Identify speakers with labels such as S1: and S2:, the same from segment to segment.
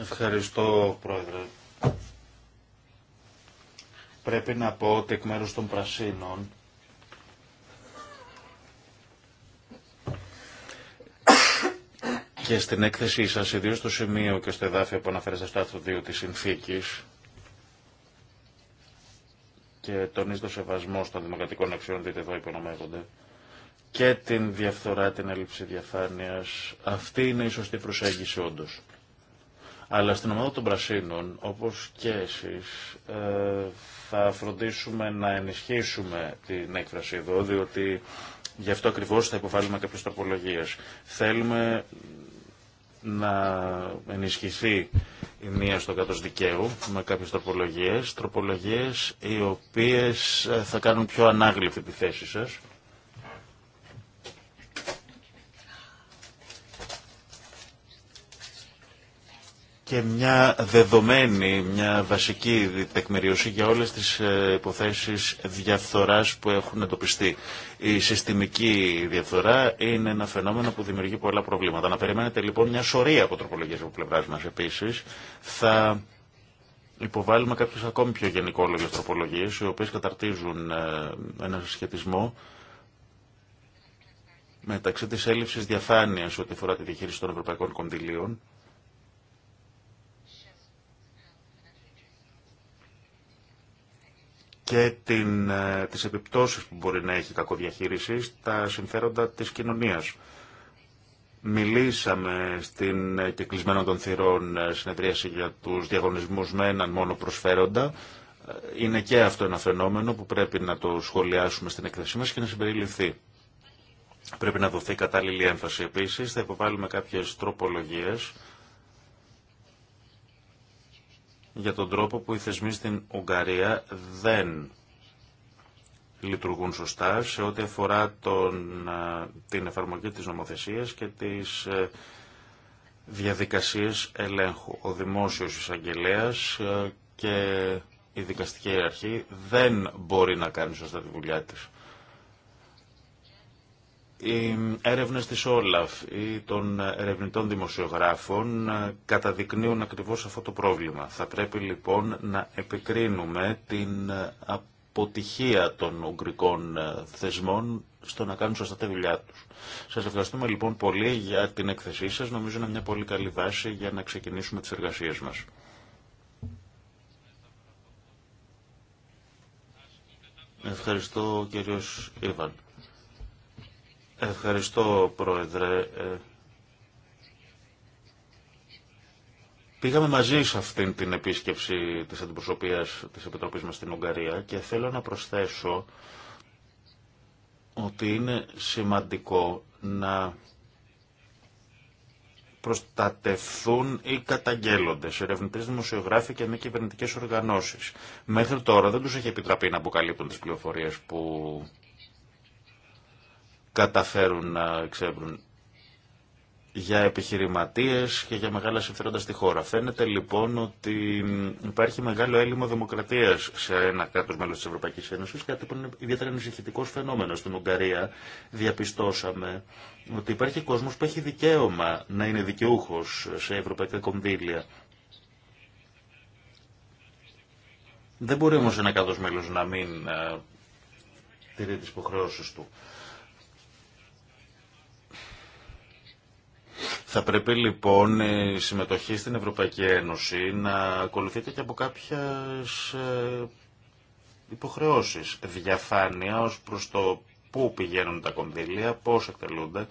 S1: Ευχαριστώ, Πρόεδρε. Πρέπει να πω ότι εκ μέρους των Πρασίνων και στην έκθεσή σας, ιδίως στο σημείο και στο εδάφιο που αναφέρεστε στο άρθρο 2 της συνθήκης, και τονίζει το σεβασμό των δημοκρατικών αξιών, δείτε εδώ υπονομεύονται, και την διαφθορά, την έλλειψη διαφάνειας. Αυτή είναι η σωστή προσέγγιση όντως. Αλλά στην ομάδα των Πρασίνων, όπως και εσείς, ε, θα φροντίσουμε να ενισχύσουμε την έκφραση εδώ, διότι γι' αυτό ακριβώς θα υποβάλουμε κάποιες τροπολογίες. Θέλουμε να ενισχυθεί η μία στο κάτω δικαίου με κάποιες τροπολογίες, τροπολογίες οι οποίες ε, θα κάνουν πιο ανάγλυφη τη θέση σας και μια δεδομένη, μια βασική τεκμηριωσή για όλες τις ε, υποθέσεις διαφθοράς που έχουν εντοπιστεί. Η συστημική διαφθορά είναι ένα φαινόμενο που δημιουργεί πολλά προβλήματα. Να περιμένετε λοιπόν μια σωρία από τροπολογίες από πλευράς μας επίσης. Θα υποβάλουμε κάποιες ακόμη πιο γενικόλογες τροπολογίες, οι οποίες καταρτίζουν ε, ένα σχετισμό μεταξύ της έλλειψης διαφάνειας ό,τι αφορά τη διαχείριση των ευρωπαϊκών κοντιλίων, και την, ε, τις επιπτώσεις που μπορεί να έχει η κακοδιαχείριση στα συμφέροντα της κοινωνίας. Μιλήσαμε στην ε, κεκλεισμένο των θυρών ε, συνεδρίαση για τους διαγωνισμούς με έναν μόνο προσφέροντα. Είναι και αυτό ένα φαινόμενο που πρέπει να το σχολιάσουμε στην εκθεσή μας και να συμπεριληφθεί. Πρέπει να δοθεί κατάλληλη έμφαση. Επίσης θα υποβάλουμε κάποιες τροπολογίες για τον τρόπο που οι θεσμοί στην Ουγγαρία δεν λειτουργούν σωστά σε ό,τι αφορά τον, ε, την εφαρμογή της νομοθεσίας και τις ε, διαδικασίες ελέγχου. Ο δημόσιος εισαγγελέα ε, και η δικαστική αρχή δεν μπορεί να κάνει σωστά τη δουλειά της. Οι έρευνες της Όλαφ ή των ερευνητών δημοσιογράφων ε, καταδεικνύουν ακριβώς αυτό το πρόβλημα. Θα πρέπει λοιπόν να επικρίνουμε την ε, αποτυχία των ουγγρικών ε, θεσμών στο να κάνουν σωστά τη δουλειά τους. Σας ευχαριστούμε λοιπόν πολύ για την εκθεσή σας. Νομίζω είναι μια πολύ καλή βάση για να ξεκινήσουμε τις εργασίες μας. Ευχαριστώ κύριος Ιβάν. Ευχαριστώ, Πρόεδρε. Ε, πήγαμε μαζί σε αυτήν την επίσκεψη της αντιπροσωπείας της Επιτροπής μας στην Ουγγαρία και θέλω να προσθέσω ότι είναι σημαντικό να προστατευθούν οι σε ερευνητές δημοσιογράφοι και μη κυβερνητικέ οργανώσεις. Μέχρι τώρα δεν τους έχει επιτραπεί να αποκαλύπτουν τις πληροφορίες που καταφέρουν να εξεύρουν για επιχειρηματίες και για μεγάλα συμφέροντα στη χώρα. Φαίνεται λοιπόν ότι υπάρχει μεγάλο έλλειμμα δημοκρατίας σε ένα κράτος μέλος της Ευρωπαϊκής Ένωσης, κάτι που είναι ιδιαίτερα ανησυχητικό φαινόμενο. Στην Ουγγαρία διαπιστώσαμε ότι υπάρχει κόσμος που έχει δικαίωμα να είναι δικαιούχος σε ευρωπαϊκά κονδύλια. Δεν μπορεί όμως ένα κράτος μέλος να μην ε, τηρεί τις υποχρεώσεις του. Θα πρέπει λοιπόν η συμμετοχή στην Ευρωπαϊκή Ένωση να ακολουθείται και από κάποιε ε, υποχρεώσεις. Διαφάνεια ω προς το πού πηγαίνουν τα κονδύλια, πώ εκτελούνται,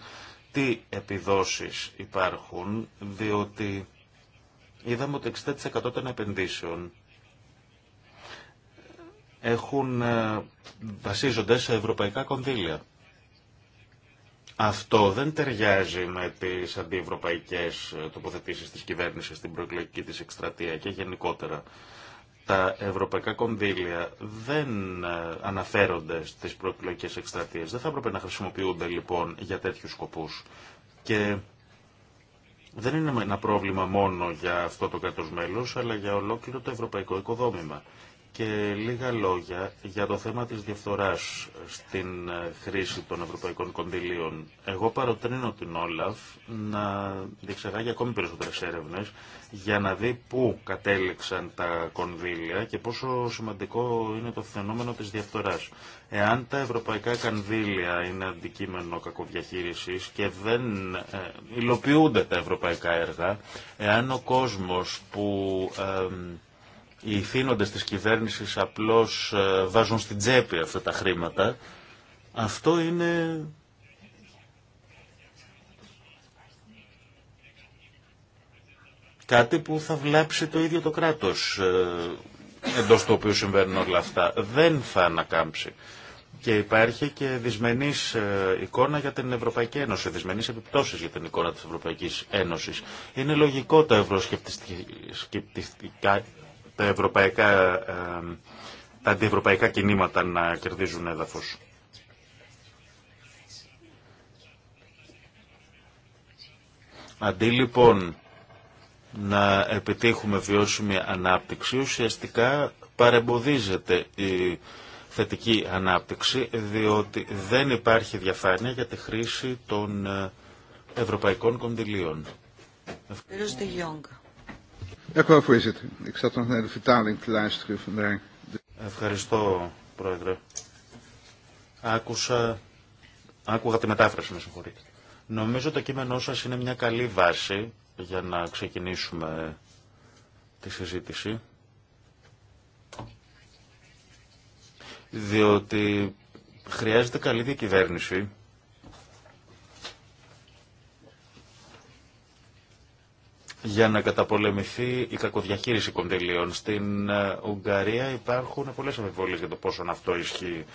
S1: τι επιδόσεις υπάρχουν, διότι είδαμε ότι 60% των επενδύσεων έχουν ε, βασίζονται σε ευρωπαϊκά κονδύλια. Αυτό δεν ταιριάζει με τις αντιευρωπαϊκές τοποθετήσεις τη κυβέρνηση στην προεκλογική τη εκστρατεία και γενικότερα. Τα ευρωπαϊκά κονδύλια δεν ε, αναφέρονται στις προεκλογικέ εκστρατείε. Δεν θα έπρεπε να χρησιμοποιούνται λοιπόν για τέτοιους σκοπούς. Και δεν είναι ένα πρόβλημα μόνο για αυτό το κράτος μέλο, αλλά για ολόκληρο το ευρωπαϊκό οικοδόμημα και λίγα λόγια για το θέμα της διαφθοράς στην ε, χρήση των ευρωπαϊκών κονδυλίων. Εγώ παροτρύνω την Όλαφ να διεξεγάγει ακόμη περισσότερες έρευνες για να δει πού κατέληξαν τα κονδύλια και πόσο σημαντικό είναι το φαινόμενο της διαφθοράς. Εάν τα ευρωπαϊκά κονδύλια είναι αντικείμενο κακοδιαχείρισης και δεν ε, υλοποιούνται τα ευρωπαϊκά έργα, εάν ο κόσμος που... Ε, οι θύνοντες της κυβέρνησης απλώς ε, βάζουν στην τσέπη αυτά τα χρήματα, αυτό είναι κάτι που θα βλάψει το ίδιο το κράτος ε, εντός του οποίου συμβαίνουν όλα αυτά. Δεν θα ανακάμψει. Και υπάρχει και δυσμενής ε, εικόνα για την Ευρωπαϊκή Ένωση, δυσμενής επιπτώσεις για την εικόνα της Ευρωπαϊκής Ένωσης Είναι λογικό τα ευρωσκεπτιστικά τα ευρωπαϊκά, τα αντιευρωπαϊκά κινήματα να κερδίζουν έδαφος. Αντί λοιπόν να επιτύχουμε βιώσιμη ανάπτυξη, ουσιαστικά παρεμποδίζεται η θετική ανάπτυξη, διότι δεν υπάρχει διαφάνεια για τη χρήση των ε, ευρωπαϊκών κονδυλίων. Ευχαριστώ. Ευχαριστώ, Πρόεδρε. Άκουσα... Άκουγα τη μετάφραση, με συγχωρείτε. Νομίζω το κείμενό σας είναι μια καλή βάση για να ξεκινήσουμε τη συζήτηση. Διότι χρειάζεται καλή διακυβέρνηση για να καταπολεμηθεί η κακοδιαχείριση κοντελίων. Στην ε, Ουγγαρία υπάρχουν πολλέ αμφιβολίε για το πόσο αυτό ισχύει.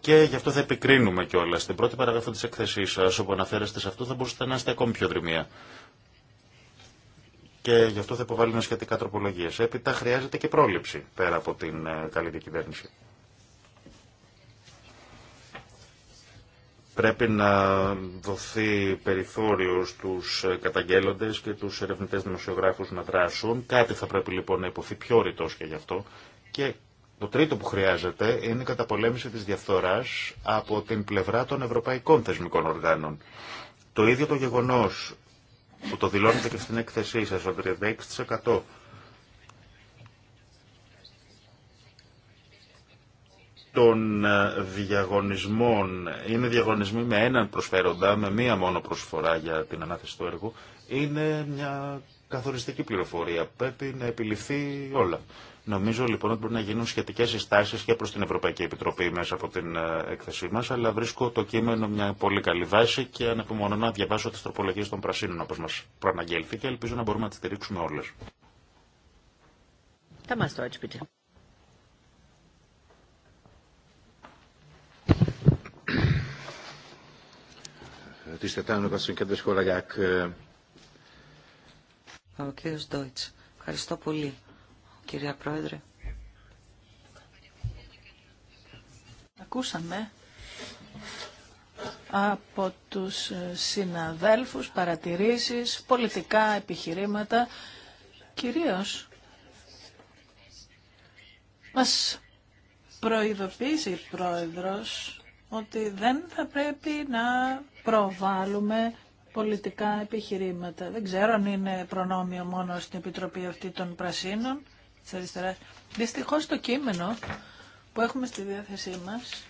S1: Και γι' αυτό θα επικρίνουμε κιόλα. Στην πρώτη παραγραφή τη εκθεσή σα, όπου αναφέρεστε σε αυτό, θα μπορούσατε να είστε ακόμη πιο δρυμία. Και γι' αυτό θα υποβάλουμε σχετικά τροπολογίε. Έπειτα χρειάζεται και πρόληψη πέρα από την ε, καλή διακυβέρνηση. Πρέπει να δοθεί περιθώριο στους καταγγέλλοντες και τους ερευνητές δημοσιογράφους να δράσουν. Κάτι θα πρέπει λοιπόν να υποθεί πιο ρητός και γι' αυτό. Και το τρίτο που χρειάζεται είναι η καταπολέμηση της διαφθοράς από την πλευρά των ευρωπαϊκών θεσμικών οργάνων. Το ίδιο το γεγονός που το δηλώνετε και στην έκθεσή σας, ο 36% των ε, διαγωνισμών είναι διαγωνισμοί με έναν προσφέροντα, με μία μόνο προσφορά για την ανάθεση του έργου, είναι μια καθοριστική πληροφορία. Πρέπει να επιληφθεί όλα. Νομίζω λοιπόν ότι μπορεί να γίνουν σχετικέ συστάσει και προ την Ευρωπαϊκή Επιτροπή μέσα από την ε, έκθεσή μα, αλλά βρίσκω το κείμενο μια πολύ καλή βάση και ανεπομονώ να διαβάσω τι τροπολογίε των πρασίνων όπω μα προαναγγέλθηκε. Ελπίζω να μπορούμε να τι στηρίξουμε όλε.
S2: Ευχαριστώ πολύ,
S3: κυρία Πρόεδρε. Ακούσαμε από τους συναδέλφους παρατηρήσεις, πολιτικά επιχειρήματα, κυρίως μας προειδοποίησε η Πρόεδρος ότι δεν θα πρέπει να προβάλλουμε πολιτικά επιχειρήματα. Δεν ξέρω αν είναι προνόμιο μόνο στην Επιτροπή αυτή των Πρασίνων της Αριστεράς. Δυστυχώς το κείμενο που έχουμε στη διάθεσή μας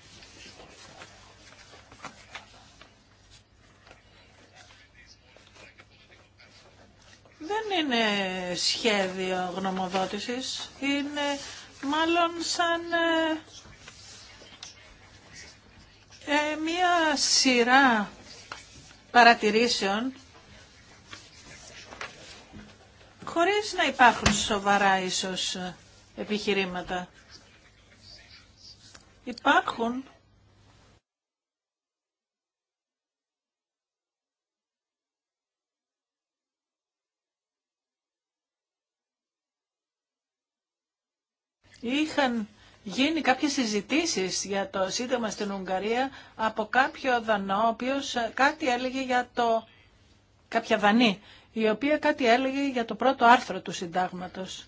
S3: δεν είναι σχέδιο γνωμοδότησης, είναι μάλλον σαν ε, ε, μία σειρά παρατηρήσεων χωρίς να υπάρχουν σοβαρά ίσως επιχειρήματα. Υπάρχουν Είχαν γίνει κάποιες συζητήσεις για το σύνταγμα στην Ουγγαρία από κάποιο δανό, ο ε, κάτι έλεγε για το... κάποια δανή, η οποία κάτι έλεγε για το πρώτο άρθρο του συντάγματος.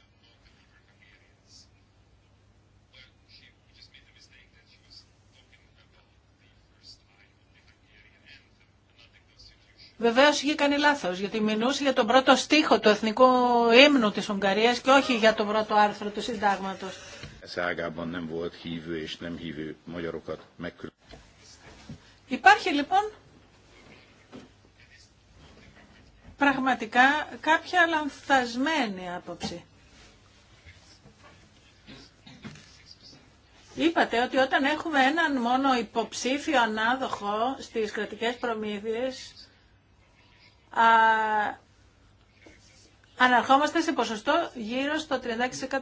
S3: Βεβαίω είχε κάνει λάθο, γιατί μινούσε για τον πρώτο στίχο του εθνικού ύμνου τη Ουγγαρία και όχι για τον πρώτο άρθρο του συντάγματο
S1: nem
S3: Υπάρχει λοιπόν πραγματικά κάποια λανθασμένη άποψη. Είπατε ότι όταν έχουμε έναν μόνο υποψήφιο ανάδοχο στις κρατικές προμήθειες, αναρχόμαστε σε ποσοστό γύρω στο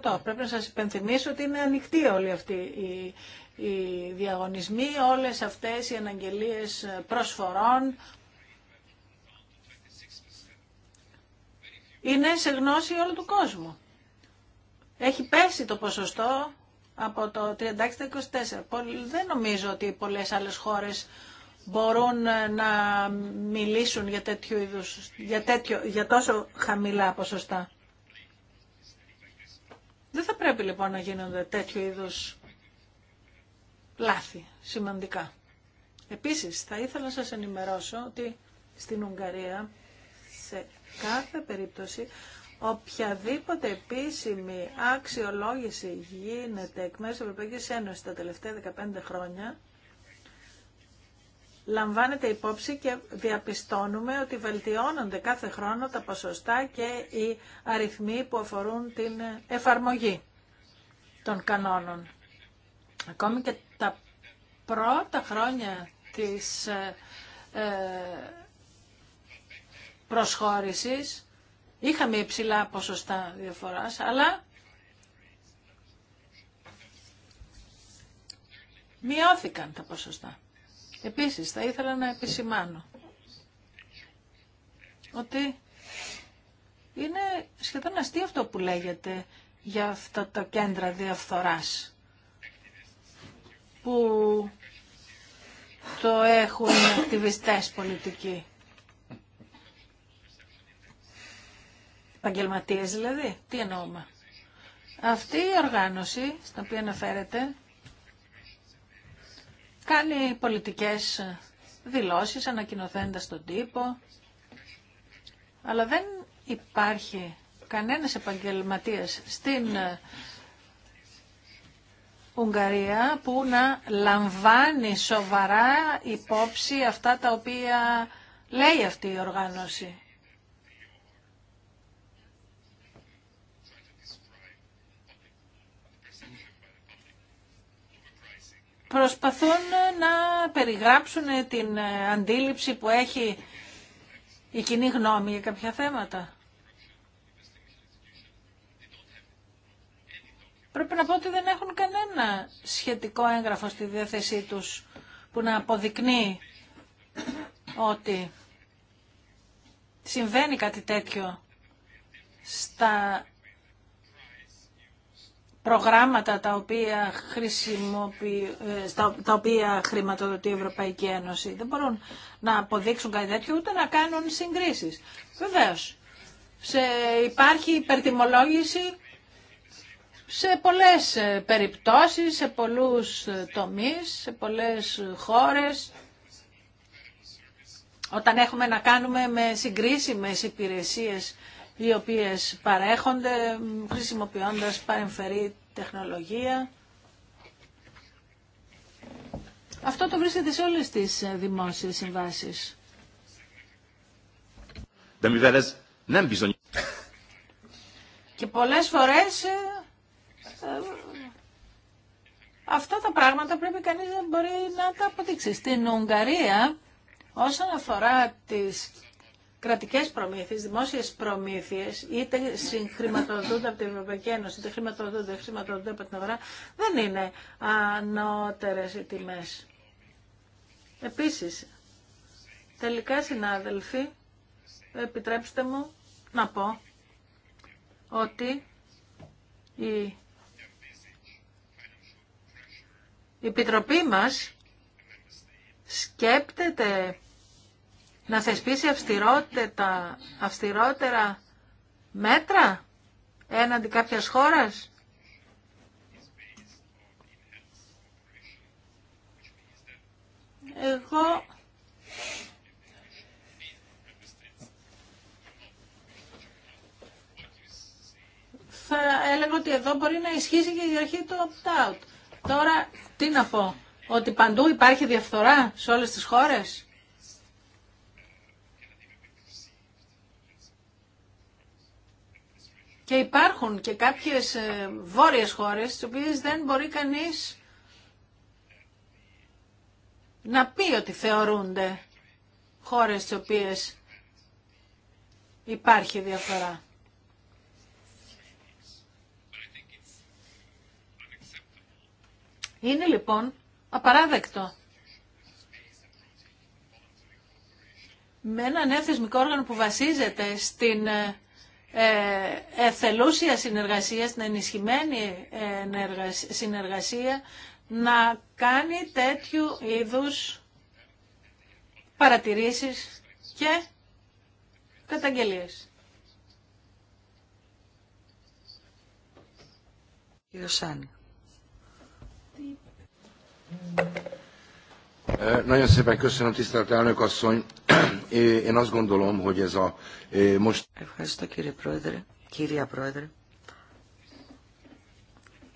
S3: 36%. Πρέπει να σας υπενθυμίσω ότι είναι ανοιχτή όλη αυτή η οι διαγωνισμοί, όλες αυτές οι αναγγελίες προσφορών. Είναι σε γνώση όλου του κόσμου. Έχει πέσει το ποσοστό από το 36% 24%. Δεν νομίζω ότι πολλές άλλες χώρες μπορούν ε, να μιλήσουν για, τέτοιου είδους, για, τέτοιο, για τόσο χαμηλά ποσοστά. Δεν θα πρέπει λοιπόν να γίνονται τέτοιου είδους λάθη σημαντικά. Επίσης, θα ήθελα να σας ενημερώσω ότι στην Ουγγαρία, σε κάθε περίπτωση, οποιαδήποτε επίσημη αξιολόγηση γίνεται εκ μέρους της Ευρωπαϊκής Ένωσης τα τελευταία 15 χρόνια, λαμβάνεται υπόψη και διαπιστώνουμε ότι βελτιώνονται κάθε χρόνο τα ποσοστά και οι αριθμοί που αφορούν την εφαρμογή των κανόνων. Ακόμη και τα πρώτα χρόνια της ε, ε, προσχώρησης είχαμε υψηλά ποσοστά διαφοράς, αλλά μειώθηκαν τα ποσοστά. Επίσης, θα ήθελα να επισημάνω ότι είναι σχεδόν αστείο αυτό που λέγεται για αυτά τα κέντρα διαφθοράς που το έχουν οι ακτιβιστές πολιτικοί. Επαγγελματίες δηλαδή. Τι εννοούμε. Αυτή η οργάνωση, στην οποία αναφέρεται, κάνει πολιτικές δηλώσεις ανακοινοθέντα τον τύπο, αλλά δεν υπάρχει κανένας επαγγελματίας στην ε, Ουγγαρία που να λαμβάνει σοβαρά υπόψη αυτά τα οποία λέει αυτή η οργάνωση. προσπαθούν να περιγράψουν την αντίληψη που έχει η κοινή γνώμη για κάποια θέματα. Πρέπει να πω ότι δεν έχουν κανένα σχετικό έγγραφο στη διάθεσή τους που να αποδεικνύει ότι συμβαίνει κάτι τέτοιο στα προγράμματα τα οποία, ε, τα οποία χρηματοδοτεί η Ευρωπαϊκή Ένωση. Δεν μπορούν να αποδείξουν κάτι τέτοιο ούτε να κάνουν συγκρίσεις. Βεβαίως, σε, υπάρχει υπερτιμολόγηση σε πολλές ε, περιπτώσεις, σε πολλούς ε, τομείς, σε πολλές χώρες. Όταν έχουμε να κάνουμε με συγκρίσιμες υπηρεσίες οι οποίες παρέχονται χρησιμοποιώντας παρεμφερή τεχνολογία. Αυτό το βρίσκεται σε όλες τις ε, δημόσιες συμβάσεις. Ναι, Και πολλές φορές ε, ε, αυτά τα πράγματα πρέπει κανείς να μπορεί να τα αποδείξει. Στην Ουγγαρία, όσον αφορά τις κρατικές προμήθειε δημόσιες προμήθειες, είτε συγχρηματοδοτούνται από την Ευρωπαϊκή Ένωση, είτε χρηματοδοτούνται, είτε χρηματοδοτούνται από την αγορά, δεν είναι ανώτερες οι τιμέ. Επίσης, τελικά συνάδελφοι, επιτρέψτε μου να πω ότι η, η Επιτροπή μας σκέπτεται να θεσπίσει αυστηρότητα, αυστηρότερα μέτρα έναντι κάποιας χώρας. Εγώ θα έλεγα ότι εδώ μπορεί να ισχύσει και η αρχή του opt-out. Τώρα τι να πω, ότι παντού υπάρχει διαφθορά σε όλες τις χώρες. υπάρχουν και κάποιες ε, βόρειες χώρες, τις οποίες δεν μπορεί κανείς να πει ότι θεωρούνται χώρες τις οποίες υπάρχει διαφορά. Είναι λοιπόν απαράδεκτο. Με έναν θεσμικό όργανο που βασίζεται στην ε, ε, εθελούσια συνεργασία, την ενισχυμένη ε, συνεργασία, να κάνει τέτοιου είδους παρατηρήσεις και καταγγελίες. Ε, nagyon szépen köszönöm, tisztelt elnök ε, ε,
S2: Ευχαριστώ κύριε Πρόεδρε, κυρία Πρόεδρε.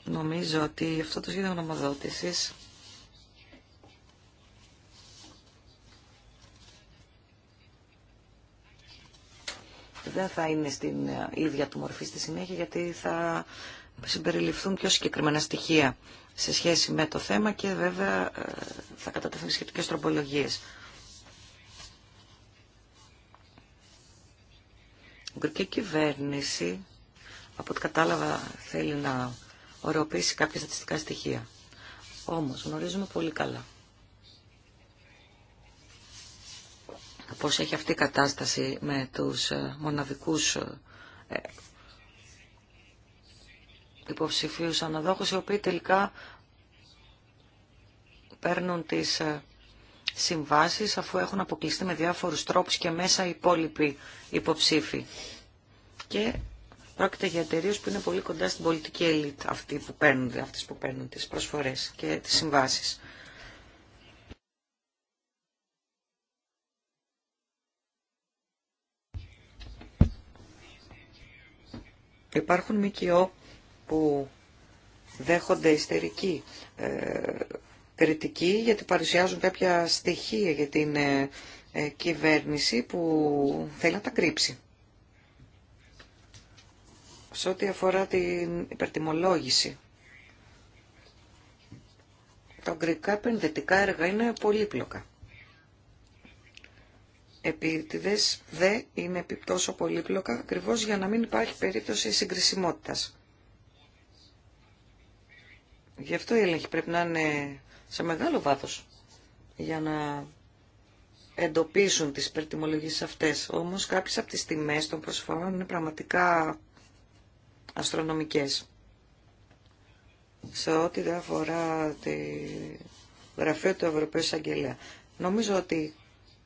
S2: Νομίζω ότι αυτό το σχέδιο γνωμοδότησης δεν θα είναι στην ε, ίδια του μορφή στη συνέχεια γιατί θα συμπεριληφθούν πιο συγκεκριμένα στοιχεία σε σχέση με το θέμα και βέβαια θα κατατεθούν σχετικές τροπολογίες. Η Ουγγρική κυβέρνηση, από ό,τι κατάλαβα, θέλει να οροποιήσει κάποια στατιστικά στοιχεία. Όμως γνωρίζουμε πολύ καλά πώς έχει αυτή η κατάσταση με τους ε, μοναδικούς ε, ε, υποψηφίους αναδόχους, οι οποίοι τελικά παίρνουν τις συμβάσεις αφού έχουν αποκλειστεί με διάφορους τρόπους και μέσα οι υπόλοιποι υποψήφοι. Και πρόκειται για εταιρείε που είναι πολύ κοντά στην πολιτική ελίτ αυτοί που παίρνουν, αυτές που παίρνουν τις προσφορές και τις συμβάσεις. Υπάρχουν ΜΚΟ που δέχονται ιστερική ε, κριτική γιατί παρουσιάζουν κάποια στοιχεία για την ε, ε, κυβέρνηση που θέλει να τα κρύψει. Σε ό,τι αφορά την υπερτιμολόγηση. Τα ογκρικά επενδυτικά έργα είναι πολύπλοκα. Επίτηδες δε είναι τόσο πολύπλοκα ακριβώ για να μην υπάρχει περίπτωση συγκρισιμότητας. Γι' αυτό η έλεγχη πρέπει να είναι σε μεγάλο βάθος για να εντοπίσουν τις υπερτιμολογίες αυτές. Όμως κάποιες από τις τιμές των προσφορών είναι πραγματικά αστρονομικές. Σε ό,τι δεν αφορά τη γραφείο του Ευρωπαίου Εισαγγελέα. Νομίζω ότι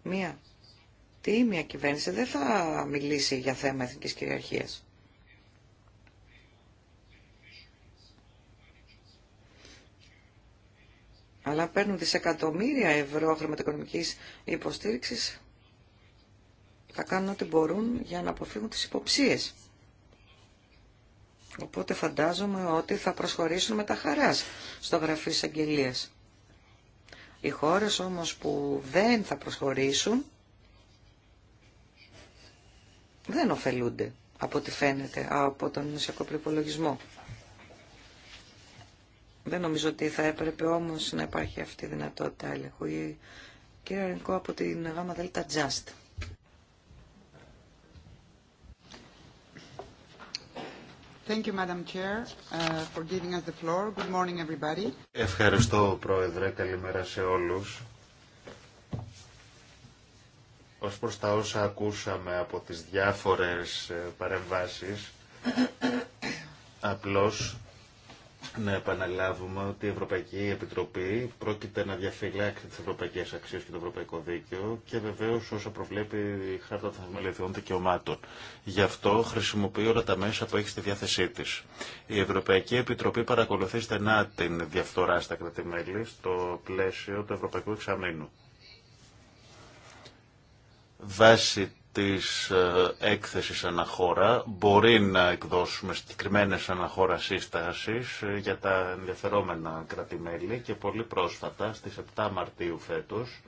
S2: μία μια κυβέρνηση δεν θα μιλήσει για θέμα εθνικής κυριαρχίας. αλλά παίρνουν δισεκατομμύρια ευρώ χρηματοοικονομικής υποστήριξης, θα κάνουν ό,τι μπορούν για να αποφύγουν τις υποψίες. Οπότε φαντάζομαι ότι θα προσχωρήσουν με τα χαράς στο γραφείο εισαγγελία. Οι χώρες όμως που δεν θα προσχωρήσουν δεν ωφελούνται από ό,τι φαίνεται από τον νοσιακό προπολογισμό. Δεν νομίζω ότι θα έπρεπε όμως να υπάρχει αυτή η δυνατότητα έλεγχου. Η κυρία Ρενκό από την ΓΑΜΑ ΔΕΛΤΑ Τζάστ. Thank you, Madam Chair, uh, for giving us the floor. Good morning, everybody.
S1: Ευχαριστώ, Πρόεδρε. Καλημέρα σε όλους. Ως προς τα όσα ακούσαμε από τις διάφορες ε, παρεμβάσεις, απλώς να επαναλάβουμε ότι η Ευρωπαϊκή Επιτροπή πρόκειται να διαφυλάξει τι ευρωπαϊκέ αξίε και το ευρωπαϊκό δίκαιο και βεβαίω όσα προβλέπει η Χάρτα των Θεμελιωδιών Δικαιωμάτων. Γι' αυτό χρησιμοποιεί όλα τα μέσα που έχει στη διάθεσή τη. Η Ευρωπαϊκή Επιτροπή παρακολουθεί στενά την διαφθορά στα κρατημέλη στο πλαίσιο του Ευρωπαϊκού Εξαμήνου. Βάσει της ε, έκθεσης αναχώρα μπορεί να εκδώσουμε συγκεκριμένε αναχώρα σύσταση ε, για τα ενδιαφερόμενα κρατημέλη και πολύ πρόσφατα στις 7 Μαρτίου φέτος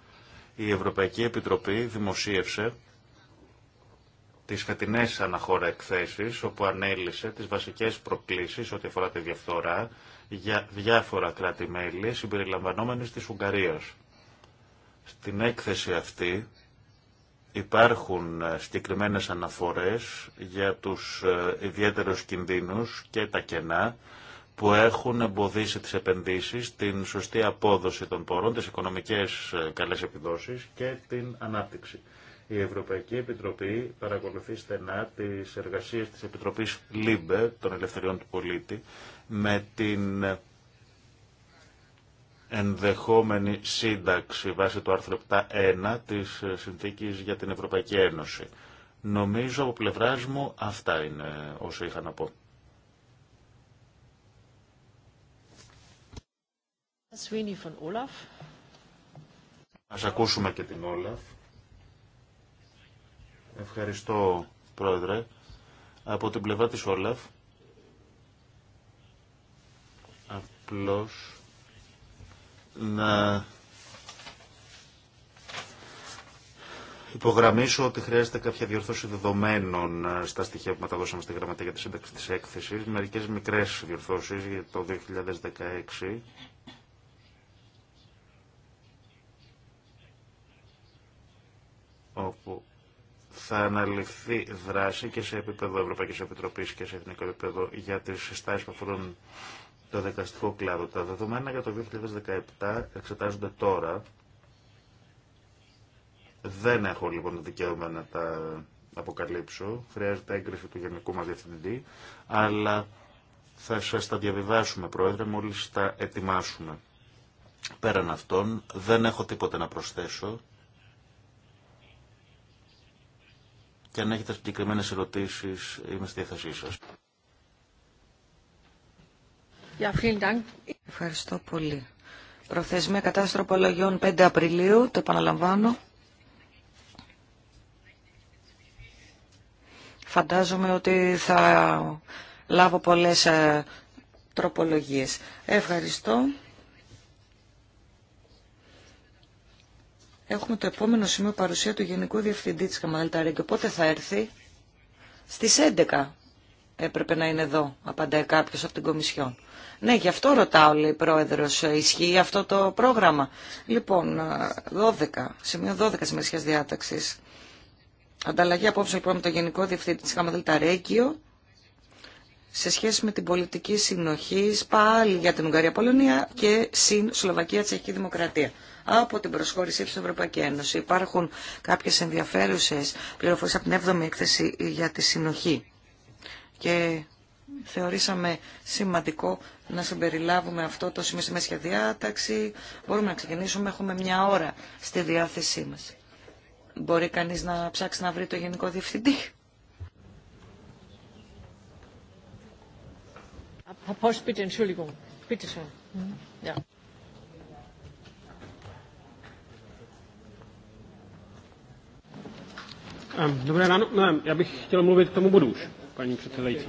S1: η Ευρωπαϊκή Επιτροπή δημοσίευσε τις φετινές αναχώρα εκθέσεις όπου ανέλησε τις βασικές προκλήσεις ό,τι αφορά τη διαφθορά για διάφορα κράτη-μέλη συμπεριλαμβανόμενες της Ουγγαρίας. Στην έκθεση αυτή Υπάρχουν ε, συγκεκριμένε αναφορές για τους ε, ιδιαίτερους κινδύνους και τα κενά που έχουν εμποδίσει τις επενδύσεις, την σωστή απόδοση των πόρων, τις οικονομικές ε, καλές επιδόσεις και την ανάπτυξη. Η Ευρωπαϊκή Επιτροπή παρακολουθεί στενά τις εργασίες της Επιτροπής ΛΥΜΠΕ των Ελευθεριών του Πολίτη με την ενδεχόμενη σύνταξη βάσει του άρθρου 7.1 της Συνθήκης για την Ευρωπαϊκή Ένωση. Νομίζω από πλευρά μου αυτά είναι όσα είχα να πω. Ας ακούσουμε και την Όλαφ. Ευχαριστώ, Πρόεδρε. Από την πλευρά της Όλαφ, απλώς να υπογραμμίσω ότι χρειάζεται κάποια διορθώση δεδομένων ε, στα στοιχεία που μεταδώσαμε στη γραμματεία για τη σύνταξη της έκθεσης, μερικές μικρές διορθώσεις για το 2016. όπου θα αναλυθεί δράση και σε επίπεδο Ευρωπαϊκής Επιτροπής και σε εθνικό επίπεδο για τις συστάσεις που αφορούν το δικαστικό κλάδο. Τα δεδομένα για το 2017 εξετάζονται τώρα. Δεν έχω λοιπόν το δικαίωμα να τα αποκαλύψω. Χρειάζεται έγκριση του Γενικού μας Διευθυντή, αλλά θα σας τα διαβιβάσουμε, Πρόεδρε, μόλις τα ετοιμάσουμε. Πέραν αυτών, δεν έχω τίποτα να προσθέσω. Και αν έχετε συγκεκριμένε ερωτήσεις, είμαι στη διάθεσή σα.
S2: Ευχαριστώ πολύ. Προθεσμία κατάσταση τροπολογιών 5 Απριλίου, το επαναλαμβάνω. Φαντάζομαι ότι θα λάβω πολλές ε, τροπολογίες. Ευχαριστώ. Έχουμε το επόμενο σημείο παρουσία του Γενικού Διευθυντή της Καμαδελταρή και πότε θα έρθει. Στις 11 έπρεπε να είναι εδώ, απαντάει κάποιος από την Κομισιόν. Ναι, γι' αυτό ρωτάω, λέει η Πρόεδρος, ε, ισχύει αυτό το πρόγραμμα. Λοιπόν, 12, ε, σημείο 12 σημερισιάς διάταξης. Ανταλλαγή απόψε λοιπόν με το Γενικό Διευθυντή της Χαμαδέλτα Ρέγκιο σε σχέση με την πολιτική συνοχή πάλι για την Ουγγαρία-Πολωνία και συν Σλοβακία-Τσεχική Δημοκρατία από την προσχώρησή τη Ευρωπαϊκή Ένωση. Υπάρχουν κάποιες ενδιαφέρουσες πληροφορίες από την 7η έκθεση για τη συνοχή και θεωρήσαμε σημαντικό να συμπεριλάβουμε αυτό το σημείο στη διάταξη. Μπορούμε να ξεκινήσουμε, έχουμε μια ώρα στη διάθεσή μας. Μπορεί κανείς να ψάξει να βρει το Γενικό Διευθυντή.
S1: já bych chtěl mluvit k tomu Pani Przetelejczyk.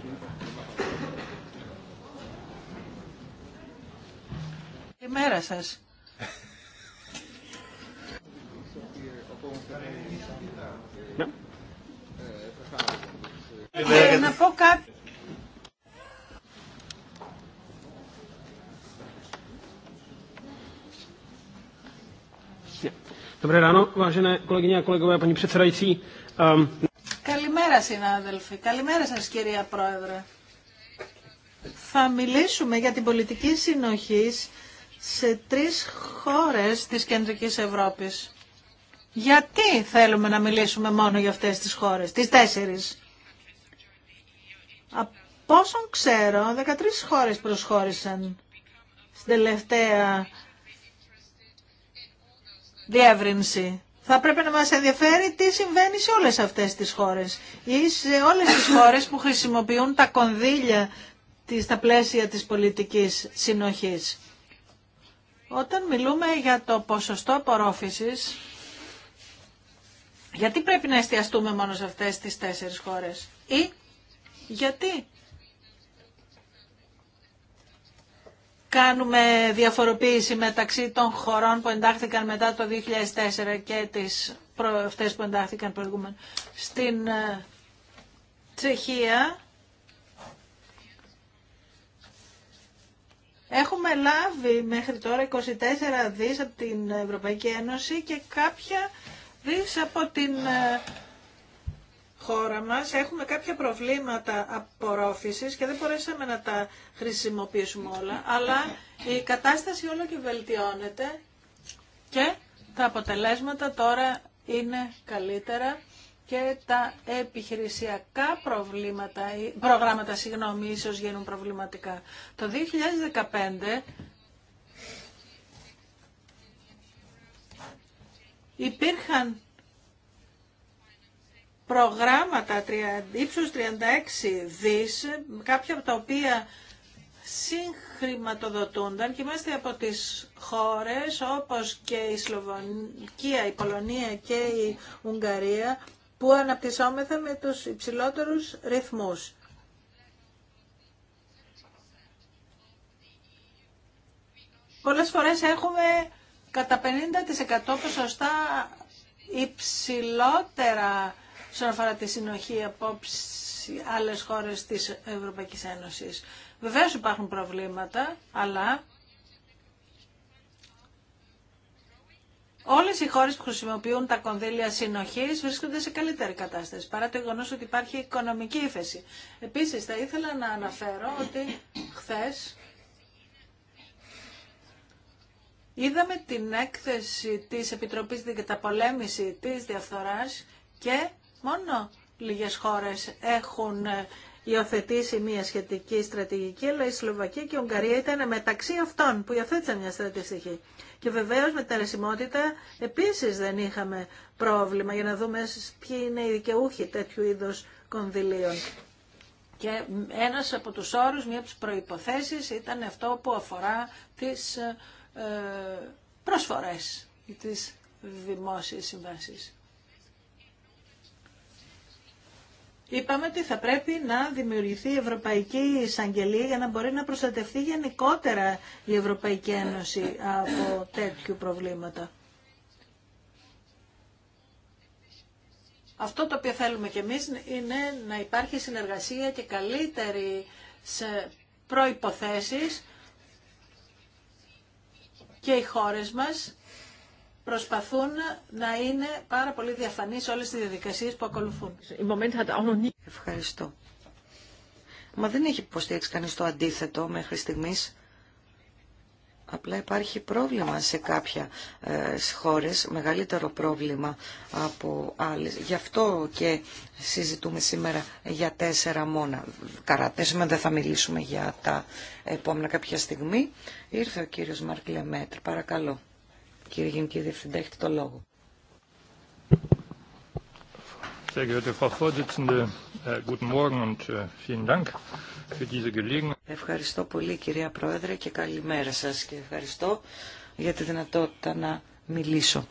S3: Καλημέρα σα. Να πω κάτι.
S1: Dobré ráno, vážené kolegyně a kolegové, paní předsedající. Um,
S3: Καλημέρα συνάδελφοι. Καλημέρα σας κυρία Πρόεδρε. Θα μιλήσουμε για την πολιτική συνοχή σε τρεις χώρες της Κεντρικής Ευρώπης. Γιατί θέλουμε να μιλήσουμε μόνο για αυτές τις χώρες, τις τέσσερις. Από όσων ξέρω, 13 χώρες προσχώρησαν στην τελευταία διεύρυνση θα πρέπει να μας ενδιαφέρει τι συμβαίνει σε όλες αυτές τις χώρες ή σε όλες τις χώρες που χρησιμοποιούν τα κονδύλια στα πλαίσια της πολιτικής συνοχής. Όταν μιλούμε για το ποσοστό απορρόφησης, γιατί πρέπει να εστιαστούμε μόνο σε αυτές τις τέσσερις χώρες ή γιατί κάνουμε διαφοροποίηση μεταξύ των χωρών που εντάχθηκαν μετά το 2004 και τις προ... αυτές που εντάχθηκαν προηγούμενα. Στην ε, Τσεχία έχουμε λάβει μέχρι τώρα 24 δις από την Ευρωπαϊκή Ένωση και κάποια δις από την ε, χώρα έχουμε κάποια προβλήματα απορρόφησης και δεν μπορέσαμε να τα χρησιμοποιήσουμε όλα, αλλά η κατάσταση όλο και βελτιώνεται και τα αποτελέσματα τώρα είναι καλύτερα και τα επιχειρησιακά προβλήματα, προγράμματα συγγνώμη, ίσως γίνουν προβληματικά. Το 2015 υπήρχαν προγράμματα ύψους 36 δις, κάποια από τα οποία συγχρηματοδοτούνταν και είμαστε από τις χώρες όπως και η Σλοβονία, η Πολωνία και η Ουγγαρία που αναπτυσσόμεθα με τους υψηλότερους ρυθμούς. Πολλές φορές έχουμε κατά 50% ποσοστά υψηλότερα όσον αφορά τη συνοχή απόψη άλλες χώρες της Ευρωπαϊκής Ένωσης. Βεβαίως υπάρχουν προβλήματα, αλλά Όλε οι χώρε που χρησιμοποιούν τα κονδύλια συνοχή βρίσκονται σε καλύτερη κατάσταση, παρά το γεγονό ότι υπάρχει οικονομική ύφεση. Επίση, θα ήθελα να αναφέρω ότι χθε είδαμε την έκθεση τη Επιτροπή τα της τη και Μόνο λίγες χώρες έχουν ε, υιοθετήσει μια σχετική στρατηγική, αλλά η Σλοβακία και η Ουγγαρία ήταν μεταξύ αυτών που υιοθέτησαν μια στρατηγική. Και βεβαίως με την αρεσιμότητα επίσης δεν είχαμε πρόβλημα για να δούμε ποιοι είναι οι δικαιούχοι τέτοιου είδους κονδυλίων. Και ένας από τους όρους, μία από τις προϋποθέσεις ήταν αυτό που αφορά τις ε, ε προσφορές, τις δημόσιες συμβάσεις. είπαμε ότι θα πρέπει να δημιουργηθεί η Ευρωπαϊκή Εισαγγελία για να μπορεί να προστατευτεί γενικότερα η Ευρωπαϊκή Ένωση από τέτοιου προβλήματα. Αυτό το οποίο θέλουμε και εμείς είναι να υπάρχει συνεργασία και καλύτερη σε προϋποθέσεις και οι χώρες μας προσπαθούν να είναι πάρα πολύ διαφανείς όλες τις διαδικασίες που ακολουθούν.
S2: Ευχαριστώ. Μα δεν έχει υποστήριξει κανείς το αντίθετο μέχρι στιγμής. Απλά υπάρχει πρόβλημα σε κάποια ε, χώρες, μεγαλύτερο πρόβλημα από άλλες. Γι' αυτό και συζητούμε σήμερα για τέσσερα μόνα. Καρατέσουμε, δεν θα μιλήσουμε για τα επόμενα κάποια στιγμή. Ήρθε ο κύριος Μαρκ παρακαλώ. Κύριε Γενική Διευθυντά, έχετε το λόγο. Äh,
S3: äh,
S2: ευχαριστώ πολύ κυρία Πρόεδρε και καλημέρα σας και ευχαριστώ για τη δυνατότητα να μιλήσω.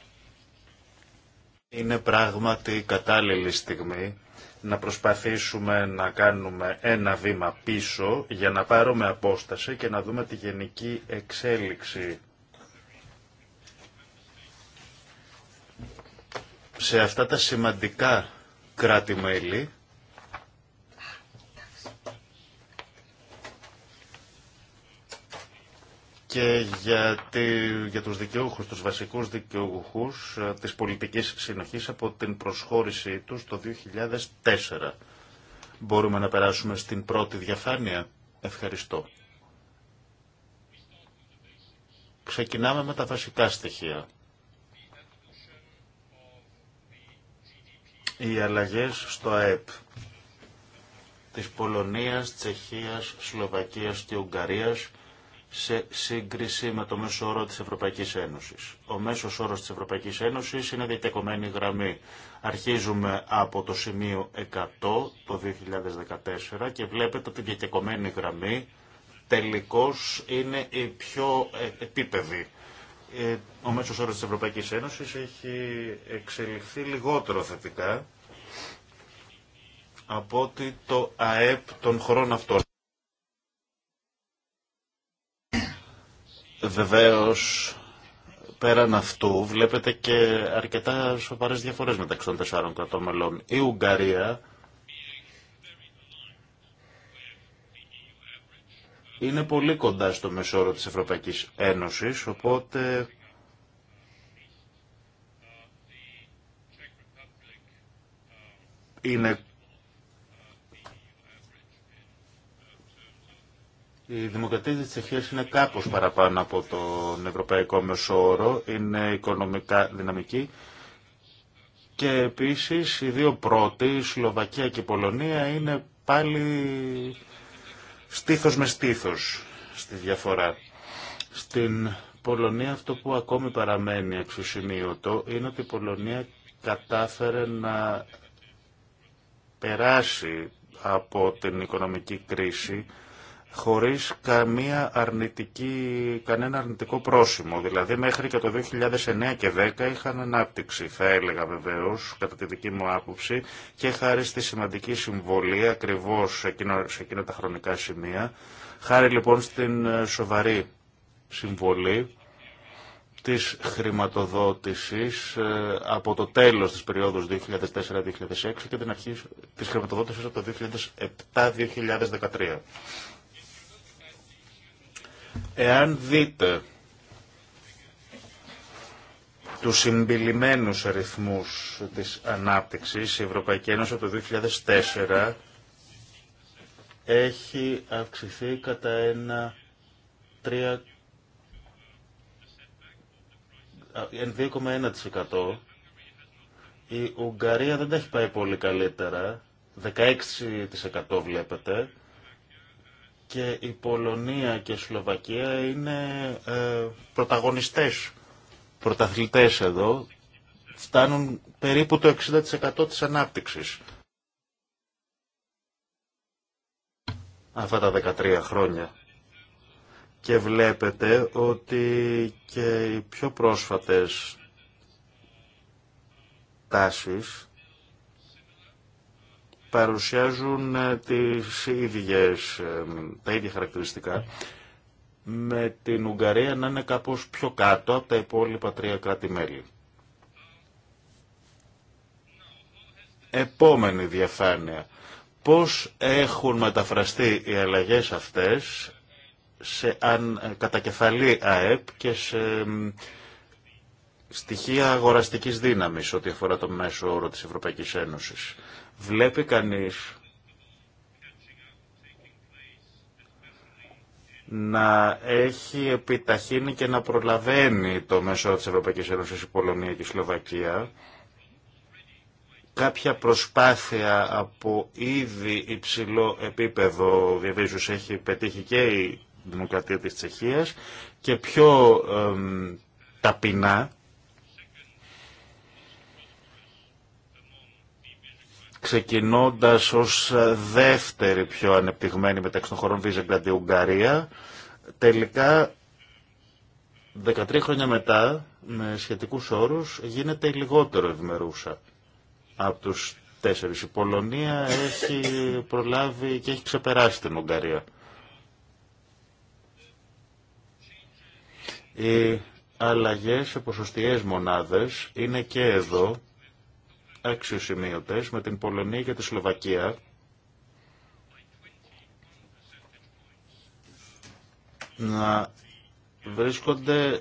S1: Είναι πράγματι κατάλληλη στιγμή να προσπαθήσουμε να κάνουμε ένα βήμα πίσω για να πάρουμε απόσταση και να δούμε τη γενική εξέλιξη σε αυτά τα σημαντικά κράτη-μέλη και για, τη, για τους δικαιούχους, τους βασικούς δικαιούχους ε, της πολιτικής συνοχής από την προσχώρησή τους το 2004. Μπορούμε να περάσουμε στην πρώτη διαφάνεια. Ευχαριστώ. Ξεκινάμε με τα βασικά στοιχεία. Οι αλλαγές στο ΑΕΠ της Πολωνίας, Τσεχίας, Σλοβακίας και Ουγγαρίας σε σύγκριση με το μέσο όρο της Ευρωπαϊκής Ένωσης. Ο μέσος όρος της Ευρωπαϊκής Ένωσης είναι διατεκομένη γραμμή. Αρχίζουμε από το σημείο 100 το 2014 και βλέπετε ότι η διατεκομένη γραμμή τελικώς είναι η πιο ε, επίπεδη ε, ο μέσο όρο τη Ευρωπαϊκής Ένωσης έχει εξελιχθεί λιγότερο θετικά από ότι το ΑΕΠ των χωρών αυτών. Βεβαίω πέραν αυτού βλέπετε και αρκετά σοβαρέ διαφορέ μεταξύ των τεσσάρων κρατών μελών. Η Ουγγαρία είναι πολύ κοντά στο μεσόρο της Ευρωπαϊκής Ένωσης, οπότε είναι Η δημοκρατία της Τσεχίας είναι κάπως παραπάνω από τον Ευρωπαϊκό Μεσόρο, είναι οικονομικά δυναμική και επίσης οι δύο πρώτοι, η Σλοβακία και η Πολωνία, είναι πάλι στήθος με στήθος στη διαφορά. Στην Πολωνία αυτό που ακόμη παραμένει αξιοσημείωτο είναι ότι η Πολωνία κατάφερε να περάσει από την οικονομική κρίση χωρίς καμία αρνητική, κανένα αρνητικό πρόσημο. Δηλαδή μέχρι και το 2009 και 2010 είχαν ανάπτυξη, θα έλεγα βεβαίω, κατά τη δική μου άποψη, και χάρη στη σημαντική συμβολή ακριβώς σε εκείνα, τα χρονικά σημεία, χάρη λοιπόν στην ε, σοβαρή συμβολή της χρηματοδότησης ε, από το τέλος της περίοδου 2004-2006 και την αρχή της χρηματοδότησης από το 2007-2013. Εάν δείτε του συμπιλημένου αριθμούς της ανάπτυξης, η Ευρωπαϊκή Ένωση από το 2004 έχει αυξηθεί κατά ένα 2,1%. Η Ουγγαρία δεν τα έχει πάει πολύ καλύτερα. 16% βλέπετε και η Πολωνία και η Σλοβακία είναι ε, πρωταγωνιστές, πρωταθλητές εδώ, φτάνουν περίπου το 60% της ανάπτυξης. Αυτά τα 13 χρόνια. Και βλέπετε ότι και οι πιο πρόσφατες τάσεις παρουσιάζουν ε, τις ίδιες, ε, τα ίδια χαρακτηριστικά με την Ουγγαρία να είναι κάπως πιο κάτω από τα υπόλοιπα τρία κράτη-μέλη. Επόμενη διαφάνεια. Πώς έχουν μεταφραστεί οι αλλαγές αυτές σε αν, ε, κατακεφαλή ΑΕΠ και σε στοιχεία αγοραστικής δύναμης ό,τι αφορά το μέσο όρο της Ευρωπαϊκής Ένωσης βλέπει κανείς να έχει επιταχύνει και να προλαβαίνει το μέσο της Ευρωπαϊκής Ένωσης η Πολωνία και η Σλοβακία κάποια προσπάθεια από ήδη υψηλό επίπεδο διαβίωσης έχει πετύχει και η Δημοκρατία της Τσεχίας και πιο ταπεινά ξεκινώντας ως δεύτερη πιο ανεπτυγμένη μεταξύ των χωρών Βίζεγκραντ η Ουγγαρία, τελικά 13 χρόνια μετά, με σχετικούς όρους, γίνεται η λιγότερο ευημερούσα από τους τέσσερις. Η Πολωνία έχει προλάβει και έχει ξεπεράσει την Ουγγαρία. Οι αλλαγές σε ποσοστιαίες μονάδες είναι και εδώ σημείωτες με την Πολωνία και τη Σλοβακία να βρίσκονται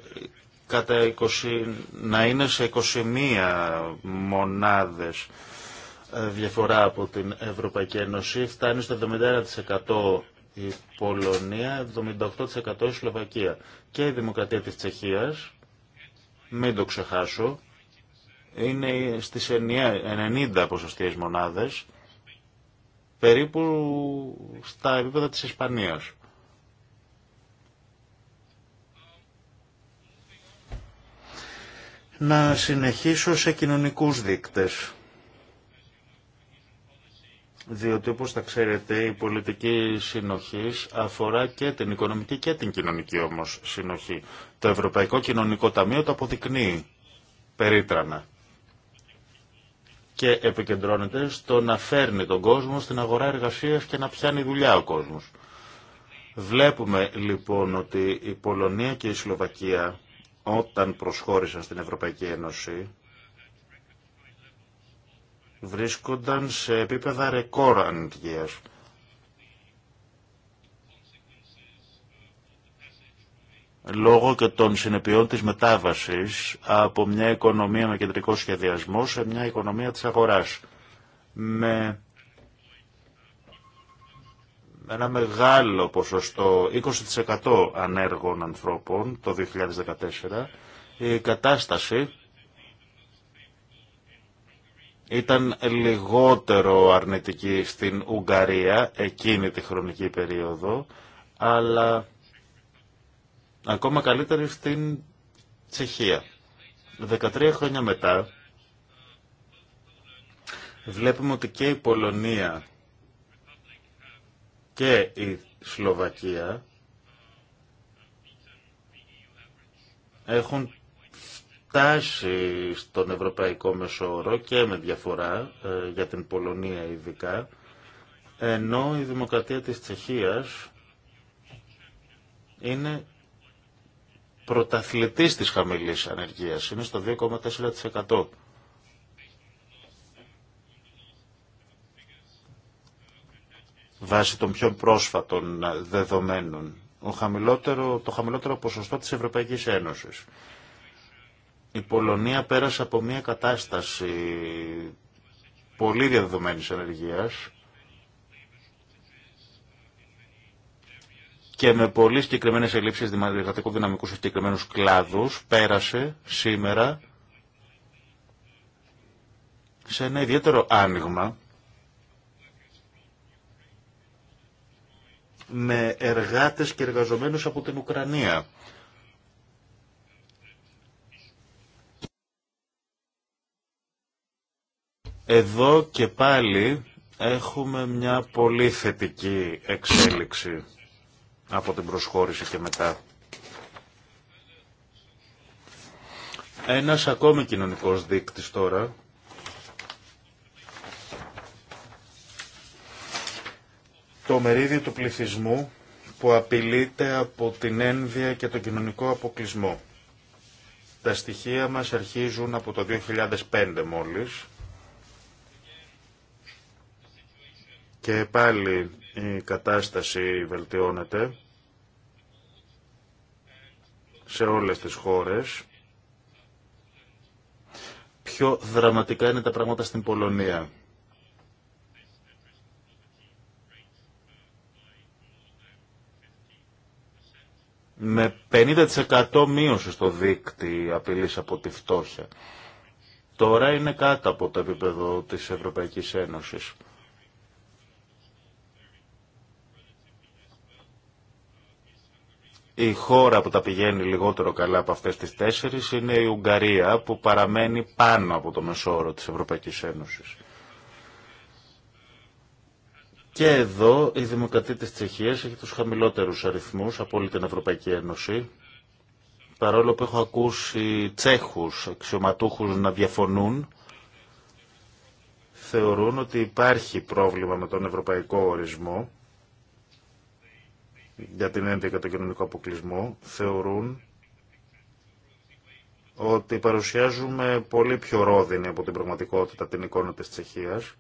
S1: κατά 20, να είναι σε 21 μονάδες ε, διαφορά από την Ευρωπαϊκή Ένωση. Φτάνει στο 71% η Πολωνία, 78% η Σλοβακία. Και η Δημοκρατία της Τσεχίας, μην το ξεχάσω, είναι στις 90 ποσοστιαίες μονάδες, περίπου στα επίπεδα της Ισπανίας. Να συνεχίσω σε κοινωνικούς δείκτες. Διότι όπως τα ξέρετε η πολιτική συνοχής αφορά και την οικονομική και την κοινωνική όμως συνοχή. Το Ευρωπαϊκό Κοινωνικό Ταμείο το αποδεικνύει περίτρανα και επικεντρώνεται στο να φέρνει τον κόσμο στην αγορά εργασίας και να πιάνει δουλειά ο κόσμος. Βλέπουμε λοιπόν ότι η Πολωνία και η Σλοβακία όταν προσχώρησαν στην Ευρωπαϊκή Ένωση βρίσκονταν σε επίπεδα ρεκόρ ανεργίας. λόγω και των συνεπειών της μετάβασης από μια οικονομία με κεντρικό σχεδιασμό σε μια οικονομία της αγοράς. Με ένα μεγάλο ποσοστό, 20% ανέργων ανθρώπων το 2014, η κατάσταση ήταν λιγότερο αρνητική στην Ουγγαρία εκείνη τη χρονική περίοδο, αλλά Ακόμα καλύτερη στην Τσεχία. 13 χρόνια μετά βλέπουμε ότι και η Πολωνία και η Σλοβακία έχουν φτάσει στον ευρωπαϊκό μεσόωρο και με διαφορά ε, για την Πολωνία ειδικά ενώ η δημοκρατία της Τσεχίας είναι πρωταθλητής της χαμηλής ανεργίας. Είναι στο 2,4%. Βάσει των πιο πρόσφατων δεδομένων. Ο χαμηλότερο, το χαμηλότερο ποσοστό της Ευρωπαϊκής Ένωσης. Η Πολωνία πέρασε από μια κατάσταση πολύ διαδεδομένης ανεργίας και με πολύ συγκεκριμένε ελλείψει δημοκρατικού δυναμικού σε συγκεκριμένου κλάδου πέρασε σήμερα σε ένα ιδιαίτερο άνοιγμα με εργάτες και εργαζομένους από την Ουκρανία. Εδώ και πάλι έχουμε μια πολύ θετική εξέλιξη από την προσχώρηση και μετά. Ένας ακόμη κοινωνικός δείκτης τώρα, το μερίδιο του πληθυσμού που απειλείται από την ένδυα και τον κοινωνικό αποκλεισμό. Τα στοιχεία μας αρχίζουν από το 2005 μόλις. Και πάλι η κατάσταση βελτιώνεται σε όλες τις χώρες. Πιο δραματικά είναι τα πράγματα στην Πολωνία. με 50% μείωση στο δίκτυ απειλής από τη φτώχεια. Τώρα είναι κάτω από το επίπεδο της Ευρωπαϊκής Ένωσης. Η χώρα που τα πηγαίνει λιγότερο καλά από αυτές τις τέσσερις είναι η Ουγγαρία που παραμένει πάνω από το μεσόρο της Ευρωπαϊκής Ένωσης. Και εδώ η Δημοκρατία της Τσεχίας έχει τους χαμηλότερους αριθμούς από όλη την Ευρωπαϊκή Ένωση. Παρόλο που έχω ακούσει Τσέχους αξιωματούχους να διαφωνούν, θεωρούν ότι υπάρχει πρόβλημα με τον ευρωπαϊκό ορισμό για την ένδια και τον κοινωνικό αποκλεισμό θεωρούν ότι παρουσιάζουμε πολύ πιο ρόδινη από την πραγματικότητα την εικόνα της Τσεχίας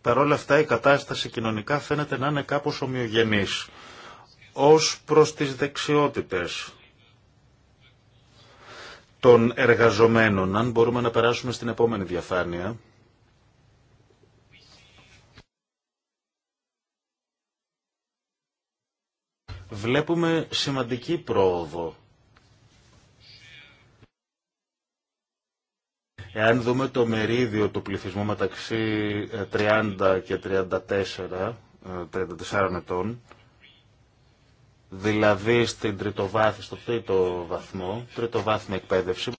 S1: Παρ' όλα αυτά η κατάσταση κοινωνικά φαίνεται να είναι κάπως ομοιογενής ως προς τις δεξιότητες των εργαζομένων. Αν μπορούμε να περάσουμε στην επόμενη διαφάνεια. Βλέπουμε σημαντική πρόοδο. Εάν δούμε το μερίδιο του πληθυσμού μεταξύ 30 ε, και 34, 34 ε, ετών, δηλαδή στην τριτοβάθμια, στο τρίτο βαθμό, τριτοβάθμια εκπαίδευση,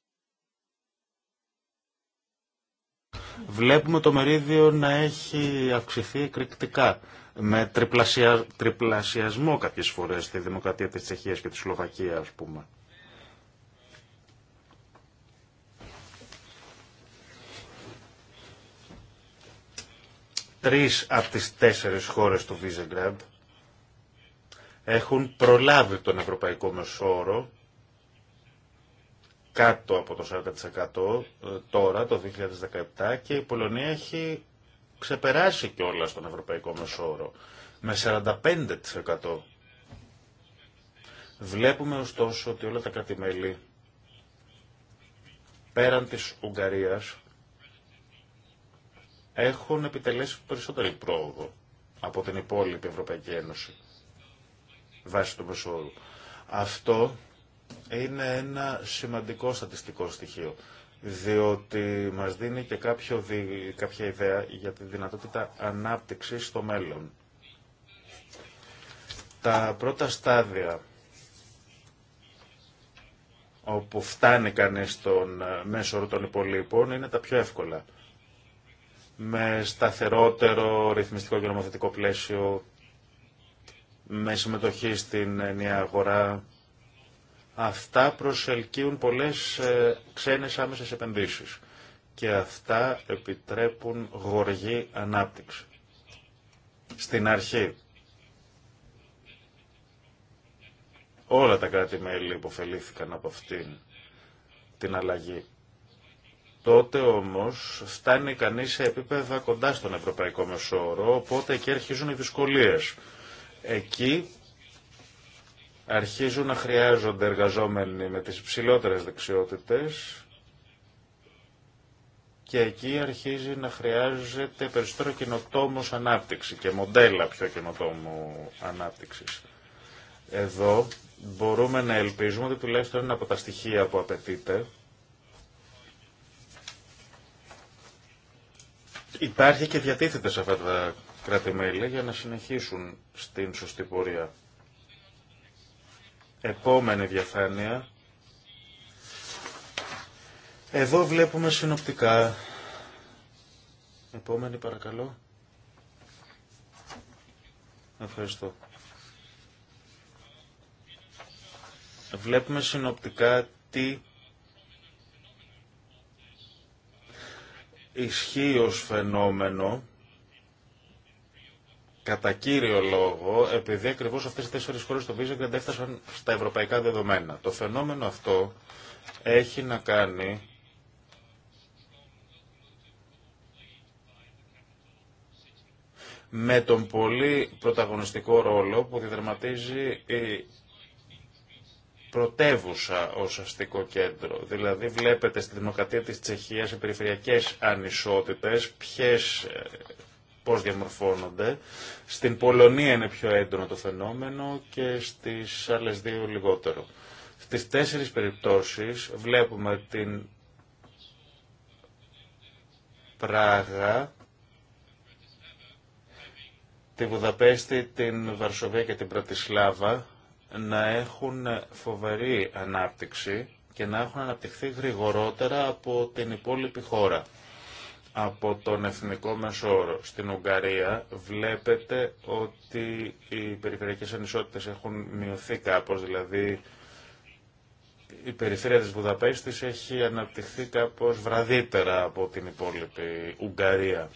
S1: βλέπουμε το μερίδιο να έχει αυξηθεί εκρηκτικά με τριπλασια... τριπλασιασμό κάποιες φορές στη Δημοκρατία της Τσεχίας και τη Σλοβακία ας πούμε. Τρεις από τις τέσσερις χώρες του Βίζεγκραντ έχουν προλάβει τον ευρωπαϊκό μεσόρο κάτω από το 40% ε, τώρα, το 2017, και η Πολωνία έχει ξεπεράσει όλα τον ευρωπαϊκό μεσόρο με 45%. Βλέπουμε ωστόσο ότι όλα τα κράτη-μέλη πέραν της Ουγγαρίας έχουν επιτελέσει περισσότερη πρόοδο από την υπόλοιπη Ευρωπαϊκή Ένωση βάσει του Αυτό είναι ένα σημαντικό στατιστικό στοιχείο, διότι μας δίνει και κάποιο, κάποια ιδέα για τη δυνατότητα ανάπτυξης στο μέλλον. Τα πρώτα στάδια όπου φτάνει κανείς στον ε, μέσο όρο των υπολείπων είναι τα πιο εύκολα. Με σταθερότερο ρυθμιστικό και νομοθετικό πλαίσιο, με συμμετοχή στην ενιαία αγορά. Αυτά προσελκύουν πολλές ε, ξένες άμεσες επενδύσεις και αυτά επιτρέπουν γοργή ανάπτυξη. Στην αρχή όλα τα κράτη-μέλη υποφελήθηκαν από αυτήν την αλλαγή. Τότε όμως φτάνει κανείς σε επίπεδα κοντά στον ευρωπαϊκό μεσόωρο, οπότε εκεί αρχίζουν οι δυσκολίες Εκεί αρχίζουν να χρειάζονται εργαζόμενοι με τις ψηλότερες δεξιότητες και εκεί αρχίζει να χρειάζεται περισσότερο καινοτόμος ανάπτυξη και μοντέλα πιο κοινοτόμου ανάπτυξης. Εδώ μπορούμε να ελπίζουμε ότι τουλάχιστον ένα από τα στοιχεία που απαιτείται υπάρχει και διατίθεται σε αυτά τα κράτη-μέλη για να συνεχίσουν στην σωστή πορεία. Επόμενη διαφάνεια. Εδώ βλέπουμε συνοπτικά. Επόμενη παρακαλώ. Ευχαριστώ. Βλέπουμε συνοπτικά τι ισχύει ως φαινόμενο κατά κύριο λόγο επειδή ακριβώ αυτέ οι τέσσερι χώρε του Βίζεγκραντ έφτασαν στα ευρωπαϊκά δεδομένα. Το φαινόμενο αυτό έχει να κάνει με τον πολύ πρωταγωνιστικό ρόλο που διδερματίζει η πρωτεύουσα ως αστικό κέντρο. Δηλαδή βλέπετε στη δημοκρατία της Τσεχίας οι περιφερειακές ανισότητες, ποιες ε, πώς διαμορφώνονται. Στην Πολωνία είναι πιο έντονο το φαινόμενο και στις άλλες δύο λιγότερο. Στις τέσσερις περιπτώσεις βλέπουμε την Πράγα, τη Βουδαπέστη, την Βαρσοβία και την Πρατισλάβα να έχουν φοβερή ανάπτυξη και να έχουν αναπτυχθεί γρηγορότερα από την υπόλοιπη χώρα από τον Εθνικό Μεσόρο. Στην Ουγγαρία βλέπετε ότι οι περιφερειακές ανισότητες έχουν μειωθεί κάπως, δηλαδή η περιφέρεια της Βουδαπέστης έχει αναπτυχθεί κάπως βραδύτερα από την υπόλοιπη Ουγγαρία.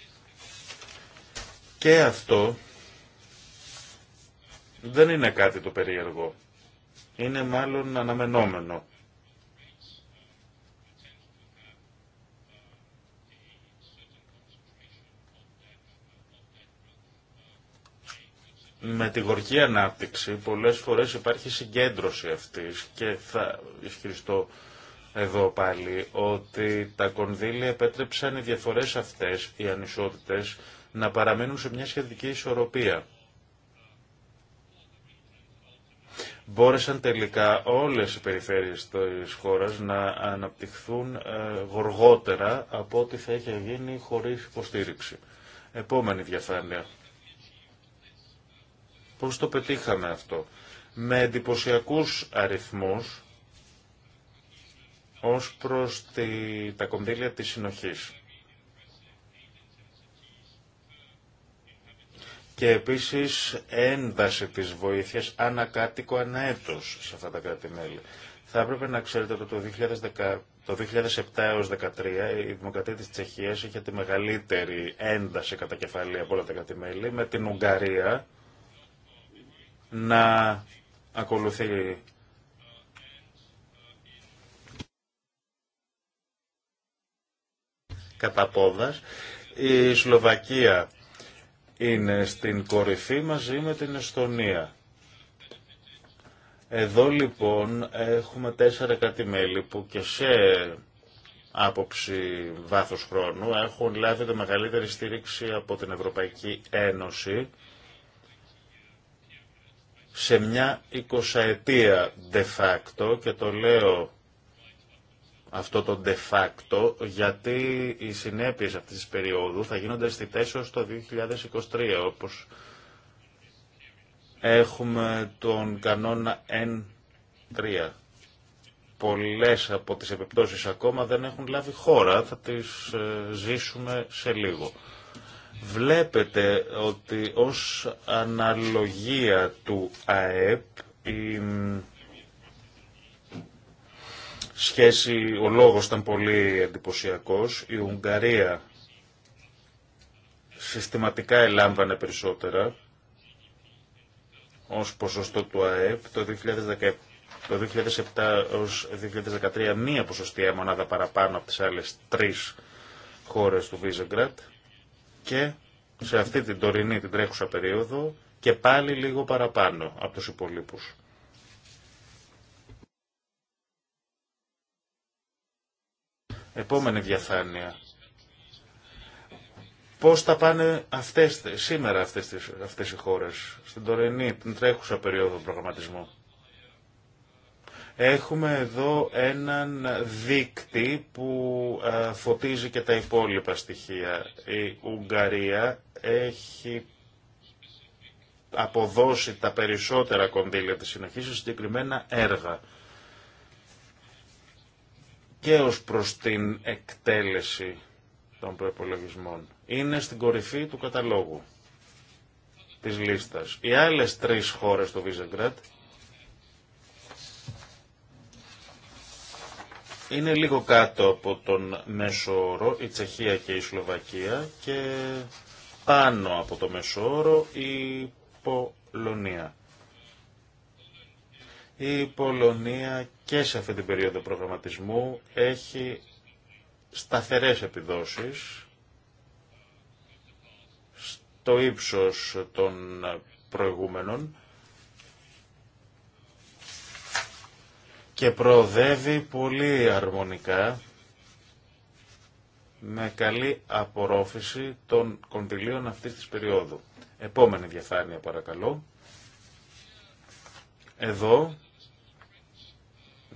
S1: Και αυτό δεν είναι κάτι το περίεργο. Είναι μάλλον αναμενόμενο. με τη γοργή ανάπτυξη πολλές φορές υπάρχει συγκέντρωση αυτής και θα ισχυριστώ εδώ πάλι ότι τα κονδύλια επέτρεψαν οι διαφορές αυτές, οι ανισότητες, να παραμένουν σε μια σχετική ισορροπία. Μπόρεσαν τελικά όλες οι περιφέρειες της χώρας να αναπτυχθούν ε, γοργότερα από ό,τι θα είχε γίνει χωρίς υποστήριξη. Επόμενη διαφάνεια. Πώς το πετύχαμε αυτό. Με εντυπωσιακού αριθμούς ως προς τη, τα κονδύλια της συνοχής. Και επίσης ένταση της βοήθειας ανακάτοικο ανακάτοικο-ανέτος σε αυτά τα κράτη-μέλη. Θα έπρεπε να ξέρετε ότι το 2010, το 2007 έως 2013 η Δημοκρατία της Τσεχίας είχε τη μεγαλύτερη ένταση κατά κεφαλή από όλα τα κράτη-μέλη με την Ουγγαρία να ακολουθεί κατά πόδας. Η Σλοβακία είναι στην κορυφή μαζί με την Εστονία. Εδώ λοιπόν έχουμε τέσσερα κράτη-μέλη που και σε άποψη βάθος χρόνου έχουν λάβει τη μεγαλύτερη στήριξη από την Ευρωπαϊκή Ένωση σε μια εικοσαετία de facto και το λέω αυτό το de facto γιατί οι συνέπειες αυτής της περίοδου θα γίνονται στη τέσσερα το 2023 όπως έχουμε τον κανόνα N3 πολλές από τις επιπτώσεις ακόμα δεν έχουν λάβει χώρα θα τις ε, ζήσουμε σε λίγο Βλέπετε ότι ως αναλογία του ΑΕΠ η σχέση, ο λόγος ήταν πολύ εντυπωσιακό. Η Ουγγαρία συστηματικά ελάμβανε περισσότερα ως ποσοστό του ΑΕΠ το 2017 το 2007 ως 2013 μία ποσοστία μονάδα παραπάνω από τις άλλες τρεις χώρες του Βίζεγκρατ και σε αυτή την τωρινή, την τρέχουσα περίοδο και πάλι λίγο παραπάνω από τους υπολείπους. Επόμενη διαφάνεια. Πώς θα πάνε αυτές, σήμερα αυτές, αυτές οι χώρες, στην τωρινή, την τρέχουσα περίοδο προγραμματισμού. Έχουμε εδώ έναν δείκτη που ε, φωτίζει και τα υπόλοιπα στοιχεία. Η Ουγγαρία έχει αποδώσει τα περισσότερα κονδύλια της συνοχής σε συγκεκριμένα έργα και ως προς την εκτέλεση των προπολογισμών. Είναι στην κορυφή του καταλόγου της λίστας. Οι άλλες τρεις χώρες του Βίζεγκρατ είναι λίγο κάτω από τον μέσο όρο η Τσεχία και η Σλοβακία και πάνω από τον μέσο η Πολωνία. Η Πολωνία και σε αυτή την περίοδο προγραμματισμού έχει σταθερές επιδόσεις στο ύψος των προηγούμενων
S3: και προοδεύει
S1: πολύ αρμονικά με καλή απορρόφηση των κοντιλίων αυτής της περίοδου. Επόμενη διαφάνεια παρακαλώ. Εδώ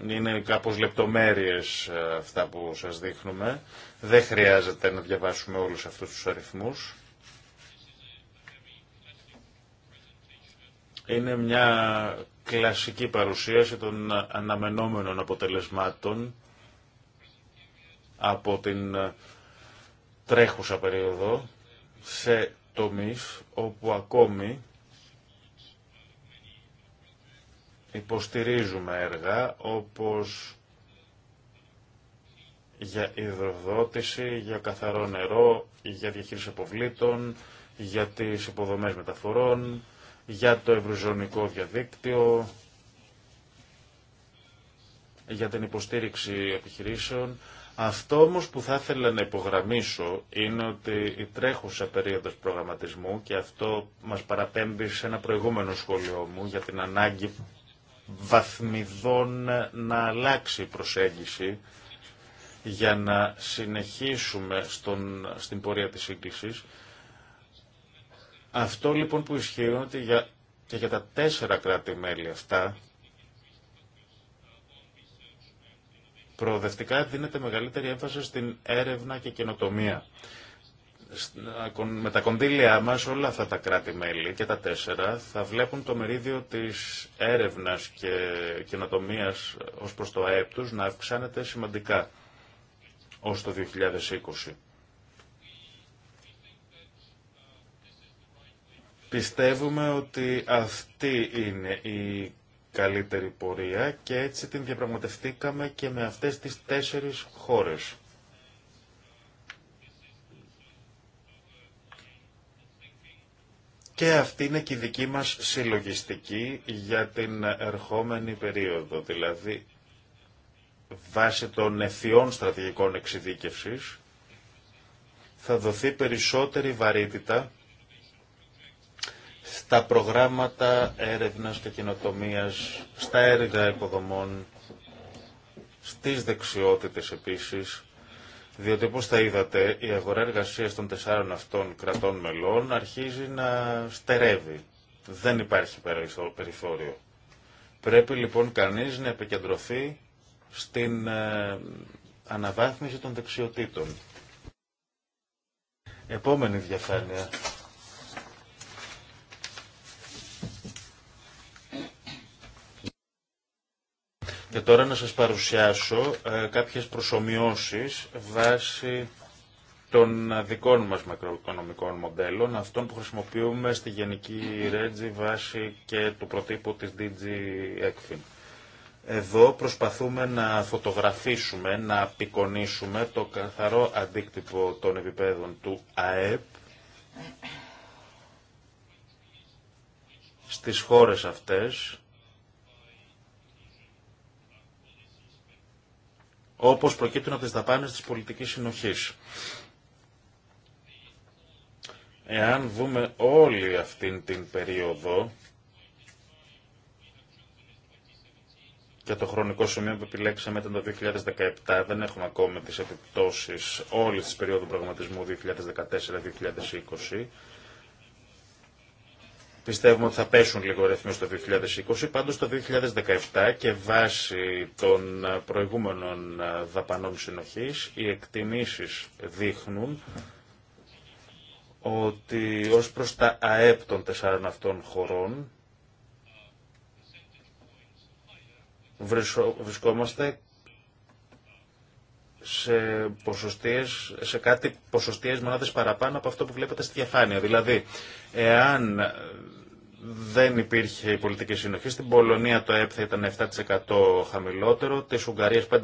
S1: είναι κάπως λεπτομέρειες ε, αυτά που σας δείχνουμε. Δεν χρειάζεται να διαβάσουμε όλους αυτούς τους αριθμούς. Είναι μια κλασική παρουσίαση των αναμενόμενων αποτελεσμάτων από την τρέχουσα περίοδο σε τομείς όπου ακόμη υποστηρίζουμε έργα όπως για υδροδότηση, για καθαρό νερό, για διαχείριση αποβλήτων, για τις υποδομές μεταφορών, για το ευρωζωνικό διαδίκτυο, για την υποστήριξη επιχειρήσεων. Αυτό όμω που θα ήθελα να υπογραμμίσω είναι ότι η τρέχουσα περίοδος προγραμματισμού και αυτό μας παραπέμπει σε ένα προηγούμενο σχόλιο μου για την ανάγκη βαθμιδών να αλλάξει η προσέγγιση για να συνεχίσουμε στον, στην πορεία της σύγκλησης αυτό λοιπόν που ισχύει είναι ότι για, και για τα τέσσερα κράτη-μέλη αυτά προοδευτικά δίνεται μεγαλύτερη έμφαση στην έρευνα και καινοτομία. Με τα κονδύλια μας όλα αυτά τα κράτη-μέλη και τα τέσσερα θα βλέπουν το μερίδιο της έρευνας και καινοτομίας ως προς το ΑΕΠ τους να αυξάνεται σημαντικά ως το 2020. Πιστεύουμε ότι αυτή είναι η καλύτερη πορεία και έτσι την διαπραγματευτήκαμε και με αυτές τις τέσσερις χώρες. Και αυτή είναι και η δική μας συλλογιστική για την ερχόμενη περίοδο, δηλαδή βάσει των ευθειών στρατηγικών εξειδίκευσης θα δοθεί περισσότερη βαρύτητα στα προγράμματα έρευνας και κοινοτομίας, στα έργα υποδομών, στις δεξιότητες επίσης, διότι όπως θα είδατε η αγορά εργασίας των τεσσάρων αυτών κρατών μελών αρχίζει να στερεύει. Δεν υπάρχει περιθώριο. Πρέπει λοιπόν κανείς να επικεντρωθεί στην ε, αναβάθμιση των δεξιοτήτων. Επόμενη διαφάνεια. Και τώρα να σας παρουσιάσω ε, κάποιες προσωμιώσεις βάσει των δικών μας μακροοικονομικών μοντέλων, αυτών που χρησιμοποιούμε στη Γενική Ρέτζη βάσει και του προτύπου της DG ECFIN. Εδώ προσπαθούμε να φωτογραφίσουμε, να απεικονίσουμε το καθαρό αντίκτυπο των επιπέδων του ΑΕΠ στις χώρες αυτές όπως προκύπτουν από τις δαπάνες της πολιτικής συνοχής. Εάν δούμε όλη αυτήν την περίοδο και το χρονικό σημείο που επιλέξαμε ήταν το 2017, δεν έχουμε ακόμα τις επιπτώσεις όλης της περίοδου πραγματισμού 2014-2020, Πιστεύουμε ότι θα πέσουν λίγο ρυθμοί το 2020, πάντως το 2017 και βάσει των προηγούμενων δαπανών συνοχής οι εκτιμήσεις δείχνουν ότι ως προς τα ΑΕΠ των τεσσάρων αυτών χωρών βρισκόμαστε σε, ποσοστίες, σε κάτι ποσοστίες μονάδες παραπάνω από αυτό που βλέπετε στη διαφάνεια. Δηλαδή, εάν δεν υπήρχε η πολιτική συνοχή, στην Πολωνία το ΕΠ θα ήταν 7% χαμηλότερο, της Ουγγαρίας 5%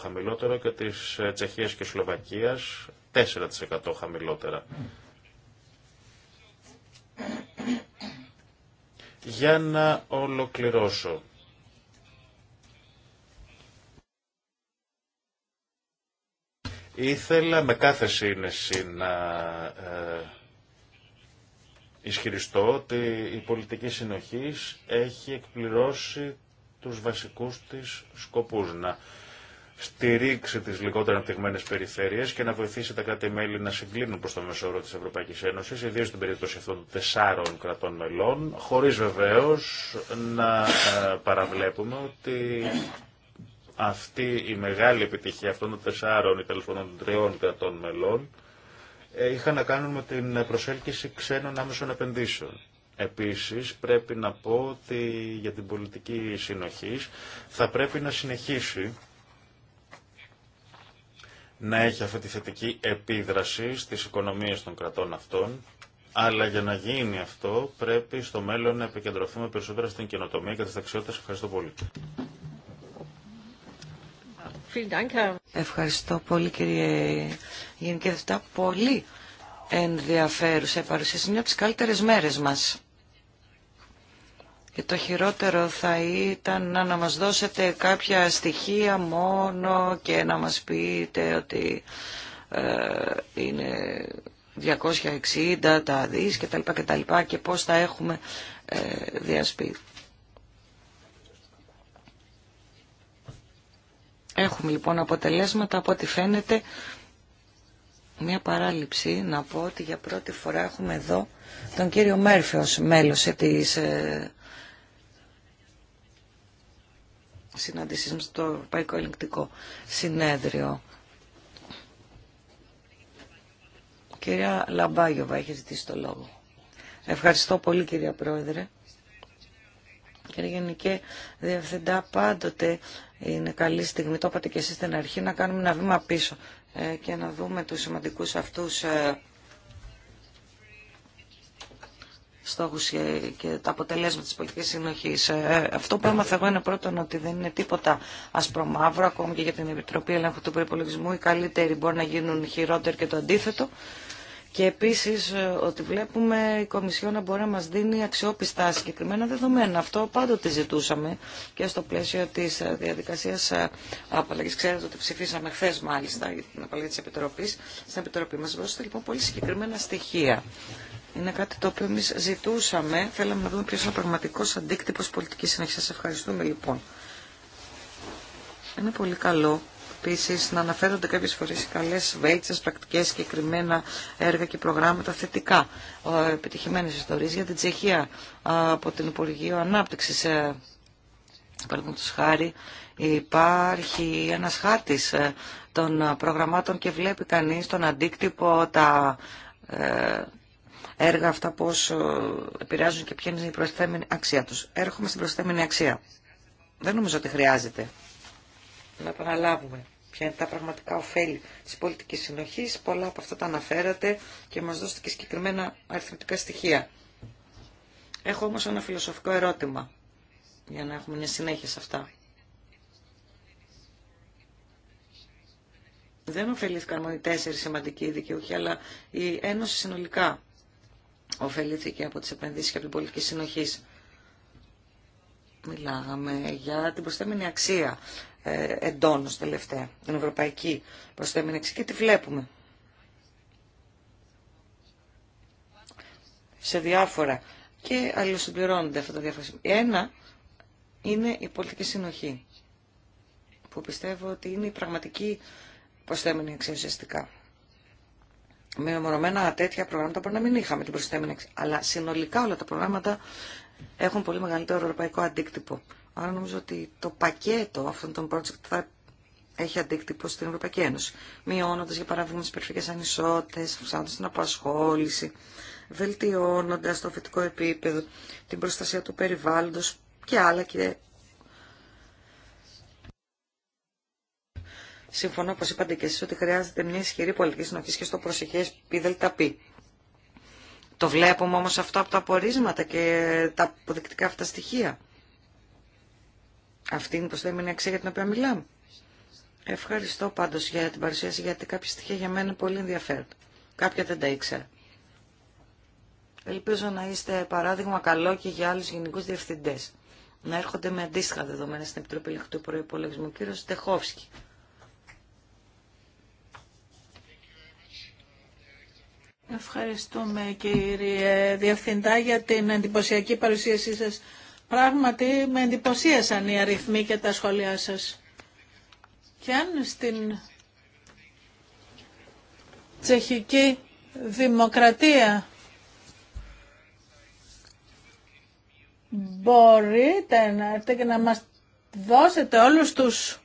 S1: χαμηλότερο και της ε, Τσεχίας και Σλοβακίας 4% χαμηλότερα. Για να ολοκληρώσω. Ήθελα με κάθε σύνεση να ε, ισχυριστώ ότι η πολιτική συνοχής έχει εκπληρώσει τους βασικούς της σκοπούς να στηρίξει τις λιγότερα αναπτυγμένες περιφέρειες και να βοηθήσει τα κράτη-μέλη να συγκλίνουν προς το μεσόρο της Ευρωπαϊκής Ένωσης, ιδίως στην περίπτωση αυτών των τεσσάρων κρατών μελών, χωρίς βεβαίως να ε, παραβλέπουμε ότι αυτή η μεγάλη επιτυχία αυτών των τεσσάρων ή τέλο των τριών κρατών μελών ε, είχαν να κάνουν με την προσέλκυση ξένων άμεσων επενδύσεων. Επίσης πρέπει να πω ότι για την πολιτική συνοχή θα πρέπει να συνεχίσει να έχει αυτή τη θετική επίδραση στις οικονομίες των κρατών αυτών, αλλά για να γίνει αυτό πρέπει στο μέλλον να επικεντρωθούμε περισσότερα στην καινοτομία και τις δεξιότητες. Ευχαριστώ πολύ.
S2: Ευχαριστώ πολύ κύριε Γενική Δευτά. Πολύ ενδιαφέρουσα παρουσίαση. Είναι από τις καλύτερες μέρες μας. Και το χειρότερο θα ήταν να μας δώσετε κάποια στοιχεία μόνο και να μας πείτε ότι ε, είναι 260 τα δις και τα λοιπά και τα λοιπά και πώς θα έχουμε ε, διασπεί. Έχουμε λοιπόν αποτελέσματα από ό,τι φαίνεται μια παράληψη να πω ότι για πρώτη φορά έχουμε εδώ τον κύριο Μέρφε ως μέλος της ε, συνάντησης μας στο Ευρωπαϊκό Ελληνικτικό Συνέδριο. Κυρία Λαμπάγιοβα, έχει ζητήσει το λόγο. Ευχαριστώ πολύ κυρία Πρόεδρε. Κύριε Γενικέ Διευθυντά, πάντοτε είναι καλή στιγμή, το είπατε και εσείς στην αρχή, να κάνουμε ένα βήμα πίσω ε, και να δούμε τους σημαντικούς αυτούς ε, στόχους ε, και τα αποτελέσματα της πολιτικής συνοχής. Αυτό που έμαθα εγώ είναι πρώτον ότι δεν είναι τίποτα ασπρομαύρο, ακόμη και για την Επιτροπή Ελέγχου του Προπολογισμού. Οι καλύτεροι μπορεί να γίνουν χειρότεροι και το αντίθετο. Και επίσης ε, ότι βλέπουμε η Κομισιό να μπορεί να μας δίνει αξιόπιστα συγκεκριμένα δεδομένα. Αυτό πάντοτε ζητούσαμε και στο πλαίσιο της ε, διαδικασίας ε, απαλλαγής. Ξέρετε ότι ψηφίσαμε χθε μάλιστα για την απαλλαγή της Επιτροπής. Στην Επιτροπή μας δώσετε λοιπόν πολύ συγκεκριμένα στοιχεία. Είναι κάτι το οποίο εμεί ζητούσαμε. Θέλαμε να δούμε ποιο είναι ο πραγματικό αντίκτυπο πολιτική συνέχεια. Σα ευχαριστούμε λοιπόν. Είναι πολύ καλό επίση να αναφέρονται κάποιε φορέ οι καλέ βέλτιστες πρακτικέ, συγκεκριμένα έργα και προγράμματα θετικά. επιτυχημένε ιστορίε για την Τσεχία από την Υπουργείο Ανάπτυξη, ε, χάρη, υπάρχει ένα χάρτη ε, των προγραμμάτων και βλέπει κανεί τον αντίκτυπο, τα ε, έργα αυτά πώ επηρεάζουν και ποια είναι η προσθέμενη αξία του. Έρχομαι στην προσθέμενη αξία. Δεν νομίζω ότι χρειάζεται να επαναλάβουμε ποια είναι τα πραγματικά ωφέλη της πολιτικής συνοχής. Πολλά από αυτά τα αναφέρατε και μας δώσετε και συγκεκριμένα αριθμητικά στοιχεία. Έχω όμως ένα φιλοσοφικό ερώτημα για να έχουμε μια συνέχεια σε αυτά. Δεν ωφελήθηκαν μόνο οι τέσσερι σημαντικοί δικαιούχοι, αλλά η Ένωση συνολικά ωφελήθηκε από τι επενδύσει και από την πολιτική συνοχή. Μιλάγαμε για την προσθέμενη αξία ε, εντόνως τελευταία, την ευρωπαϊκή προσθέμενη και τη βλέπουμε. Σε διάφορα και αλληλοσυμπληρώνονται αυτά τα διάφορα. Ένα είναι η πολιτική συνοχή, που πιστεύω ότι είναι η πραγματική προσθέμενη αξία ουσιαστικά. Με μεμονωμένα τέτοια προγράμματα μπορεί να μην είχαμε την προσθέμενη αλλά συνολικά όλα τα προγράμματα έχουν πολύ μεγαλύτερο ευρωπαϊκό αντίκτυπο. Άρα νομίζω ότι το πακέτο αυτών των project θα έχει αντίκτυπο στην Ευρωπαϊκή Ένωση. Μειώνοντα, για παράδειγμα, τι περιφερειακέ ανισότητε, αυξάνοντα την απασχόληση, βελτιώνοντα το φοιτικό επίπεδο, την προστασία του περιβάλλοντο και άλλα. Και... Συμφωνώ, όπω είπατε και εσεί, ότι χρειάζεται μια ισχυρή πολιτική συνοχή και στο προσεχέ πι. Το βλέπουμε όμω αυτό από τα απορίσματα και τα αποδεικτικά αυτά στοιχεία. Αυτή είναι η αξία για την οποία μιλάμε. Ευχαριστώ πάντως για την παρουσίαση γιατί κάποια στοιχεία για μένα είναι πολύ ενδιαφέροντα. Κάποια δεν τα ήξερα. Ελπίζω να είστε παράδειγμα καλό και για άλλους γενικούς διευθυντές. Να έρχονται με αντίστοιχα δεδομένα στην Επιτροπή Λεκτού Προϋπολογισμού. Κύριος Στεχόφσκι.
S3: Ευχαριστούμε κύριε Διευθυντά για την εντυπωσιακή παρουσίασή σας Πράγματι με εντυπωσίασαν οι αριθμοί και τα σχόλιά σας. Και αν στην τσεχική δημοκρατία μπορείτε να έρθετε και να μας δώσετε όλους τους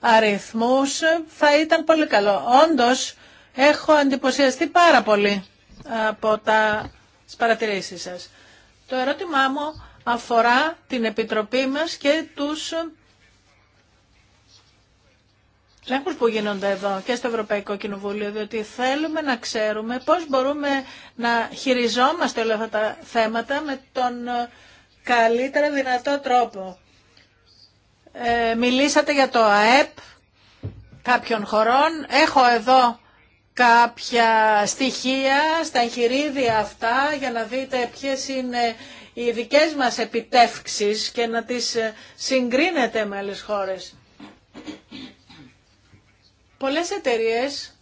S3: αριθμούς θα ήταν πολύ καλό. Όντως έχω εντυπωσιαστεί πάρα πολύ από τα παρατηρήσεις σας. Το ερώτημά μου αφορά την Επιτροπή μας και τους λέγχους που γίνονται εδώ και στο Ευρωπαϊκό Κοινοβούλιο, διότι θέλουμε να ξέρουμε πώς μπορούμε να χειριζόμαστε όλα αυτά τα θέματα με τον καλύτερα δυνατό τρόπο. Ε, μιλήσατε για το ΑΕΠ κάποιων χωρών. Έχω εδώ κάποια στοιχεία στα εγχειρίδια αυτά για να δείτε ποιες είναι οι δικές μας επιτεύξεις και να τις ε, συγκρίνετε με άλλες χώρες. Πολλές εταιρείες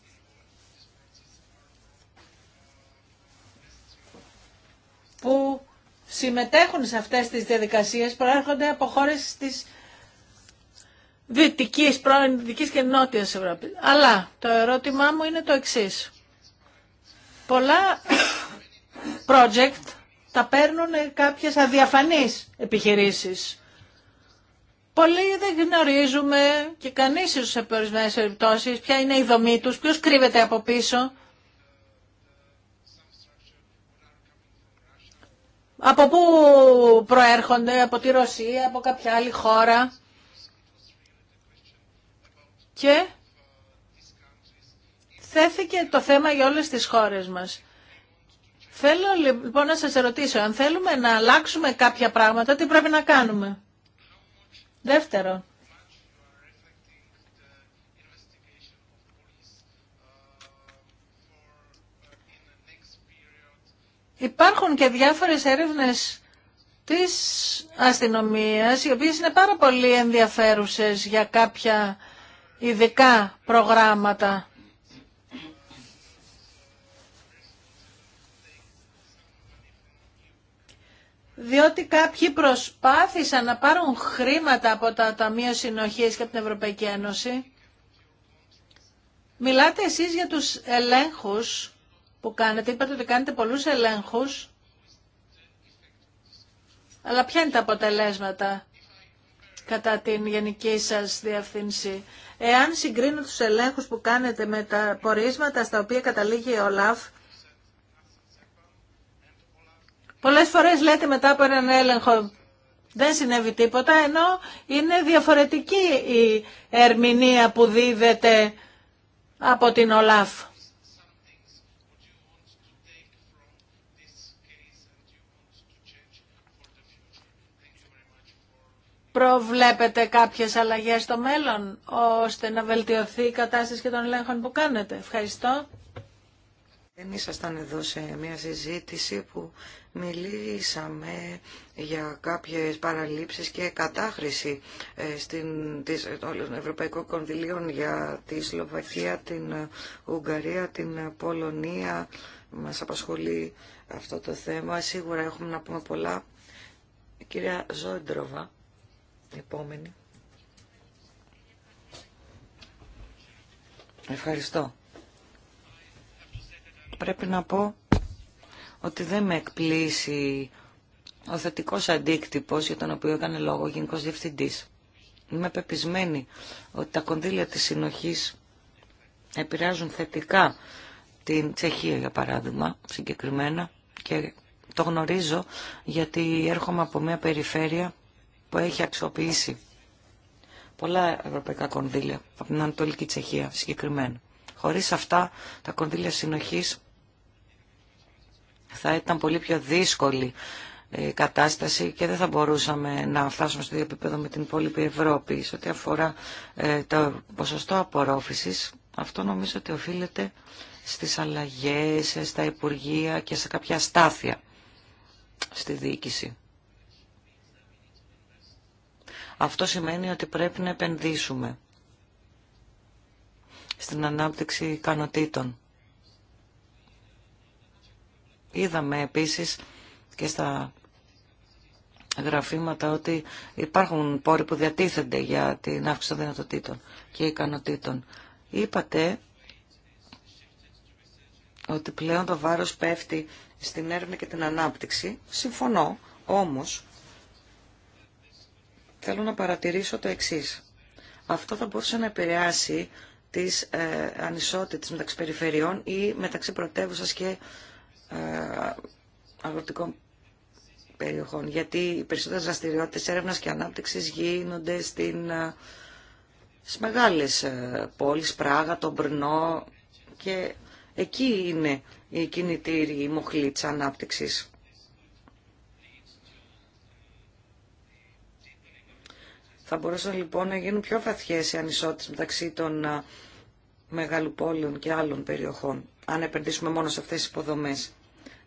S3: που συμμετέχουν σε αυτές τις διαδικασίες προέρχονται από χώρες της Δυτικής, πρώην Δυτικής και Νότιας Ευρώπης. Αλλά το ερώτημά μου είναι το εξής. Πολλά project τα παίρνουν κάποιες αδιαφανείς επιχειρήσεις. Πολλοί δεν γνωρίζουμε και κανείς ίσως σε ορισμένες περιπτώσεις ποια είναι η δομή τους, ποιος κρύβεται από πίσω. Από πού προέρχονται, από τη Ρωσία, από κάποια άλλη χώρα. Και θέθηκε το θέμα για όλες τις χώρες μας. Θέλω λοιπόν να σας ερωτήσω, αν θέλουμε να αλλάξουμε κάποια πράγματα, τι πρέπει να κάνουμε. Δεύτερο. Υπάρχουν και διάφορες έρευνες της αστυνομίας, οι οποίες είναι πάρα πολύ ενδιαφέρουσες για κάποια ειδικά προγράμματα. διότι κάποιοι προσπάθησαν να πάρουν χρήματα από τα Ταμεία Συνοχής και από την Ευρωπαϊκή Ένωση. Μιλάτε εσείς για τους ελέγχους που κάνετε. Είπατε ότι κάνετε πολλούς ελέγχους. Αλλά ποια είναι τα αποτελέσματα κατά την γενική σας διεύθυνση. Εάν συγκρίνω τους ελέγχους που κάνετε με τα πορίσματα στα οποία καταλήγει ο ΟΛΑΦ, Πολλέ φορέ λέτε μετά από έναν έλεγχο δεν συνέβη τίποτα, ενώ είναι διαφορετική η ερμηνεία που δίδεται από την ΟΛΑΦ. Προβλέπετε κάποιες αλλαγές στο μέλλον, ώστε να βελτιωθεί η κατάσταση και των ελέγχων που κάνετε. Ευχαριστώ.
S2: Εμείς ήσασταν εδώ σε μια συζήτηση που Μιλήσαμε για κάποιες παραλήψεις και κατάχρηση ε, στην, της, των Ευρωπαϊκών Κονδυλίων για τη Σλοβακία, την ε, Ουγγαρία, την ε, Πολωνία. Μας απασχολεί αυτό το θέμα. Σίγουρα έχουμε να πούμε πολλά. κυρία Ζόντροβα, επόμενη. Ευχαριστώ. Πρέπει να πω ότι δεν με εκπλήσει ο θετικό αντίκτυπο για τον οποίο έκανε λόγο ο Γενικό Διευθυντή. Είμαι πεπισμένη ότι τα κονδύλια τη συνοχή επηρεάζουν θετικά την Τσεχία, για παράδειγμα, συγκεκριμένα, και το γνωρίζω γιατί έρχομαι από μια περιφέρεια που έχει αξιοποιήσει πολλά ευρωπαϊκά κονδύλια από την Ανατολική Τσεχία συγκεκριμένα. Χωρίς αυτά τα κονδύλια συνοχής θα ήταν πολύ πιο δύσκολη η ε, κατάσταση και δεν θα μπορούσαμε να φτάσουμε στο ίδιο επίπεδο με την υπόλοιπη Ευρώπη. Σε ό,τι αφορά ε, το ποσοστό απορρόφησης, αυτό νομίζω ότι οφείλεται στις αλλαγές, στα Υπουργεία και σε κάποια στάθεια στη διοίκηση. Αυτό σημαίνει ότι πρέπει να επενδύσουμε στην ανάπτυξη ικανοτήτων. Είδαμε επίσης και στα γραφήματα ότι υπάρχουν πόροι που διατίθενται για την αύξηση των δυνατοτήτων και ικανοτήτων. Είπατε ότι πλέον το βάρος πέφτει στην έρευνα και την ανάπτυξη. Συμφωνώ, όμως θέλω να παρατηρήσω το εξής. Αυτό θα μπορούσε να επηρεάσει τις ε, ανισότητες μεταξύ περιφερειών ή μεταξύ πρωτεύουσα και ε, αγροτικών περιοχών, γιατί οι περισσότερες δραστηριότητε, έρευνα και ανάπτυξης γίνονται στην, ε, στις μεγάλες ε, πόλεις, Πράγα, τον Πρνό και εκεί είναι η κινητήρη, η μοχλή της ανάπτυξης. Θα μπορούσαν λοιπόν να γίνουν πιο βαθιές οι ανισότητες μεταξύ των μεγάλου πόλεων και άλλων περιοχών, αν επενδύσουμε μόνο σε αυτές τις υποδομές.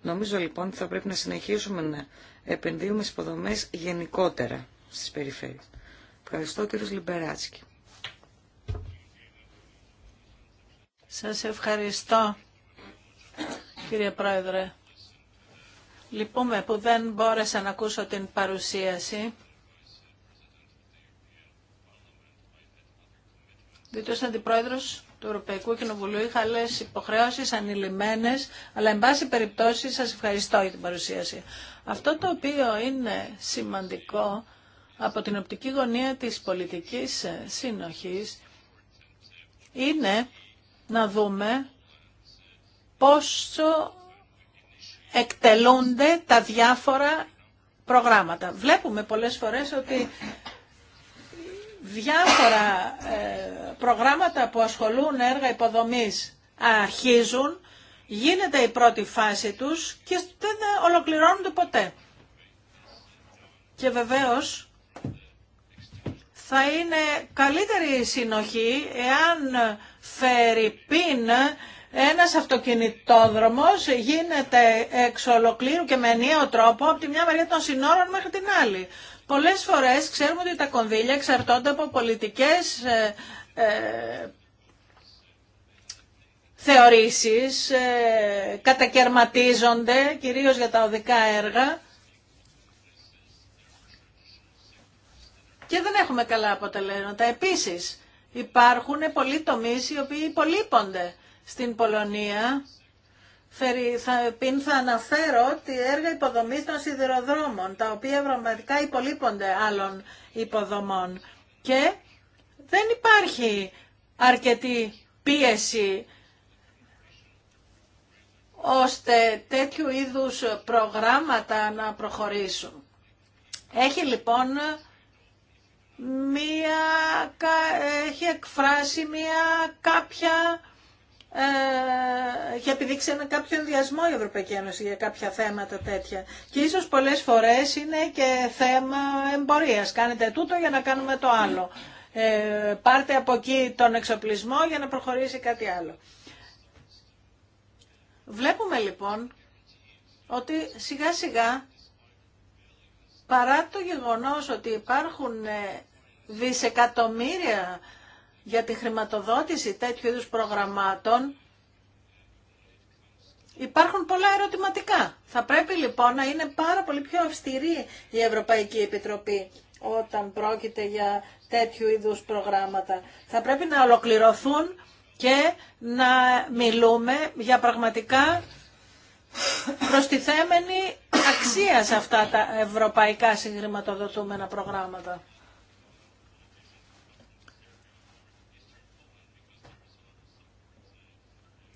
S2: Νομίζω λοιπόν ότι θα πρέπει να συνεχίσουμε να επενδύουμε στις υποδομές γενικότερα στις περιφέρειες. Ευχαριστώ κύριο Λιμπεράτσικη.
S3: Σας ευχαριστώ κύριε Πρόεδρε. Λυπούμε που δεν μπόρεσα να ακούσω την παρουσίαση. Διότι αντιπρόεδρος του Ευρωπαϊκού Κοινοβουλίου. Είχα άλλε υποχρεώσει ανηλυμένε, αλλά εν πάση περιπτώσει σα ευχαριστώ για την παρουσίαση. Αυτό το οποίο είναι σημαντικό από την οπτική γωνία της πολιτικής συνοχής είναι να δούμε πόσο εκτελούνται τα διάφορα προγράμματα. Βλέπουμε πολλές φορές ότι διάφορα ε, προγράμματα που ασχολούν έργα υποδομής αρχίζουν, γίνεται η πρώτη φάση τους και δεν ολοκληρώνονται ποτέ. Και βεβαίως θα είναι καλύτερη η συνοχή εάν φέρει πίν ένας αυτοκινητόδρομος γίνεται εξ ολοκλήρου και με ενιαίο τρόπο από τη μια μεριά των συνόρων μέχρι την άλλη. Πολλές φορές ξέρουμε ότι τα κονδύλια εξαρτώνται από πολιτικές ε, ε θεωρήσεις, ε, κατακαιρματίζονται κυρίως για τα οδικά έργα και δεν έχουμε καλά αποτελέσματα. Επίσης υπάρχουν πολλοί τομείς οι οποίοι υπολείπονται στην Πολωνία Φερι, θα αναφέρω τη έργα υποδομής των σιδηροδρόμων, τα οποία πραγματικά υπολείπονται άλλων υποδομών. Και δεν υπάρχει αρκετή πίεση ώστε τέτοιου είδους προγράμματα να προχωρήσουν. Έχει λοιπόν μία, έχει εκφράσει μία κάποια έχει επιδείξει ένα κάποιο ενδιασμό η Ευρωπαϊκή Ένωση για κάποια θέματα τέτοια. Και ίσως πολλές φορές είναι και θέμα εμπορίας. Κάνετε τούτο για να κάνουμε το άλλο. Ε, πάρτε από εκεί τον εξοπλισμό για να προχωρήσει κάτι άλλο. Βλέπουμε λοιπόν ότι σιγά σιγά παρά το γεγονός ότι υπάρχουν ε, δισεκατομμύρια για τη χρηματοδότηση τέτοιου είδους προγραμμάτων υπάρχουν πολλά ερωτηματικά. Θα πρέπει λοιπόν να είναι πάρα πολύ πιο αυστηρή η Ευρωπαϊκή Επιτροπή όταν πρόκειται για τέτοιου είδους προγράμματα. Θα πρέπει να ολοκληρωθούν και να μιλούμε για πραγματικά προστιθέμενη αξία σε αυτά τα ευρωπαϊκά συγχρηματοδοτούμενα προγράμματα.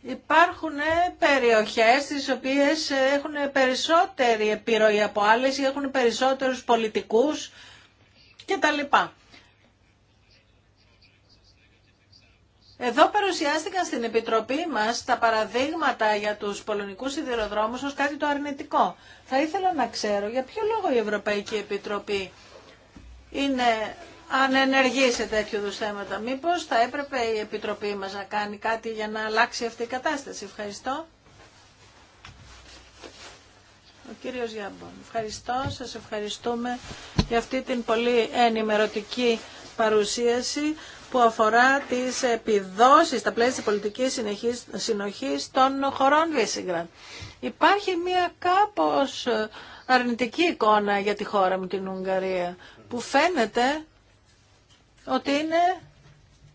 S3: Υπάρχουν ε, περιοχές στις οποίες ε, έχουν περισσότερη επιρροή από άλλες ή έχουν περισσότερους πολιτικούς κτλ. Εδώ παρουσιάστηκαν στην Επιτροπή μας τα παραδείγματα για τους πολωνικούς σιδηροδρόμους ως κάτι το αρνητικό. Θα ήθελα να ξέρω για ποιο λόγο η Ευρωπαϊκή Επιτροπή είναι ενεργεί σε τέτοιου είδου θέματα. Μήπω θα έπρεπε η Επιτροπή μα να κάνει κάτι για να αλλάξει αυτή η κατάσταση. Ευχαριστώ. Ο κύριος Γιάμπον. Ευχαριστώ, σας ευχαριστούμε για αυτή την πολύ ενημερωτική παρουσίαση που αφορά τις επιδόσεις στα πλαίσια τη πολιτικής συνοχής των χωρών Βίσιγκραντ. Υπάρχει μια κάπως αρνητική εικόνα για τη χώρα μου την Ουγγαρία που φαίνεται ότι είναι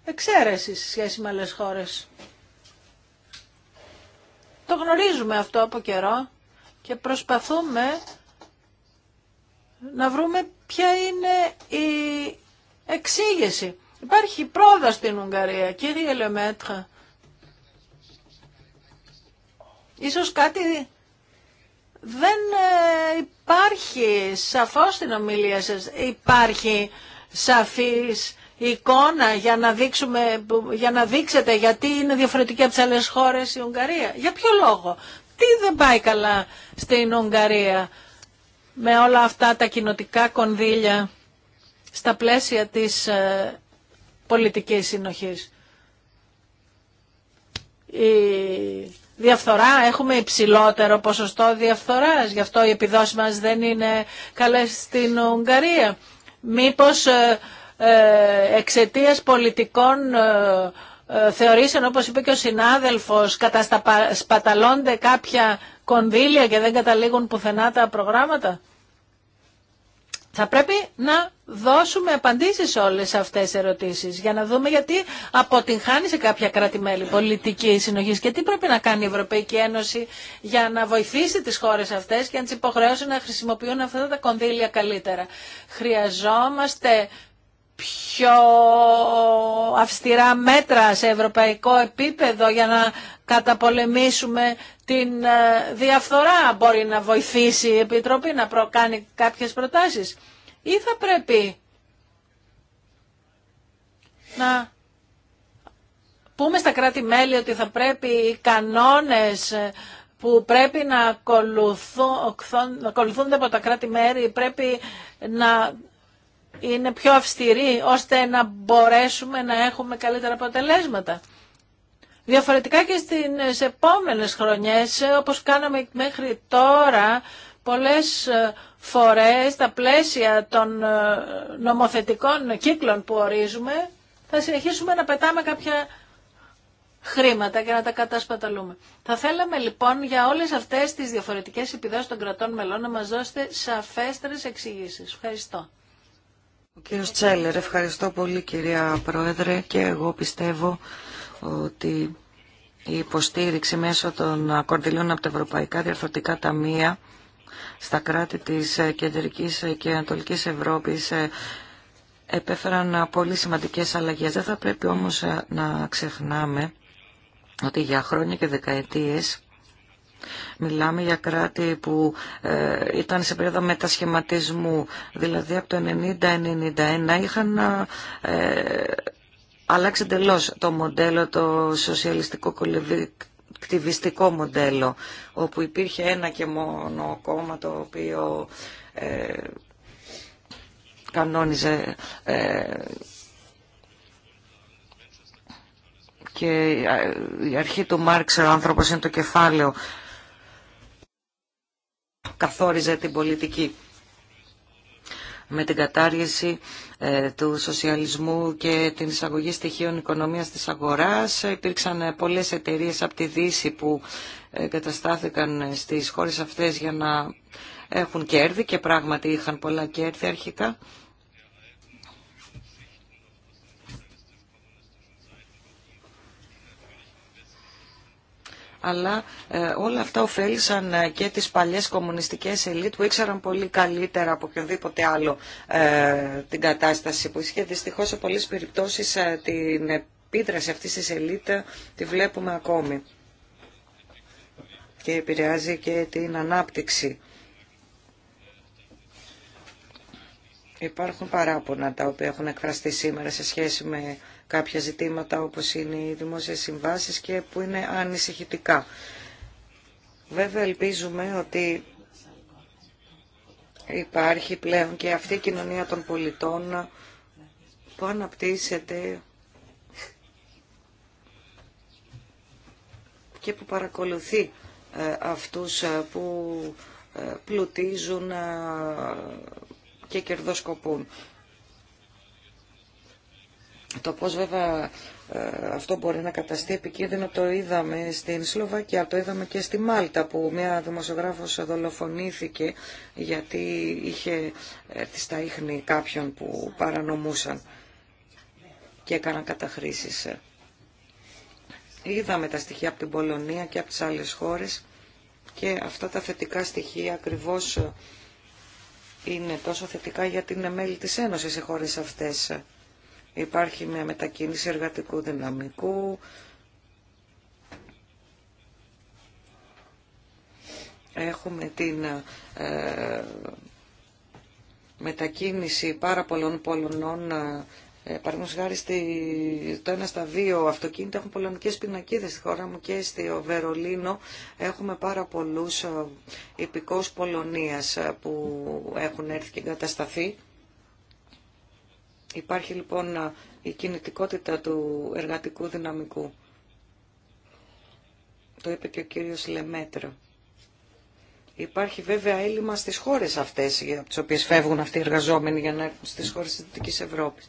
S3: εξαίρεση σε σχέση με άλλες χώρες. Το γνωρίζουμε αυτό από καιρό και προσπαθούμε να βρούμε ποια είναι η εξήγηση. Υπάρχει πρόοδο στην Ουγγαρία, κύριε Λεμέτρα. Ίσως κάτι δεν ε, υπάρχει σαφώς στην ομιλία σας. Υπάρχει σαφής εικόνα για να, δείξουμε, για να δείξετε γιατί είναι διαφορετική από τι άλλε χώρες η Ουγγαρία. Για ποιο λόγο. Τι δεν πάει καλά στην Ουγγαρία με όλα αυτά τα κοινοτικά κονδύλια στα πλαίσια της ε, πολιτικής συνοχής. Η διαφθορά, έχουμε υψηλότερο ποσοστό διαφθοράς, γι' αυτό οι επιδόσεις μας δεν είναι καλές στην Ουγγαρία. Μήπως ε, ε, Εξαιτία πολιτικών ε, ε, θεωρήσεων, όπως είπε και ο συνάδελφος, κατασπαταλώνται κάποια κονδύλια και δεν καταλήγουν πουθενά τα προγράμματα. Θα πρέπει να δώσουμε απαντήσεις σε όλες αυτές τις ερωτήσεις για να δούμε γιατί αποτυγχάνει σε κάποια κράτη-μέλη πολιτική συνοχή και τι πρέπει να κάνει η Ευρωπαϊκή Ένωση για να βοηθήσει τις χώρες αυτές και να τις υποχρεώσει να χρησιμοποιούν αυτά τα κονδύλια καλύτερα. Χρειαζόμαστε πιο αυστηρά μέτρα σε ευρωπαϊκό επίπεδο για να καταπολεμήσουμε την ε, διαφθορά. Μπορεί να βοηθήσει η Επιτροπή να προκάνει κάποιες προτάσεις ή θα πρέπει να πούμε στα κράτη-μέλη ότι θα πρέπει οι κανόνες ε, που πρέπει να ακολουθούνται από τα κράτη-μέλη πρέπει να είναι πιο αυστηρή ώστε να μπορέσουμε να έχουμε καλύτερα αποτελέσματα. Διαφορετικά και στις επόμενες χρονιές, όπως κάναμε μέχρι τώρα, πολλές ε, φορές τα πλαίσια των ε, νομοθετικών κύκλων που ορίζουμε, θα συνεχίσουμε να πετάμε κάποια χρήματα και να τα κατασπαταλούμε. Θα θέλαμε λοιπόν για όλες αυτές τις διαφορετικές επιδόσεις των κρατών μελών να μας δώσετε σαφέστερες εξηγήσεις. Ευχαριστώ.
S2: Ο κύριος Τσέλερ, ευχαριστώ πολύ κυρία Πρόεδρε και εγώ πιστεύω ότι η υποστήριξη μέσω των κορδιλίων από τα Ευρωπαϊκά Διαρθρωτικά Ταμεία στα κράτη της Κεντρικής και Ανατολικής Ευρώπης ε, επέφεραν πολύ σημαντικές αλλαγές. Δεν θα πρέπει όμως να ξεχνάμε ότι για χρόνια και δεκαετίες Μιλάμε για κράτη που ε, ήταν σε περίοδο μετασχηματισμού, δηλαδή από το 1990-1991 είχαν ε, αλλάξει εντελώ το μοντέλο, το σοσιαλιστικό κολυβιστικό μοντέλο, όπου υπήρχε ένα και μόνο κόμμα το οποίο ε, κανόνιζε και η αρχή του Μάρξ ο άνθρωπος είναι το κεφάλαιο καθόριζε την πολιτική με την κατάργηση ε, του σοσιαλισμού και την εισαγωγή στοιχείων οικονομίας της αγοράς. Υπήρξαν ε, πολλές εταιρείες από τη Δύση που καταστάθηκαν ε, στις χώρες αυτές για να έχουν κέρδη και πράγματι είχαν πολλά κέρδη αρχικά. αλλά ε, όλα αυτά ωφέλησαν ε, και τις παλιές κομμουνιστικές ελίτ που ήξεραν πολύ καλύτερα από οποιοδήποτε άλλο ε, την κατάσταση που είχε. Δυστυχώς σε πολλές περιπτώσεις την επίδραση αυτής της ελίτ τη βλέπουμε ακόμη και επηρεάζει και την ανάπτυξη. Υπάρχουν παράπονα τα οποία έχουν εκφραστεί σήμερα σε σχέση με κάποια ζητήματα όπως είναι οι δημόσιες συμβάσεις και που είναι ανησυχητικά. Βέβαια ελπίζουμε ότι υπάρχει πλέον και αυτή η κοινωνία των πολιτών που αναπτύσσεται και που παρακολουθεί ε, αυτούς ε, που ε, πλουτίζουν και κερδοσκοπούν. Το πώς βέβαια ε, αυτό μπορεί να καταστεί επικίνδυνο το είδαμε στην Σλοβακία, το είδαμε και στη Μάλτα που μια δημοσιογράφος δολοφονήθηκε γιατί είχε έρθει στα ίχνη κάποιων που παρανομούσαν και έκαναν καταχρήσεις. Είδαμε τα στοιχεία από την Πολωνία και από τις άλλες χώρες και αυτά τα θετικά στοιχεία ακριβώς ε, είναι τόσο θετικά γιατί είναι μέλη της Ένωσης οι χώρες αυτές. Υπάρχει μια μετακίνηση εργατικού δυναμικού. Έχουμε την ε, μετακίνηση πάρα πολλών Πολωνών ε, Παραδείγματο χάρη στη, το ένα στα δύο αυτοκίνητα έχουν πολωνικές πινακίδες στη χώρα μου και στο Βερολίνο έχουμε πάρα πολλούς ε, υπηκός Πολωνίας ε, που έχουν έρθει και εγκατασταθεί. Υπάρχει λοιπόν η κινητικότητα του εργατικού δυναμικού. Το είπε και ο κύριος Λεμέτρο. Υπάρχει βέβαια έλλειμμα στις χώρες αυτές από τις οποίες φεύγουν αυτοί οι εργαζόμενοι για να έρθουν στις χώρες της Δυτικής Ευρώπης.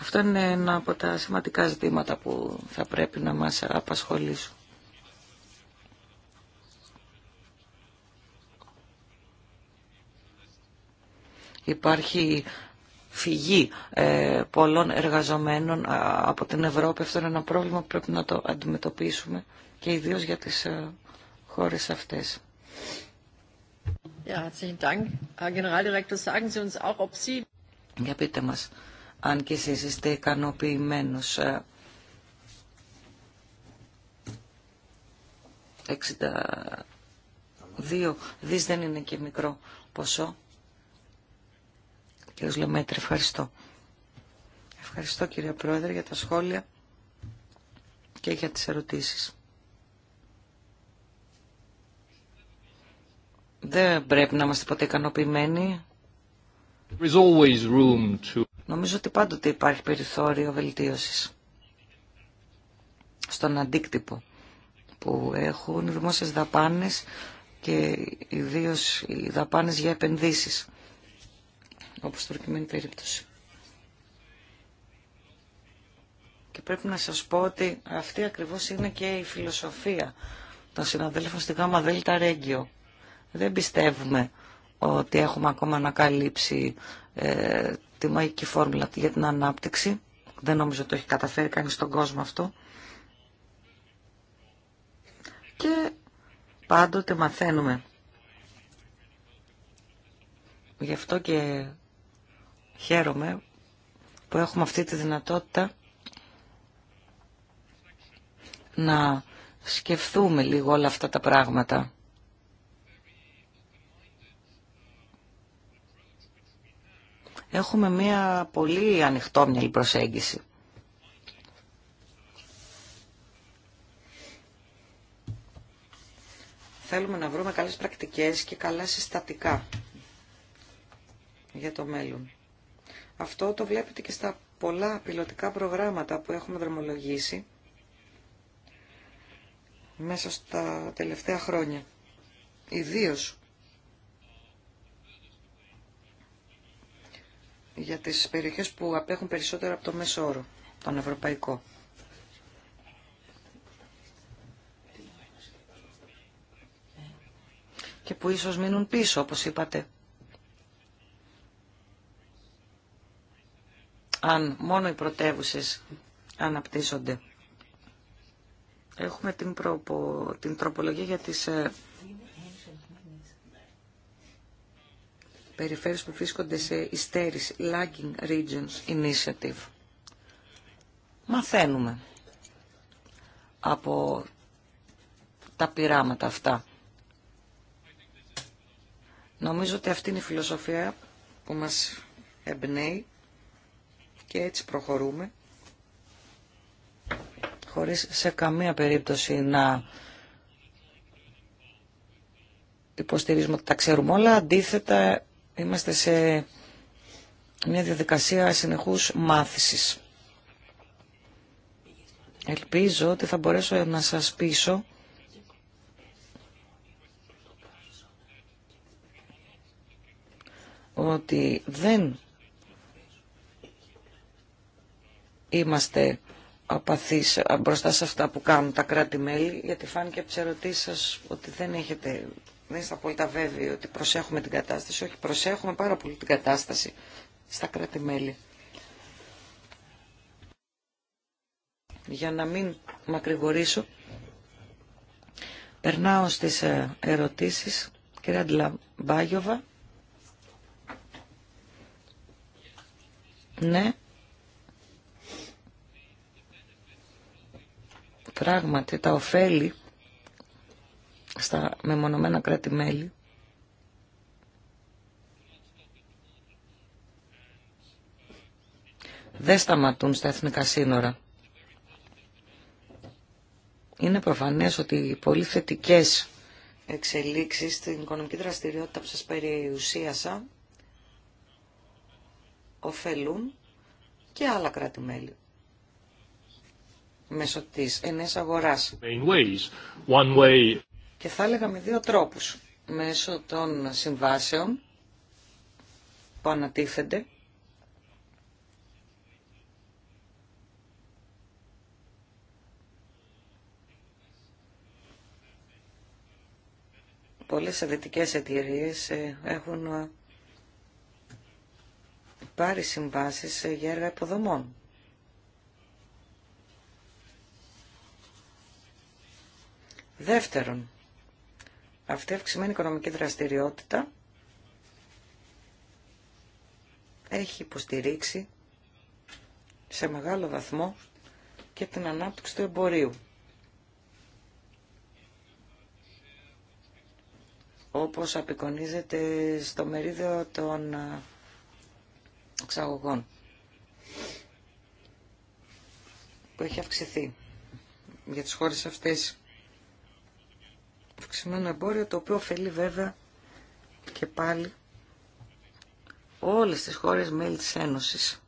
S2: Αυτό είναι ένα από τα σημαντικά ζητήματα που θα πρέπει να μας απασχολήσουν. Υπάρχει φυγή ε, πολλών εργαζομένων από την Ευρώπη. Αυτό είναι ένα πρόβλημα που πρέπει να το αντιμετωπίσουμε και ιδίως για τις ε, χώρες αυτές. Για πείτε μας, αν και εσείς είστε ικανοποιημένος 62 ε, δις δεν είναι και μικρό ποσό. Κύριε Λεμέτρη, ευχαριστώ. Ευχαριστώ κύριε Πρόεδρε για τα σχόλια και για τις ερωτήσεις. Δεν πρέπει να είμαστε ποτέ ικανοποιημένοι. Νομίζω ότι πάντοτε υπάρχει περιθώριο βελτίωσης στον αντίκτυπο που έχουν οι δημόσιες δαπάνες και ιδίως οι δαπάνες για επενδύσεις όπως στην προκειμένη περίπτωση. Και πρέπει να σας πω ότι αυτή ακριβώς είναι και η φιλοσοφία των συναδέλφων στη ΓΑΜΑ ΔΕΛΤΑ ΡΕΓΙΟ. Δεν πιστεύουμε ότι έχουμε ακόμα ανακαλύψει ε, τη μαγική φόρμουλα για την ανάπτυξη. Δεν νομίζω ότι το έχει καταφέρει κανείς στον κόσμο αυτό. Και πάντοτε μαθαίνουμε. Γι' αυτό και Χαίρομαι που έχουμε αυτή τη δυνατότητα να σκεφτούμε λίγο όλα αυτά τα πράγματα. Έχουμε μία πολύ ανοιχτόμυαλη προσέγγιση. Θέλουμε να βρούμε καλές πρακτικές και καλά συστατικά για το μέλλον. Αυτό το βλέπετε και στα πολλά πιλωτικά προγράμματα που έχουμε δρομολογήσει μέσα στα τελευταία χρόνια. Ιδίως για τις περιοχές που απέχουν περισσότερο από το μέσο όρο, τον ευρωπαϊκό. Και που ίσως μείνουν πίσω, όπως είπατε. αν μόνο οι πρωτεύουσε αναπτύσσονται. Έχουμε την, προπο, την τροπολογία για τις ε, περιφέρειες που βρίσκονται σε υστέρηση, lagging regions initiative. Μαθαίνουμε από τα πειράματα αυτά. Νομίζω ότι αυτή είναι η φιλοσοφία που μας εμπνέει και έτσι προχωρούμε χωρίς σε καμία περίπτωση να υποστηρίζουμε ότι τα ξέρουμε όλα. Αντίθετα, είμαστε σε μια διαδικασία συνεχούς μάθησης. Ελπίζω ότι θα μπορέσω να σας πείσω ότι δεν είμαστε απαθείς μπροστά σε αυτά που κάνουν τα κράτη-μέλη, γιατί φάνηκε από τις ερωτήσεις σας ότι δεν έχετε, δεν είστε απόλυτα βέβαιοι ότι προσέχουμε την κατάσταση. Όχι, προσέχουμε πάρα πολύ την κατάσταση στα κράτη-μέλη. Για να μην μακρηγορήσω, περνάω στις ε, ερωτήσεις. Κυρία Αντλαμπάγιοβα. Ναι. Πράγματι, τα ωφέλη στα μεμονωμένα κράτη-μέλη δεν σταματούν στα εθνικά σύνορα. Είναι προφανές ότι οι πολύ θετικέ εξελίξεις στην οικονομική δραστηριότητα που σας περιουσίασα ωφελούν και άλλα κράτη-μέλη μέσω της ενές αγοράς. Και θα έλεγα με δύο τρόπους. Μέσω των συμβάσεων που ανατίθενται Πολλές αδετικές εταιρείε ε, έχουν ε, πάρει συμβάσεις ε, για έργα υποδομών. Δεύτερον, αυτή η αυξημένη οικονομική δραστηριότητα έχει υποστηρίξει σε μεγάλο βαθμό και την ανάπτυξη του εμπορίου. όπως απεικονίζεται στο μερίδιο των εξαγωγών που έχει αυξηθεί για τις χώρες αυτές αυξημένο εμπόριο, το οποίο ωφελεί βέβαια και πάλι όλες τις χώρες μέλη της Ένωσης.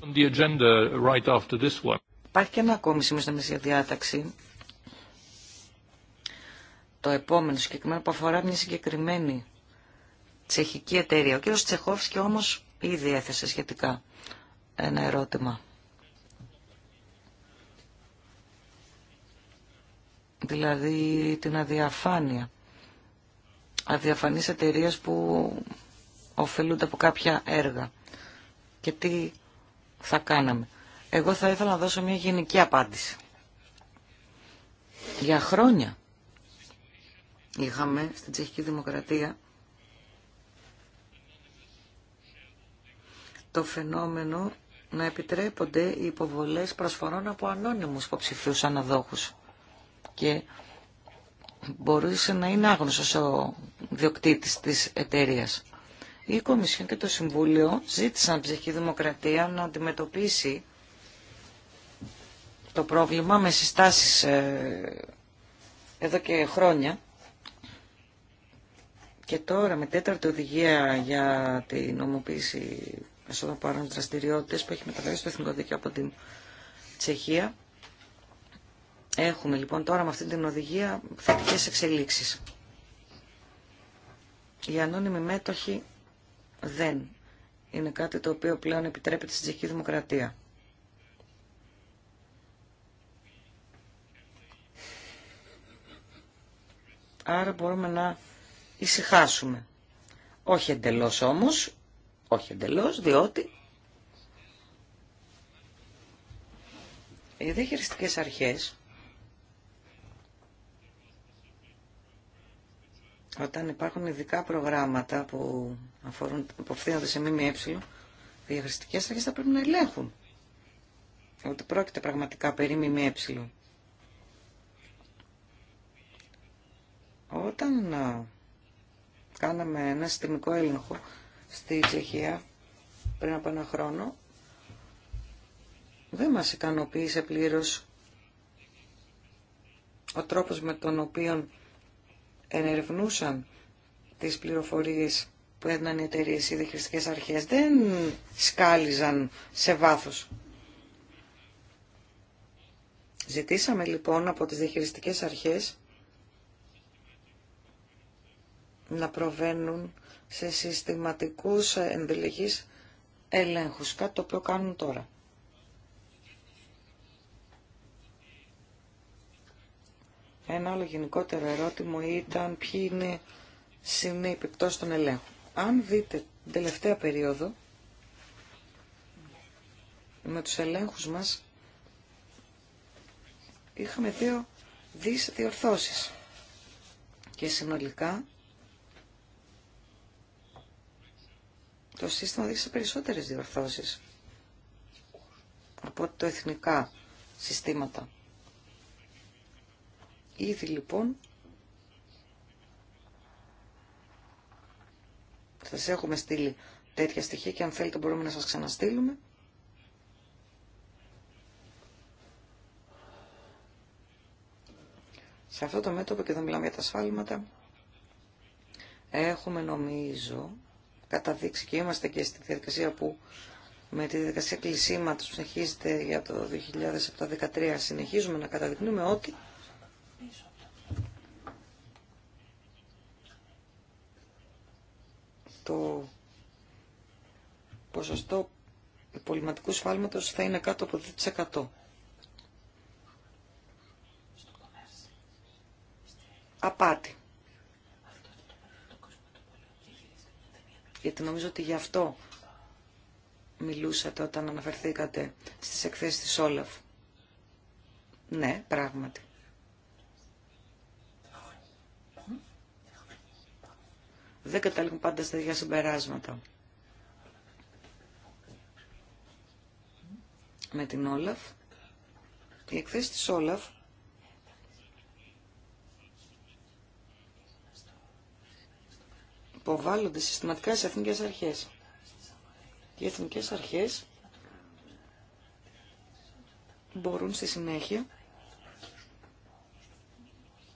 S3: right
S2: Υπάρχει και ένα ακόμη σημείο στα διάταξη. Το επόμενο συγκεκριμένο που αφορά μια συγκεκριμένη τσεχική εταιρεία. Ο κύριος Τσεχόφσκι όμως ήδη έθεσε σχετικά ένα ερώτημα. δηλαδή την αδιαφάνεια. Αδιαφανείς εταιρείε που ωφελούνται από κάποια έργα. Και τι θα κάναμε. Εγώ θα ήθελα να δώσω μια γενική απάντηση. Για χρόνια είχαμε στην Τσεχική Δημοκρατία το φαινόμενο να επιτρέπονται οι υποβολές προσφορών από ανώνυμους υποψηφίους αναδόχους και μπορούσε να είναι άγνωστο ο διοκτήτης της εταιρείας. Η Κομισιόν και το Συμβούλιο ζήτησαν ψυχή δημοκρατία να αντιμετωπίσει το πρόβλημα με συστάσεις ε, εδώ και χρόνια και τώρα με τέταρτη οδηγία για την νομοποίηση εσόδων παρών δραστηριότητες που έχει μεταφέρει στο Εθνικό Δίκαιο από την Τσεχία Έχουμε λοιπόν τώρα με αυτή την οδηγία θετικές εξελίξεις. Οι ανώνυμοι μέτοχοι δεν είναι κάτι το οποίο πλέον επιτρέπεται στην Τσεχική Δημοκρατία. Άρα μπορούμε να ησυχάσουμε. Όχι εντελώς όμως, όχι εντελώς, διότι οι διαχειριστικές αρχές όταν υπάρχουν ειδικά προγράμματα που αφορούν, αποφθύνονται σε ΜΜΕ, διαχρηστικές αρχές θα πρέπει να ελέγχουν ότι πρόκειται πραγματικά περί ΜΜΕ. Όταν κάναμε ένα συστημικό έλεγχο στη Τσεχία πριν από ένα χρόνο, δεν μας ικανοποίησε πλήρως ο τρόπος με τον οποίο ενερευνούσαν τις πληροφορίες που έδιναν οι εταιρείε οι αρχές δεν σκάλιζαν σε βάθος. Ζητήσαμε λοιπόν από τις διαχειριστικές αρχές να προβαίνουν σε συστηματικούς ενδελεγείς ελέγχους, κάτι το οποίο κάνουν τώρα. Ένα άλλο γενικότερο ερώτημα ήταν ποιοι είναι σημεία επιπτώσει των ελέγχων. Αν δείτε την τελευταία περίοδο, με τους ελέγχους μας, είχαμε δύο δις διορθώσεις. Και συνολικά, το σύστημα δείξε περισσότερες διορθώσεις από το εθνικά συστήματα. Ήδη λοιπόν σας έχουμε στείλει τέτοια στοιχεία και αν θέλετε μπορούμε να σας ξαναστείλουμε. Σε αυτό το μέτωπο και εδώ μιλάμε για τα ασφάλματα, έχουμε νομίζω καταδείξει και είμαστε και στη διαδικασία που με τη διαδικασία κλεισίματος που συνεχίζεται για το 2013 συνεχίζουμε να καταδεικνύουμε ότι το ποσοστό πολυματικού σφάλματος θα είναι κάτω από 2%. Απάτη. Γιατί νομίζω ότι γι' αυτό μιλούσατε όταν αναφερθήκατε στις εκθέσεις της Όλαφ. Ναι, πράγματι. δεν καταλήγουν πάντα στα ίδια συμπεράσματα. Με την Όλαφ, η εκθέση της Όλαφ υποβάλλονται συστηματικά σε εθνικές αρχές. οι εθνικές αρχές μπορούν στη συνέχεια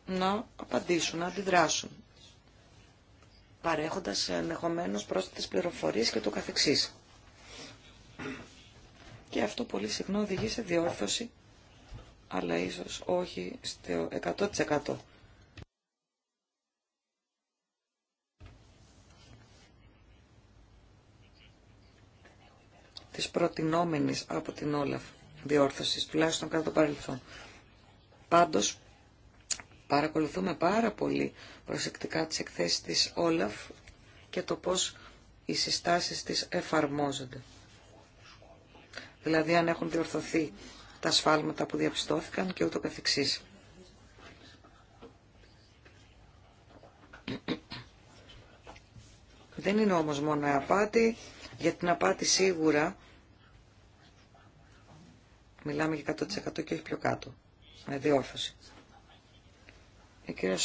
S2: να απαντήσουν, να αντιδράσουν παρέχοντας ενδεχομένω πρόσθετες πληροφορίες και το καθεξής. Και αυτό πολύ συχνά οδηγεί σε διόρθωση, αλλά ίσως όχι στο 100%. της προτινόμενης από την Όλαφ διόρθωσης, τουλάχιστον κατά το παρελθόν. Πάντως, Παρακολουθούμε πάρα πολύ προσεκτικά τις εκθέσεις της Όλαφ και το πώς οι συστάσεις της εφαρμόζονται. Δηλαδή αν έχουν διορθωθεί τα σφάλματα που διαπιστώθηκαν και ούτω καθεξής. Δεν είναι όμως μόνο η απάτη, για την απάτη σίγουρα μιλάμε για 100% και όχι πιο κάτω, με διόρθωση κυρία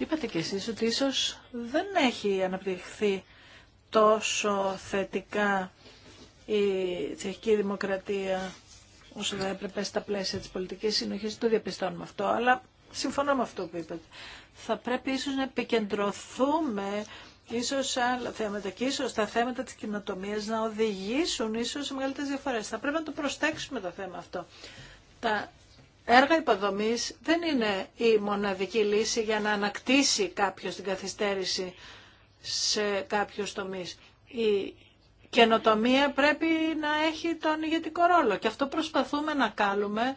S3: Είπατε κι εσείς ότι ίσως δεν έχει αναπτυχθεί τόσο θετικά η τσεχική δημοκρατία όσο θα έπρεπε στα πλαίσια της πολιτικής συνοχής. Το διαπιστώνουμε αυτό, αλλά Συμφωνώ με αυτό που είπατε. Θα πρέπει ίσως να επικεντρωθούμε ίσως άλλα θέματα και ίσως τα θέματα της κοινοτομίας να οδηγήσουν ίσως σε μεγαλύτερες διαφορές. Θα πρέπει να το προστέξουμε το θέμα αυτό. Τα έργα υποδομής δεν είναι η μοναδική λύση για να ανακτήσει κάποιος την καθυστέρηση σε κάποιους τομείς. Η καινοτομία πρέπει να έχει τον ηγετικό ρόλο και αυτό προσπαθούμε να κάνουμε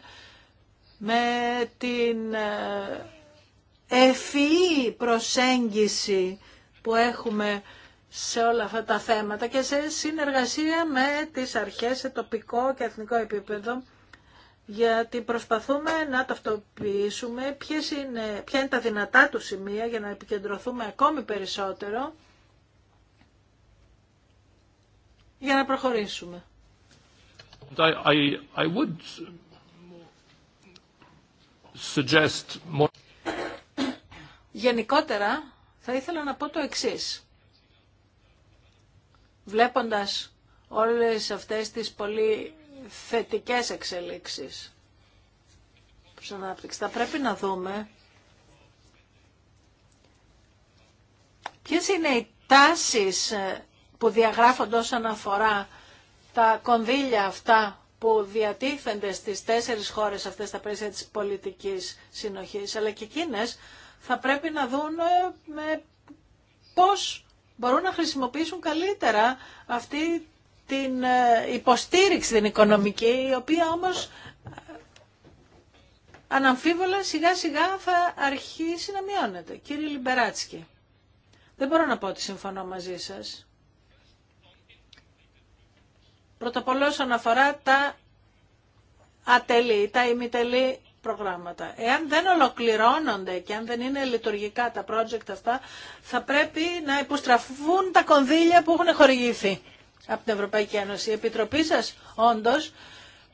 S3: με την ε, ευφυή προσέγγιση που έχουμε σε όλα αυτά τα θέματα και σε συνεργασία με τις αρχές σε τοπικό και εθνικό επίπεδο γιατί προσπαθούμε να ταυτοποιήσουμε ποιες είναι, ποια είναι τα δυνατά του σημεία για να επικεντρωθούμε ακόμη περισσότερο για να προχωρήσουμε. Γενικότερα θα ήθελα να πω το εξής. Βλέποντας όλες αυτές τις πολύ θετικές εξελίξεις προς ανάπτυξη, θα πρέπει να δούμε ποιες είναι οι τάσεις που διαγράφονται όσον αφορά τα κονδύλια αυτά που διατίθενται στις τέσσερις χώρες αυτές τα πλαίσια της πολιτικής συνοχής, αλλά και εκείνες θα πρέπει να δουν ε, με πώς μπορούν να χρησιμοποιήσουν καλύτερα αυτή την ε, υποστήριξη την οικονομική, η οποία όμως ε, αναμφίβολα σιγά σιγά θα αρχίσει να μειώνεται. Κύριε Λιμπεράτσκι, δεν μπορώ να πω ότι συμφωνώ μαζί σας. Πρωτοπολώς, όσον αφορά τα ατελή, τα ημιτελή προγράμματα. Εάν δεν ολοκληρώνονται και αν δεν είναι λειτουργικά τα project αυτά, θα πρέπει να υποστραφούν τα κονδύλια που έχουν χορηγηθεί από την Ευρωπαϊκή Ένωση. Η Επιτροπή σας, όντως,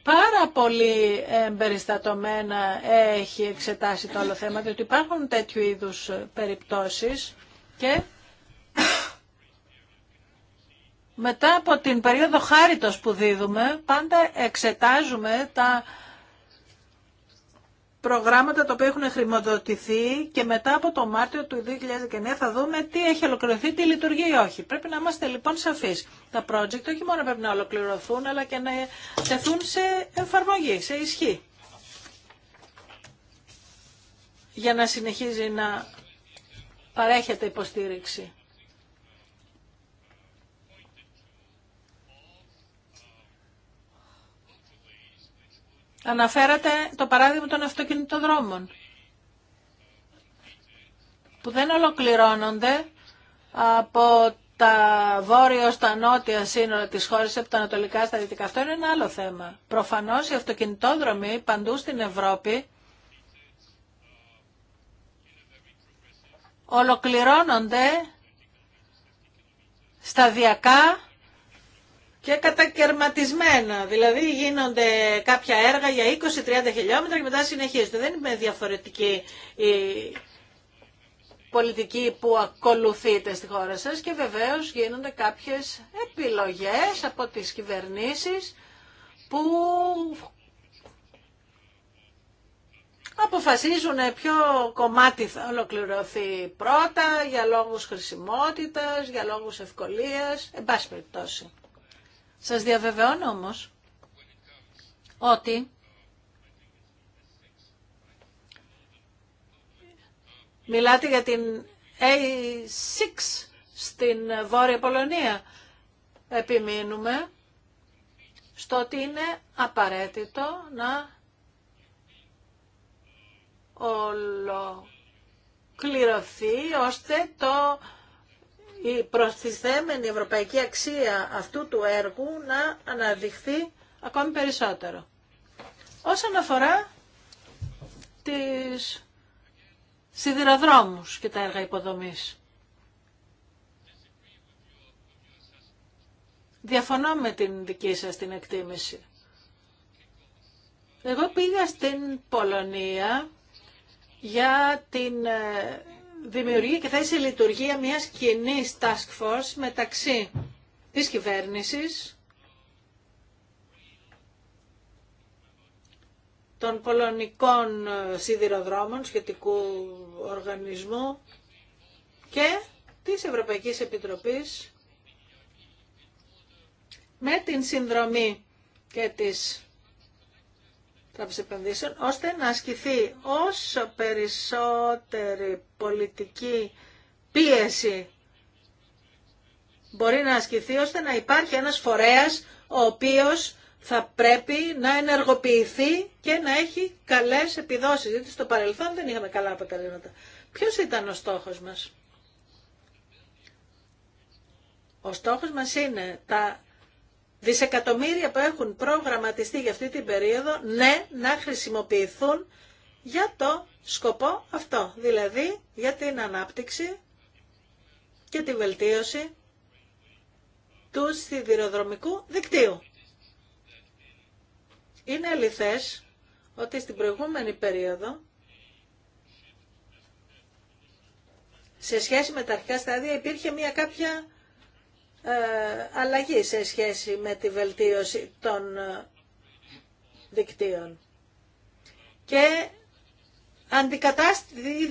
S3: πάρα πολύ εμπεριστατωμένα έχει εξετάσει το άλλο θέμα, διότι υπάρχουν τέτοιου είδους περιπτώσεις και μετά από την περίοδο χάριτος που δίδουμε, πάντα εξετάζουμε τα προγράμματα τα οποία έχουν χρηματοδοτηθεί και μετά από το Μάρτιο του 2009 θα δούμε τι έχει ολοκληρωθεί, τι λειτουργεί ή όχι. Πρέπει να είμαστε λοιπόν σαφείς. Τα project όχι μόνο πρέπει να ολοκληρωθούν, αλλά και να τεθούν σε εφαρμογή, σε ισχύ. Για να συνεχίζει να παρέχεται υποστήριξη. Αναφέρατε το παράδειγμα των αυτοκινητοδρόμων που δεν ολοκληρώνονται από τα βόρειο τα νότια σύνορα της χώρας, από τα ανατολικά στα δυτικά. Αυτό είναι ένα άλλο θέμα. Προφανώς οι αυτοκινητόδρομοι παντού στην Ευρώπη ολοκληρώνονται σταδιακά και κατακαιρματισμένα. Δηλαδή γίνονται κάποια έργα για 20-30 χιλιόμετρα και μετά συνεχίζονται. Δεν είναι διαφορετική η πολιτική που ακολουθείτε στη χώρα σας και βεβαίως γίνονται κάποιες επιλογές από τις κυβερνήσεις που αποφασίζουν ποιο κομμάτι θα ολοκληρωθεί πρώτα για λόγους χρησιμότητας, για λόγους ευκολίας, εν πάση περιπτώσει. Σας διαβεβαιώνω όμως ότι μιλάτε για την A6 στην Βόρεια Πολωνία. Επιμείνουμε στο ότι είναι απαραίτητο να ολοκληρωθεί ώστε το η προστιθέμενη ευρωπαϊκή αξία αυτού του έργου να αναδειχθεί ακόμη περισσότερο. Όσον αφορά τις σιδηροδρόμους και τα έργα υποδομής. Διαφωνώ με την δική σας την εκτίμηση. Εγώ πήγα στην Πολωνία για την ε, δημιουργεί και θέσει λειτουργία μιας κοινή task force μεταξύ της κυβέρνησης, των πολωνικών ε, σιδηροδρόμων σχετικού οργανισμού και της Ευρωπαϊκής Επιτροπής με την συνδρομή και της Τράπεζα Επενδύσεων, ώστε να ασκηθεί όσο περισσότερη πολιτική πίεση μπορεί να ασκηθεί, ώστε να υπάρχει ένας φορέας ο οποίος θα πρέπει να ενεργοποιηθεί και να έχει καλές επιδόσεις, γιατί στο παρελθόν δεν είχαμε καλά αποτελέσματα. Ποιος ήταν ο στόχος μας. Ο στόχος μας είναι τα δισεκατομμύρια που έχουν προγραμματιστεί για αυτή την περίοδο, ναι, να χρησιμοποιηθούν για το σκοπό αυτό, δηλαδή για την ανάπτυξη και τη βελτίωση του σιδηροδρομικού δικτύου. Είναι αληθές ότι στην προηγούμενη περίοδο, σε σχέση με τα αρχικά στάδια, υπήρχε μια κάποια ε, αλλαγή σε σχέση με τη βελτίωση των ε, δικτύων. Και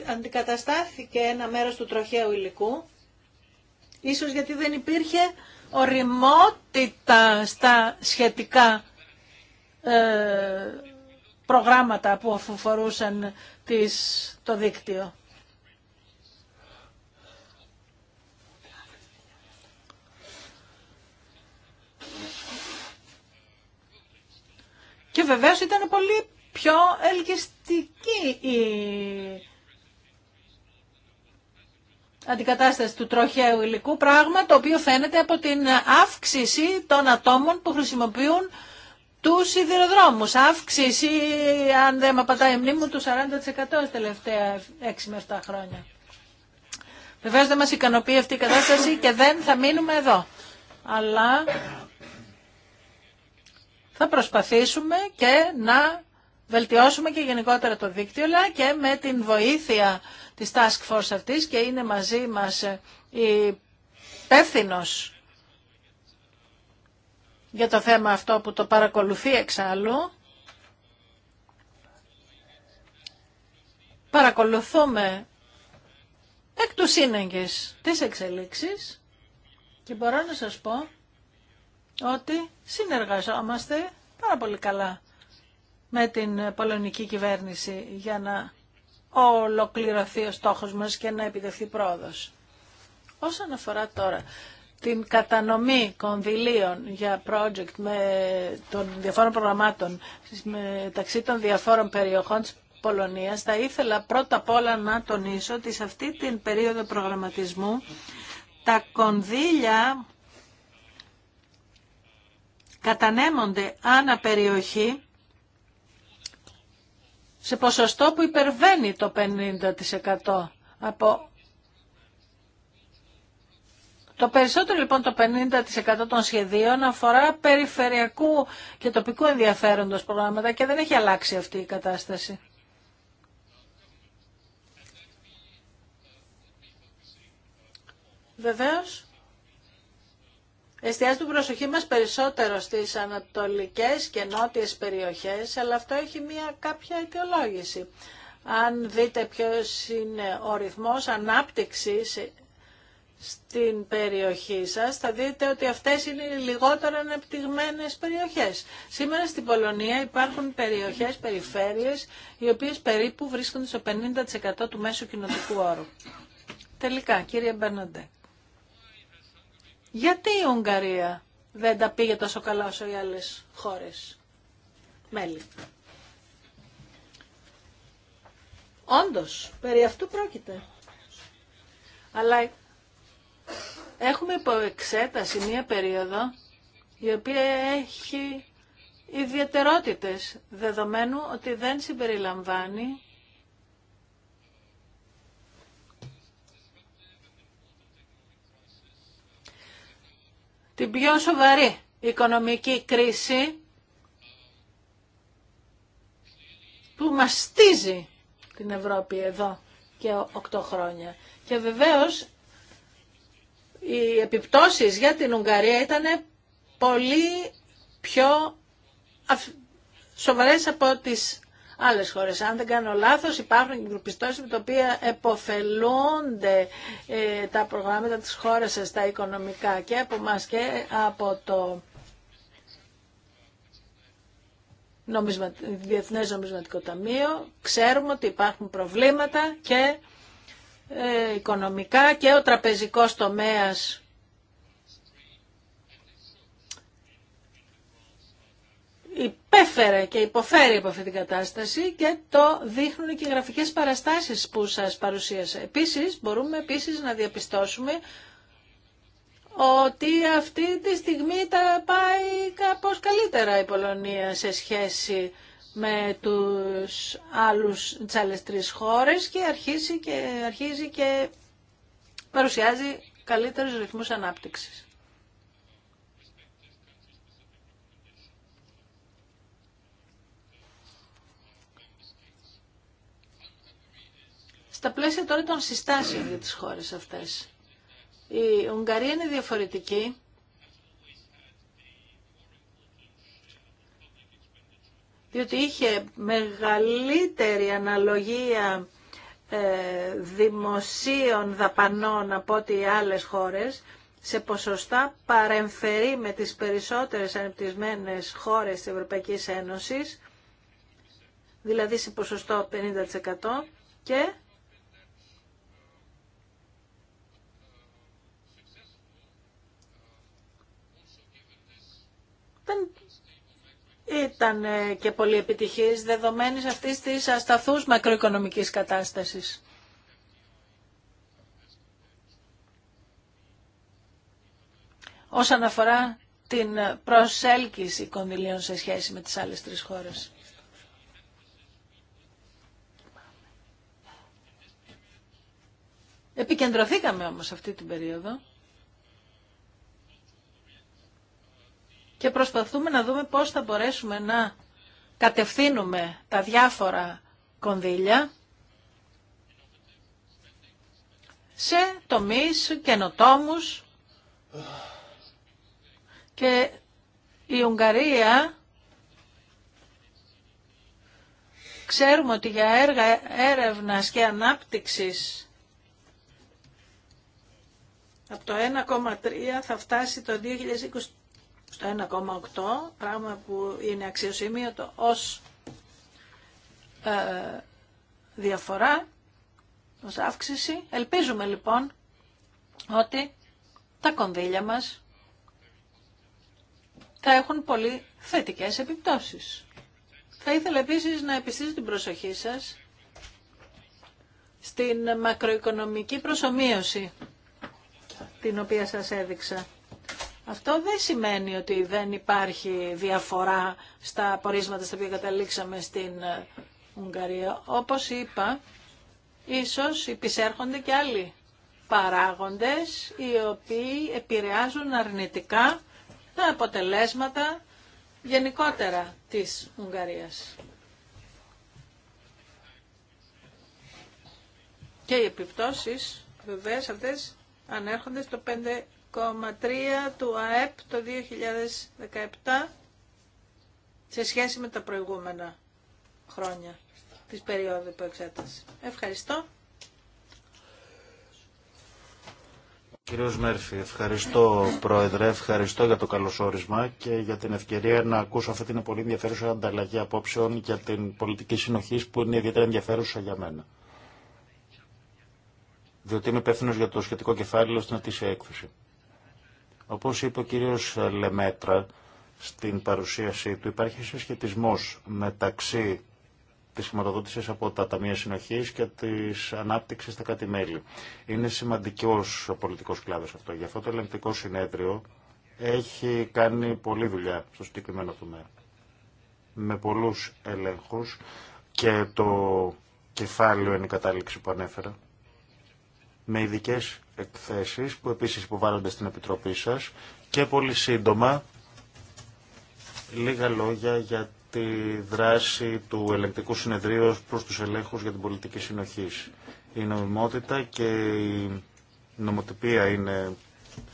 S3: αντικαταστάθηκε ένα μέρος του τροχαίου υλικού, ίσως γιατί δεν υπήρχε οριμότητα στα σχετικά ε, προγράμματα που αφορούσαν το δίκτυο. Και βεβαίω ήταν πολύ πιο ελκυστική η αντικατάσταση του τροχαίου υλικού, πράγμα το οποίο φαίνεται από την αύξηση των ατόμων που χρησιμοποιούν του σιδηροδρόμους. Αύξηση, αν δεν με πατάει η μνήμη μου, του 40% τα τελευταία 6 με 7 χρόνια. Βεβαίω δεν μας ικανοποιεί αυτή η κατάσταση και δεν θα μείνουμε εδώ. Αλλά θα προσπαθήσουμε και να βελτιώσουμε και γενικότερα το δίκτυο, αλλά και με την βοήθεια της Task Force αυτής και είναι μαζί μας η υπεύθυνο για το θέμα αυτό που το παρακολουθεί εξάλλου. Παρακολουθούμε εκ του σύνεγγες τις εξελίξεις και μπορώ να σας πω ότι συνεργαζόμαστε πάρα πολύ καλά με την πολωνική κυβέρνηση για να ολοκληρωθεί ο στόχος μας και να επιτευχθεί πρόοδος. Όσον αφορά τώρα την κατανομή κονδυλίων για project με των διαφόρων προγραμμάτων μεταξύ των διαφόρων περιοχών της Πολωνίας, θα ήθελα πρώτα απ' όλα να τονίσω ότι σε αυτή την περίοδο προγραμματισμού τα κονδύλια κατανέμονται ανά περιοχή σε ποσοστό που υπερβαίνει το 50% από το περισσότερο λοιπόν το 50% των σχεδίων αφορά περιφερειακού και τοπικού ενδιαφέροντος προγράμματα και δεν έχει αλλάξει αυτή η κατάσταση. Βεβαίως, εστιάζουμε την προσοχή μας περισσότερο στις ανατολικές και νότιες περιοχές, αλλά αυτό έχει μια κάποια αιτιολόγηση. Αν δείτε ποιος είναι ο ρυθμός ανάπτυξης στην περιοχή σας, θα δείτε ότι αυτές είναι οι λιγότερο ανεπτυγμένες περιοχές. Σήμερα στην Πολωνία υπάρχουν περιοχές, περιφέρειες, οι οποίες περίπου βρίσκονται στο 50% του μέσου κοινοτικού όρου. Τελικά, κύριε Μπερναντέκ. Γιατί η Ουγγαρία δεν τα πήγε τόσο καλά όσο οι άλλες χώρες μέλη. Όντως, περί αυτού πρόκειται. Αλλά έχουμε υποεξέταση μία περίοδο η οποία έχει ιδιαιτερότητες, δεδομένου ότι δεν συμπεριλαμβάνει την πιο σοβαρή οικονομική κρίση που μαστίζει την Ευρώπη εδώ και 8 χρόνια. Και βεβαίως οι επιπτώσεις για την Ουγγαρία ήταν πολύ πιο σοβαρές από τις Άλλε χώρε. Αν δεν κάνω λάθο υπάρχουν πιστώσει με τα οποία εποφελούνται ε, τα προγράμματα τη χώρα σα τα οικονομικά και από εμά και από το νομισμα... Διεθνές Νομισματικό Ταμείο. Ξέρουμε ότι υπάρχουν προβλήματα και ε, οικονομικά και ο τραπεζικός τομέας υπέφερε και υποφέρει από αυτή την κατάσταση και το δείχνουν και οι γραφικές παραστάσεις που σας παρουσίασα. Επίσης, μπορούμε επίσης να διαπιστώσουμε ότι αυτή τη στιγμή τα πάει κάπως καλύτερα η Πολωνία σε σχέση με τους άλλους, τις τρεις χώρες και αρχίζει και, αρχίζει και παρουσιάζει καλύτερους ρυθμούς ανάπτυξης. Στα πλαίσια τώρα των συστάσεων για τις χώρες αυτές. Η Ουγγαρία είναι διαφορετική. διότι είχε μεγαλύτερη αναλογία ε, δημοσίων δαπανών από ό,τι οι άλλες χώρες, σε ποσοστά παρεμφερεί με τις περισσότερες ανεπτυσμένες χώρες της Ευρωπαϊκής Ένωσης, δηλαδή σε ποσοστό 50% και δεν ήταν ε, και πολύ επιτυχής δεδομένης αυτής της ασταθούς μακροοικονομικής κατάστασης. Όσον αφορά την προσέλκυση κονδυλίων σε σχέση με τις άλλες τρεις χώρες. Επικεντρωθήκαμε όμως αυτή την περίοδο και προσπαθούμε να δούμε πώς θα μπορέσουμε να κατευθύνουμε τα διάφορα κονδύλια σε τομείς καινοτόμους και η Ουγγαρία ξέρουμε ότι για έργα έρευνας και ανάπτυξης από το 1,3 θα φτάσει το 2020 στο 1,8, πράγμα που είναι αξιοσημείωτο ως ε, διαφορά, ως αύξηση. Ελπίζουμε λοιπόν ότι τα κονδύλια μας θα έχουν πολύ θετικές επιπτώσεις. Θα ήθελα επίσης να επιστήσω την προσοχή σας στην μακροοικονομική προσωμείωση την οποία σας έδειξα. Αυτό δεν σημαίνει ότι δεν υπάρχει διαφορά στα πορίσματα στα οποία καταλήξαμε στην ε, Ουγγαρία. Όπως είπα, ίσως υπησέρχονται και άλλοι παράγοντες οι οποίοι επηρεάζουν αρνητικά τα αποτελέσματα γενικότερα της Ουγγαρίας. Και οι επιπτώσεις βεβαίως αυτές ανέρχονται στο 5 1,3% του ΑΕΠ το 2017 σε σχέση με τα προηγούμενα χρόνια της περίοδου που εξέτασε. Ευχαριστώ.
S1: Κύριος Μέρφη, ευχαριστώ Πρόεδρε, ευχαριστώ για το καλωσόρισμα και για την ευκαιρία να ακούσω αυτή την πολύ ενδιαφέρουσα ανταλλαγή απόψεων για την πολιτική συνοχή που είναι ιδιαίτερα ενδιαφέρουσα για μένα. Διότι είμαι υπεύθυνο για το σχετικό κεφάλαιο στην ατήσια έκθεση. Όπως είπε ο κύριος Λεμέτρα στην παρουσίασή του, υπάρχει συσχετισμός μεταξύ της χρηματοδότηση από τα Ταμεία Συνοχή και της ανάπτυξη στα κάτι Είναι σημαντικό ο πολιτικό κλάδο αυτό. Γι' αυτό το ελεγκτικό συνέδριο έχει κάνει πολλή δουλειά στο συγκεκριμένο τομέα. Με πολλού ελέγχου και το κεφάλαιο είναι η κατάληξη που ανέφερα με ειδικέ εκθέσεις που επίσης υποβάλλονται στην Επιτροπή σας και πολύ σύντομα λίγα λόγια για τη δράση του ελεγκτικού συνεδρίου προς τους ελέγχους για την πολιτική συνοχή. Η νομιμότητα και η νομοτυπία είναι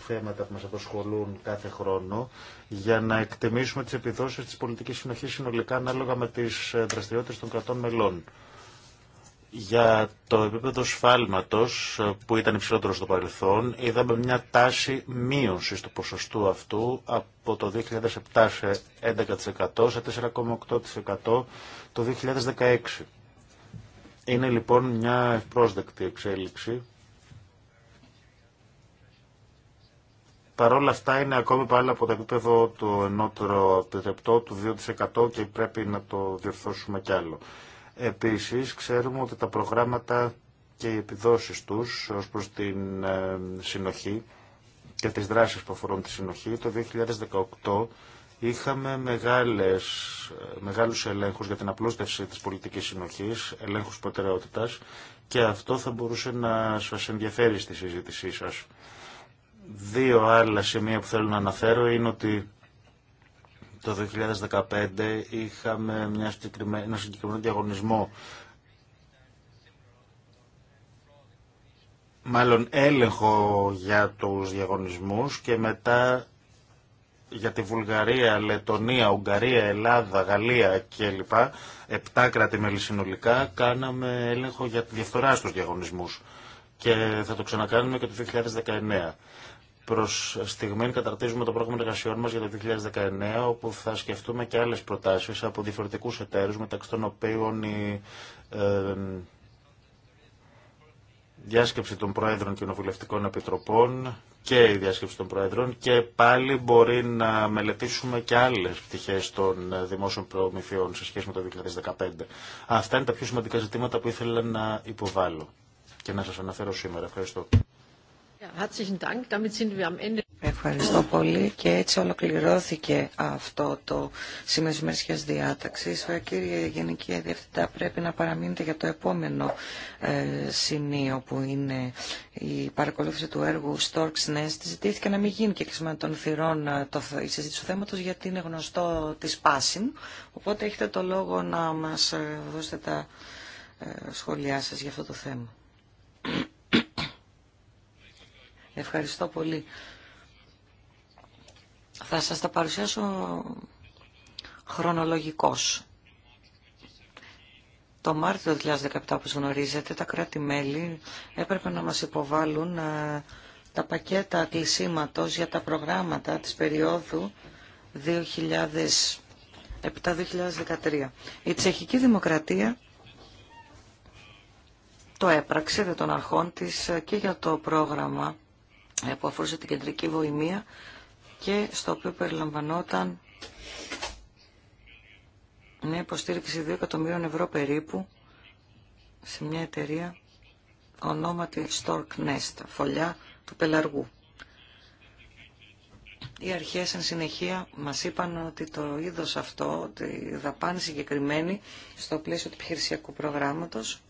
S1: θέματα που μας απασχολούν κάθε χρόνο για να εκτιμήσουμε τις επιδόσεις της πολιτικής συνοχής συνολικά ανάλογα με τις δραστηριότητες των κρατών μελών. Για το επίπεδο σφάλματος ε, που ήταν υψηλότερο στο παρελθόν, είδαμε μια τάση μείωση του ποσοστού αυτού από το 2007 σε 11% σε 4,8% το 2016. Είναι λοιπόν μια προσδεκτή εξέλιξη. Παρόλα αυτά είναι ακόμη πάλι από το επίπεδο του ενότερο επιτρεπτό του 2% και πρέπει να το διορθώσουμε κι άλλο. Επίσης, ξέρουμε ότι τα προγράμματα και οι επιδόσεις τους ως προς την ε, συνοχή και τις δράσεις που αφορούν τη συνοχή, το 2018 είχαμε μεγάλες, ε, μεγάλους ελέγχους για την απλούστευση της πολιτικής συνοχής, ελέγχους προτεραιότητας και αυτό θα μπορούσε να σας ενδιαφέρει στη συζήτησή σας. Δύο άλλα σημεία που θέλω να αναφέρω είναι ότι το 2015 είχαμε μια συγκεκριμένη, ένα συγκεκριμένο διαγωνισμό μάλλον έλεγχο για τους διαγωνισμούς και μετά για τη Βουλγαρία, Λετωνία, Ουγγαρία, Ελλάδα, Γαλλία κλπ. Επτά κράτη-μέλη συνολικά κάναμε έλεγχο για τη διαφθορά στους διαγωνισμούς και θα το ξανακάνουμε και το 2019. Προ στιγμή καταρτίζουμε το πρόγραμμα εργασιών μα για το 2019, όπου θα σκεφτούμε και άλλε προτάσει από διαφορετικού εταίρου, μεταξύ των οποίων η ε, διάσκεψη των Προέδρων Κοινοβουλευτικών Επιτροπών και η διάσκεψη των Προέδρων και πάλι μπορεί να μελετήσουμε και άλλες πτυχές των δημόσιων προμηθειών σε σχέση με το 2015. Αυτά είναι τα πιο σημαντικά ζητήματα που ήθελα να υποβάλω και να σας αναφέρω σήμερα. Ευχαριστώ.
S2: Ευχαριστώ πολύ και έτσι ολοκληρώθηκε αυτό το σημείο της διάταξης. Ε, κύριε Γενική Διευθυντά, πρέπει να παραμείνετε για το επόμενο ε, σημείο που είναι η παρακολούθηση του έργου Storks Nest. Ζητήθηκε να μην γίνει και κλεισμένο των θυρών ε, το, η συζήτηση του θέματος γιατί είναι γνωστό τη Πάσιν. Οπότε έχετε το λόγο να μας δώσετε τα σχόλιά σας για αυτό το θέμα. Ευχαριστώ πολύ. Θα σας τα παρουσιάσω χρονολογικός. Το Μάρτιο του 2017, όπως γνωρίζετε, τα κράτη-μέλη έπρεπε να μας υποβάλουν ε, τα πακέτα κλεισίματος για τα προγράμματα της περίοδου 2007-2013. Η τσεχική δημοκρατία το έπραξε δεν των αρχών της ε, και για το πρόγραμμα ναι, που αφορούσε την κεντρική βοημία και στο οποίο περιλαμβανόταν μια υποστήριξη 2 εκατομμύρων ευρώ περίπου σε μια εταιρεία ονόματι Stork Nest, φωλιά του πελαργού. Οι αρχές εν συνεχεία μας είπαν ότι το είδος αυτό, τη δαπάνη συγκεκριμένη στο πλαίσιο του επιχειρησιακού προγράμματος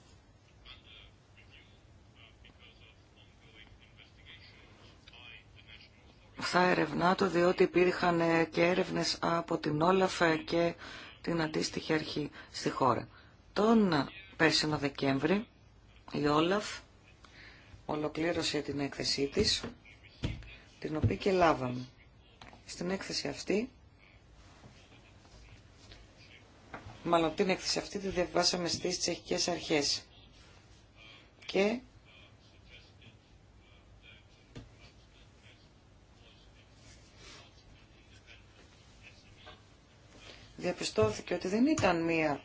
S2: θα ερευνά το διότι υπήρχαν ε, και έρευνες από την Όλαφ και την αντίστοιχη αρχή στη χώρα. Τον πέρσινο Δεκέμβρη η Όλαφ ολοκλήρωσε την έκθεσή της, την οποία και λάβαμε. Στην έκθεση αυτή, μάλλον την έκθεση αυτή τη διαβάσαμε στις τσεχικές αρχές και διαπιστώθηκε ότι δεν ήταν μία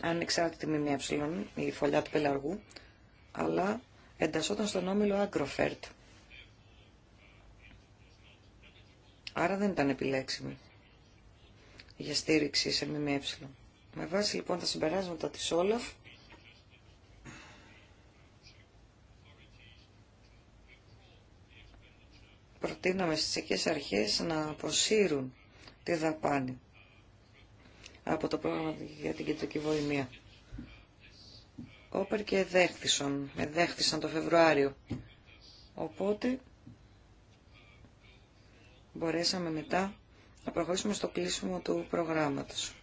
S2: ανεξάρτητη ΜΜΕ η φωλιά του πελαργού, αλλά εντασσόταν στον όμιλο Άγκροφερτ. Άρα δεν ήταν επιλέξιμη για στήριξη σε ΜΜΕ. Με βάση λοιπόν τα συμπεράσματα της Όλαφ, προτείναμε στις εκεί αρχές να αποσύρουν τη δαπάνη από το πρόγραμμα για την κεντρική βοημία. Όπερ και δέχτησαν, με το Φεβρουάριο. Οπότε μπορέσαμε μετά να προχωρήσουμε στο κλείσιμο του προγράμματος.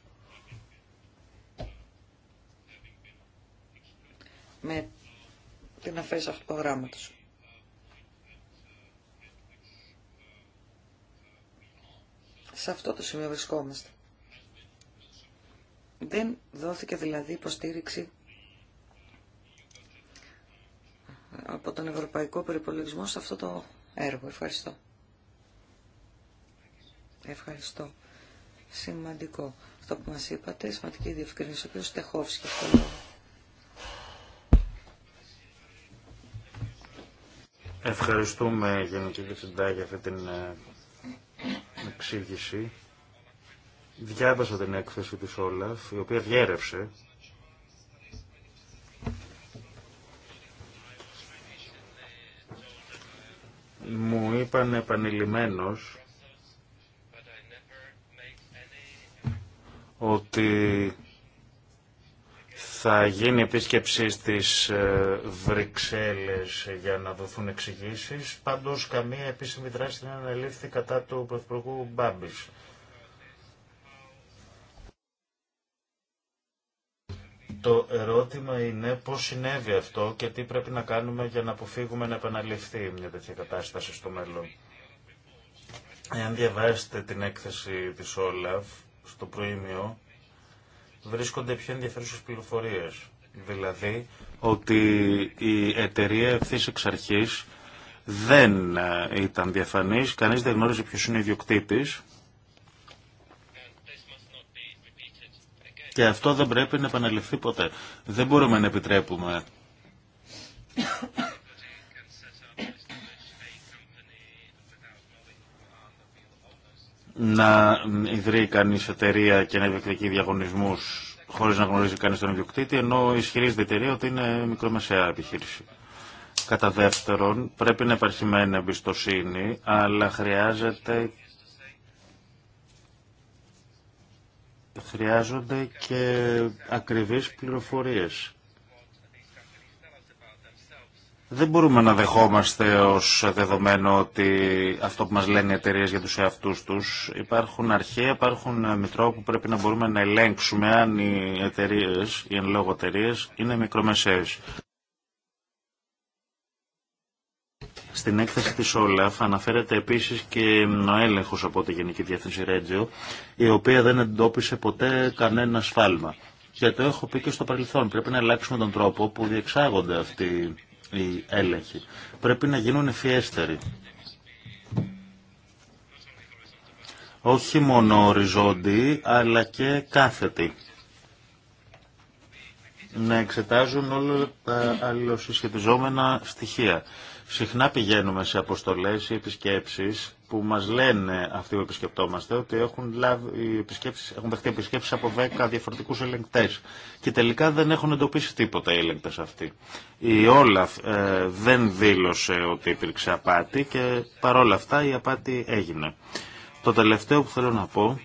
S2: Με την αφαίρεση αυτού του προγράμματος. Σε αυτό το σημείο βρισκόμαστε. Δεν δόθηκε δηλαδή υποστήριξη από τον Ευρωπαϊκό Περιπολογισμό σε αυτό το έργο. Ευχαριστώ. Ευχαριστώ. Σημαντικό. Αυτό που μας είπατε, σημαντική διευκρίνηση, ο οποίος Στεχόφσκι.
S1: Ευχαριστούμε Γενική Διευθυντά για αυτή την ε, εξήγηση. Διάβασα την έκθεση της Όλαφ, η οποία διέρευσε μου είπαν επανειλημμένος ότι θα γίνει επίσκεψη στις ε, Βρυξέλλες για να δοθούν εξηγήσει. Πάντως καμία επίσημη δράση δεν αναλήφθη κατά του Πρωθυπουργού Μπάμπης. Το ερώτημα είναι πώς συνέβη αυτό και τι πρέπει να κάνουμε για να αποφύγουμε να επαναληφθεί μια τέτοια κατάσταση στο μέλλον. Εάν διαβάσετε την έκθεση της Όλαβ στο προήμιο, βρίσκονται πιο ενδιαφέρουσες πληροφορίες. Δηλαδή ότι η εταιρεία ευθύ εξ αρχής δεν ε, ήταν διαφανής, κανείς δεν γνώριζε ποιος είναι ο ιδιοκτήτης Και αυτό δεν πρέπει να επαναληφθεί ποτέ. Δεν μπορούμε να επιτρέπουμε να ιδρύει κανεί εταιρεία και να διεκδικεί διαγωνισμού χωρί να γνωρίζει κανεί τον ιδιοκτήτη, ενώ ισχυρίζεται η εταιρεία ότι είναι μικρομεσαία επιχείρηση. Κατά δεύτερον, πρέπει να υπάρχει μεν εμπιστοσύνη, αλλά χρειάζεται χρειάζονται και ακριβείς πληροφορίες. Δεν μπορούμε να δεχόμαστε ως δεδομένο ότι αυτό που μας λένε οι εταιρείε για τους εαυτούς τους υπάρχουν αρχαία, υπάρχουν μητρώα που πρέπει να μπορούμε να ελέγξουμε αν οι εταιρείε, οι εν λόγω εταιρείε, είναι μικρομεσαίες. Στην έκθεση της Όλαφ αναφέρεται επίσης και ο έλεγχος από τη Γενική Διεύθυνση Ρέτζιο, η οποία δεν εντόπισε ποτέ κανένα σφάλμα. Και το έχω πει και στο παρελθόν, πρέπει να αλλάξουμε τον τρόπο που διεξάγονται αυτοί οι έλεγχοι. Πρέπει να γίνουν ευφιέστεροι. όχι μόνο οριζόντιοι, αλλά και κάθετοι. Να εξετάζουν όλα τα αλληλοσυσχετιζόμενα στοιχεία. Συχνά πηγαίνουμε σε αποστολές ή επισκέψεις που μας λένε αυτοί που επισκεπτόμαστε ότι έχουν, λάβει, επισκέψεις, έχουν δεχτεί από 10 διαφορετικούς ελεγκτές και τελικά δεν έχουν εντοπίσει τίποτα οι ελεγκτές αυτοί. Η Όλαφ ε, δεν δήλωσε ότι υπήρξε απάτη και παρόλα αυτά η απάτη έγινε. Το τελευταίο που θέλω να πω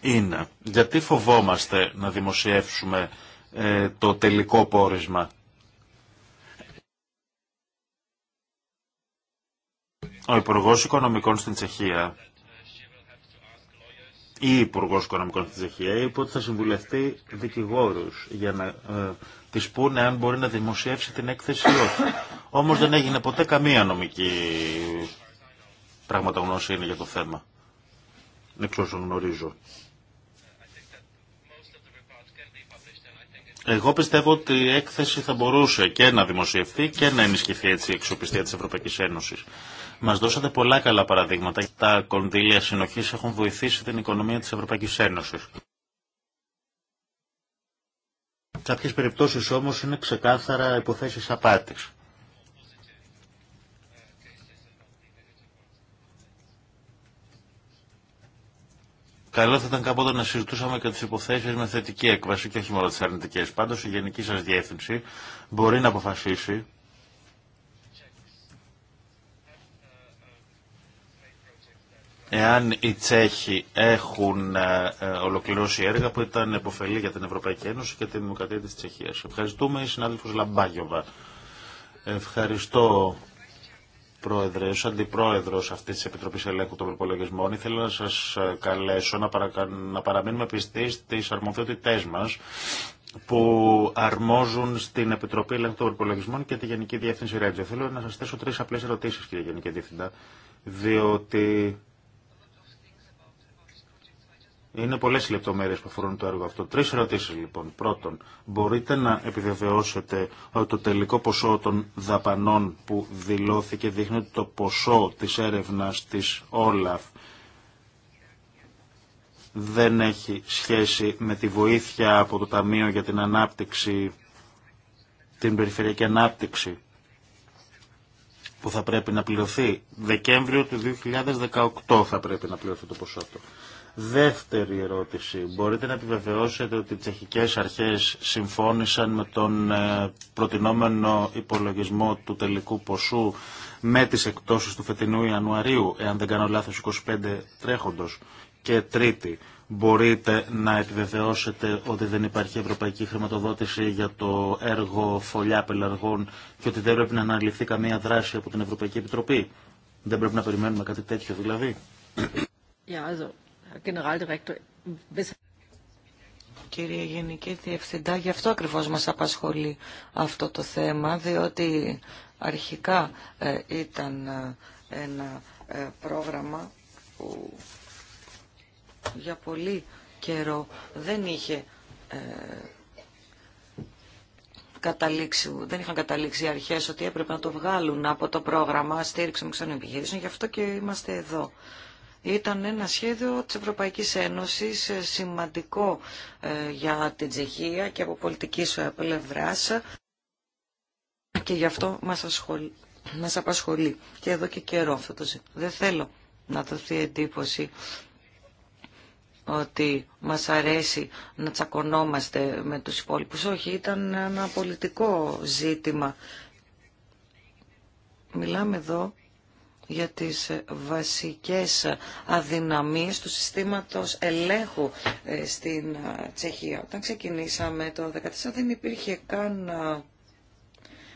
S1: είναι γιατί φοβόμαστε να δημοσιεύσουμε ε, το τελικό πόρισμα Ο Υπουργό Οικονομικών στην Τσεχία ή Υπουργό Οικονομικών στην Τσεχία είπε ότι θα συμβουλευτεί δικηγόρου για να ε, τη πούνε αν μπορεί να δημοσιεύσει την έκθεση ή όχι. Όμω δεν έγινε ποτέ καμία νομική πραγματογνώση για το θέμα. Εξ όσων γνωρίζω. Εγώ πιστεύω ότι η έκθεση θα μπορούσε και να δημοσιευθεί και να ενισχυθεί έτσι η εξοπιστία της Ευρωπαϊκής Ένωσης. Μα δώσατε πολλά καλά παραδείγματα. Τα κονδύλια συνοχή έχουν βοηθήσει την οικονομία της Ευρωπαϊκής Ένωσης. Κάποιε περιπτώσει όμω είναι ξεκάθαρα υποθέσει απάτη. Καλό θα ήταν κάποτε να συζητούσαμε και τι υποθέσει με θετική έκβαση και όχι μόνο τι αρνητικέ. Πάντω η γενική σα διεύθυνση μπορεί να αποφασίσει εάν οι Τσέχοι έχουν ε, ε, ολοκληρώσει έργα που ήταν επωφελή για την Ευρωπαϊκή Ένωση και την Δημοκρατία της Τσεχίας. Ευχαριστούμε η συνάδελφος Λαμπάγιοβα. Ευχαριστώ Πρόεδρε, ω αντιπρόεδρο αυτή τη Επιτροπή Ελέγχου των Προπολογισμών, ήθελα να σας ε, καλέσω να, παρακα... να παραμείνουμε πιστοί στις αρμοδιότητές μα που αρμόζουν στην Επιτροπή Ελέγχου των Προπολογισμών και τη Γενική Διεύθυνση Ρέτζο. Θέλω να σα θέσω τρει απλέ ερωτήσει, κύριε Γενική Διευθυντά, διότι είναι πολλέ οι λεπτομέρειε που αφορούν το έργο αυτό. Τρει ερωτήσει λοιπόν. Πρώτον, μπορείτε να επιβεβαιώσετε ότι το τελικό ποσό των δαπανών που δηλώθηκε δείχνει ότι το ποσό τη έρευνα τη Όλαφ δεν έχει σχέση με τη βοήθεια από το Ταμείο για την Ανάπτυξη, την Περιφερειακή Ανάπτυξη που θα πρέπει να πληρωθεί. Δεκέμβριο του 2018 θα πρέπει να πληρωθεί το ποσό του. Δεύτερη ερώτηση. Μπορείτε να επιβεβαιώσετε ότι οι τσεχικές αρχές συμφώνησαν με τον ε, προτινόμενο υπολογισμό του τελικού ποσού με τις εκτόσεις του φετινού Ιανουαρίου, εάν δεν κάνω λάθος 25 τρέχοντος. Και τρίτη, μπορείτε να επιβεβαιώσετε ότι δεν υπάρχει ευρωπαϊκή χρηματοδότηση για το έργο φωλιά πελαργών και ότι δεν πρέπει να αναλυθεί καμία δράση από την Ευρωπαϊκή Επιτροπή. Δεν πρέπει να περιμένουμε κάτι τέτοιο δηλαδή.
S3: Κύριε Γενική Διευθυντά,
S2: γι' αυτό ακριβώς μας απασχολεί αυτό το θέμα, διότι αρχικά ε, ήταν ε, ένα ε, πρόγραμμα που για πολύ καιρό δεν είχε καταλήξει, δεν είχαν καταλήξει οι αρχές ότι έπρεπε να το βγάλουν από το πρόγραμμα στήριξη των επιχειρήσεων, γι' αυτό και είμαστε εδώ. Ήταν ένα σχέδιο της Ευρωπαϊκής Ένωσης ε, σημαντικό ε, για την Τσεχία και από πολιτική ε, πλευρά. και γι' αυτό μας, μας απασχολεί και εδώ και καιρό αυτό το ζήτημα. Δεν θέλω να δοθεί εντύπωση ότι μας αρέσει να τσακωνόμαστε με τους υπόλοιπους. Όχι, ήταν ένα πολιτικό ζήτημα. Μιλάμε εδώ για τις ε, βασικές αδυναμίες του συστήματος ελέγχου ε, στην ε, Τσεχία. Όταν ξεκινήσαμε το 2014 δεν υπήρχε καν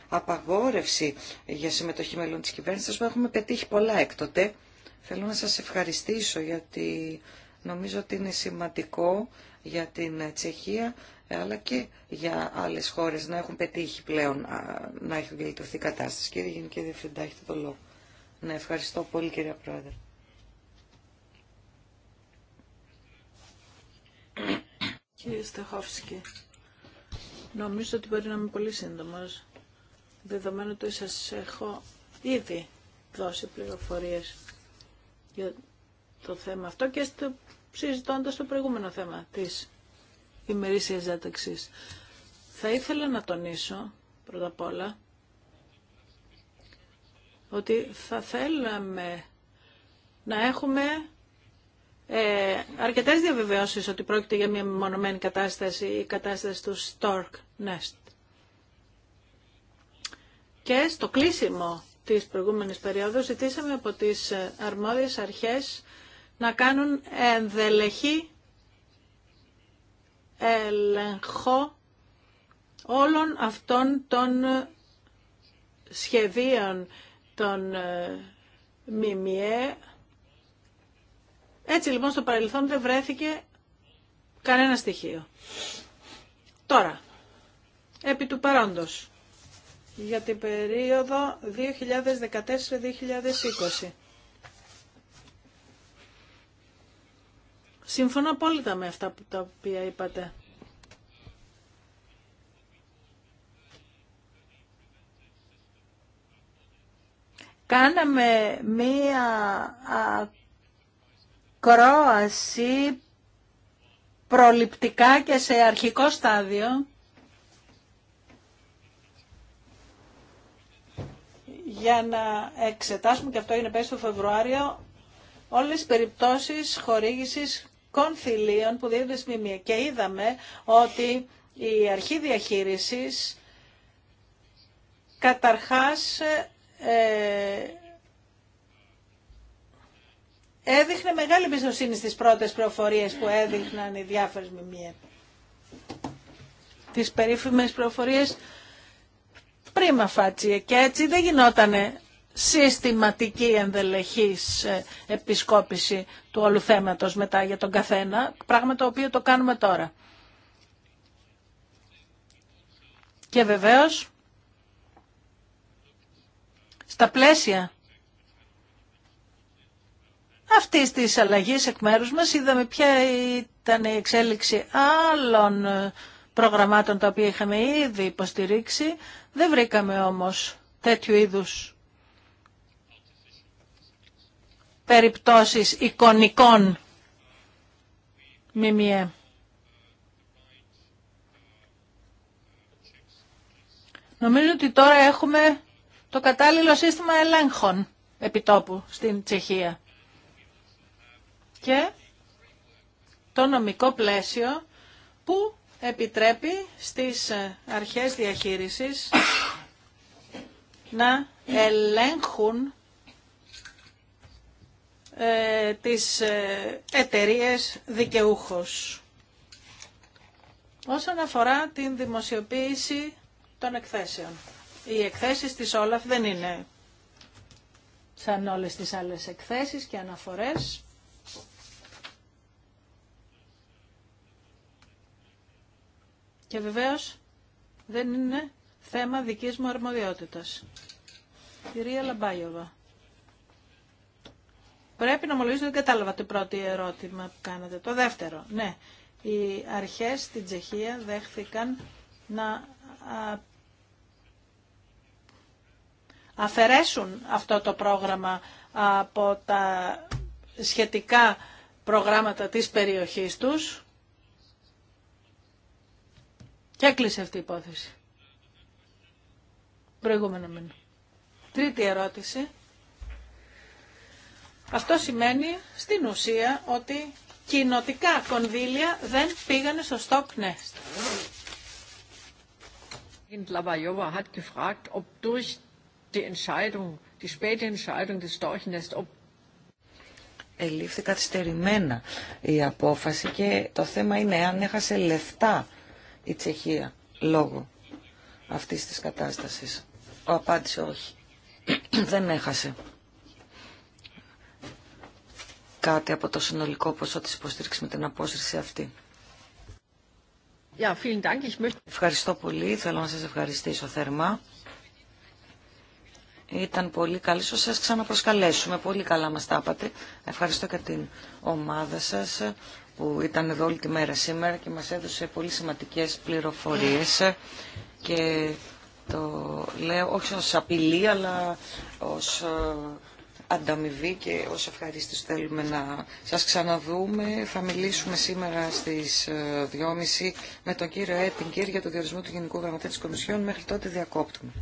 S2: απαγόρευση για συμμετοχή μελών της κυβέρνησης, που έχουμε πετύχει πολλά έκτοτε. Θέλω να σας ευχαριστήσω γιατί νομίζω ότι είναι σημαντικό για την Τσεχία αλλά και για άλλες χώρες να έχουν πετύχει πλέον να έχει βελτιωθεί η κατάσταση. Κύριε Γενική Διευθυντά, έχετε το λόγο. Ναι, ευχαριστώ πολύ κυρία Πρόεδρε.
S3: Κύριε Στεχόφσκι, νομίζω ότι μπορεί να είμαι πολύ σύντομος, δεδομένου ότι σας έχω ήδη δώσει πληροφορίες για το θέμα αυτό και στο, συζητώντας το προηγούμενο θέμα της ημερήσιας διάταξης. Θα ήθελα να τονίσω πρώτα απ' όλα ότι θα θέλαμε να έχουμε ε, αρκετές διαβεβαιώσεις ότι πρόκειται για μια μονομένη κατάσταση, η κατάσταση του Stork Nest. Και στο κλείσιμο της προηγούμενης περίοδου ζητήσαμε από τις ε, αρμόδιες αρχές να κάνουν ενδελεχή ελεγχό όλων αυτών των ε, σχεδίων τον ε, ΜΜΕ. Έτσι λοιπόν στο παρελθόν δεν βρέθηκε κανένα στοιχείο. Τώρα, επί του παρόντος, για την περίοδο 2014-2020. Συμφωνώ απόλυτα με αυτά που τα οποία είπατε. κάναμε μία κρόαση προληπτικά και σε αρχικό στάδιο για να εξετάσουμε, και αυτό είναι πέσει το Φεβρουάριο, όλες τις περιπτώσεις χορήγησης κονθυλίων που δίνονται στη Και είδαμε ότι η αρχή διαχείρισης καταρχάς ε, έδειχνε μεγάλη εμπιστοσύνη στις πρώτες προφορίες που έδειχναν οι διάφορες μιμίες. Τις περίφημες προφορίες πριν φάτσιε και έτσι δεν γινότανε συστηματική ενδελεχής ε, επισκόπηση του όλου θέματος μετά για τον καθένα, πράγμα το οποίο το κάνουμε τώρα. Και βεβαίως στα πλαίσια αυτή τη αλλαγή εκ μέρου μα είδαμε ποια ήταν η εξέλιξη άλλων προγραμμάτων τα οποία είχαμε ήδη υποστηρίξει. Δεν βρήκαμε όμως τέτοιου είδου περιπτώσεις εικονικών μημιέ. Νομίζω ότι τώρα έχουμε το κατάλληλο σύστημα ελέγχων επιτόπου στην Τσεχία. Και το νομικό πλαίσιο που επιτρέπει στις ε, αρχές διαχείρισης να ελέγχουν ε, τις ε, εταιρείες δικαιούχος. Όσον αφορά την δημοσιοποίηση των εκθέσεων. Οι εκθέσεις της Όλαφ δεν είναι σαν όλες τις άλλες εκθέσεις και αναφορές. Και βεβαίως δεν είναι θέμα δικής μου αρμοδιότητας. Κυρία Λαμπάγιοβα. Πρέπει να ομολογήσω δεν κατάλαβα το πρώτο ερώτημα που κάνατε. Το δεύτερο, ναι. Οι αρχές στην Τσεχία δέχθηκαν να αφαιρέσουν αυτό το πρόγραμμα από τα σχετικά προγράμματα της περιοχής τους. Και έκλεισε αυτή η υπόθεση. Προηγούμενο μήνα. Τρίτη ερώτηση. Αυτό σημαίνει στην ουσία ότι κοινοτικά κονδύλια δεν πήγανε στο Stock Nest die Entscheidung, die späte Entscheidung
S2: Ελήφθη καθυστερημένα η απόφαση και το θέμα είναι αν έχασε λεφτά η Τσεχία λόγω αυτής της κατάστασης. Ο απάντησε όχι. Δεν έχασε κάτι από το συνολικό ποσό της υποστήριξης με την απόσυρση αυτή. Ευχαριστώ πολύ. Θέλω να σας ευχαριστήσω θερμά. Ήταν πολύ καλή. Σας σας ξαναπροσκαλέσουμε. Πολύ καλά μας τα είπατε. Ευχαριστώ και την ομάδα σας ε, που ήταν εδώ όλη τη μέρα σήμερα και μας έδωσε πολύ σημαντικές πληροφορίες και το λέω όχι ως απειλή αλλά ως ε, ανταμοιβή και ως ευχαρίστηση θέλουμε να σας ξαναδούμε. Θα μιλήσουμε σήμερα στις 2.30 ε, με τον κύριο Έτιγκερ για το διορισμό του Γενικού Γραμματέα της Κομισιόν. Μέχρι τότε διακόπτουμε.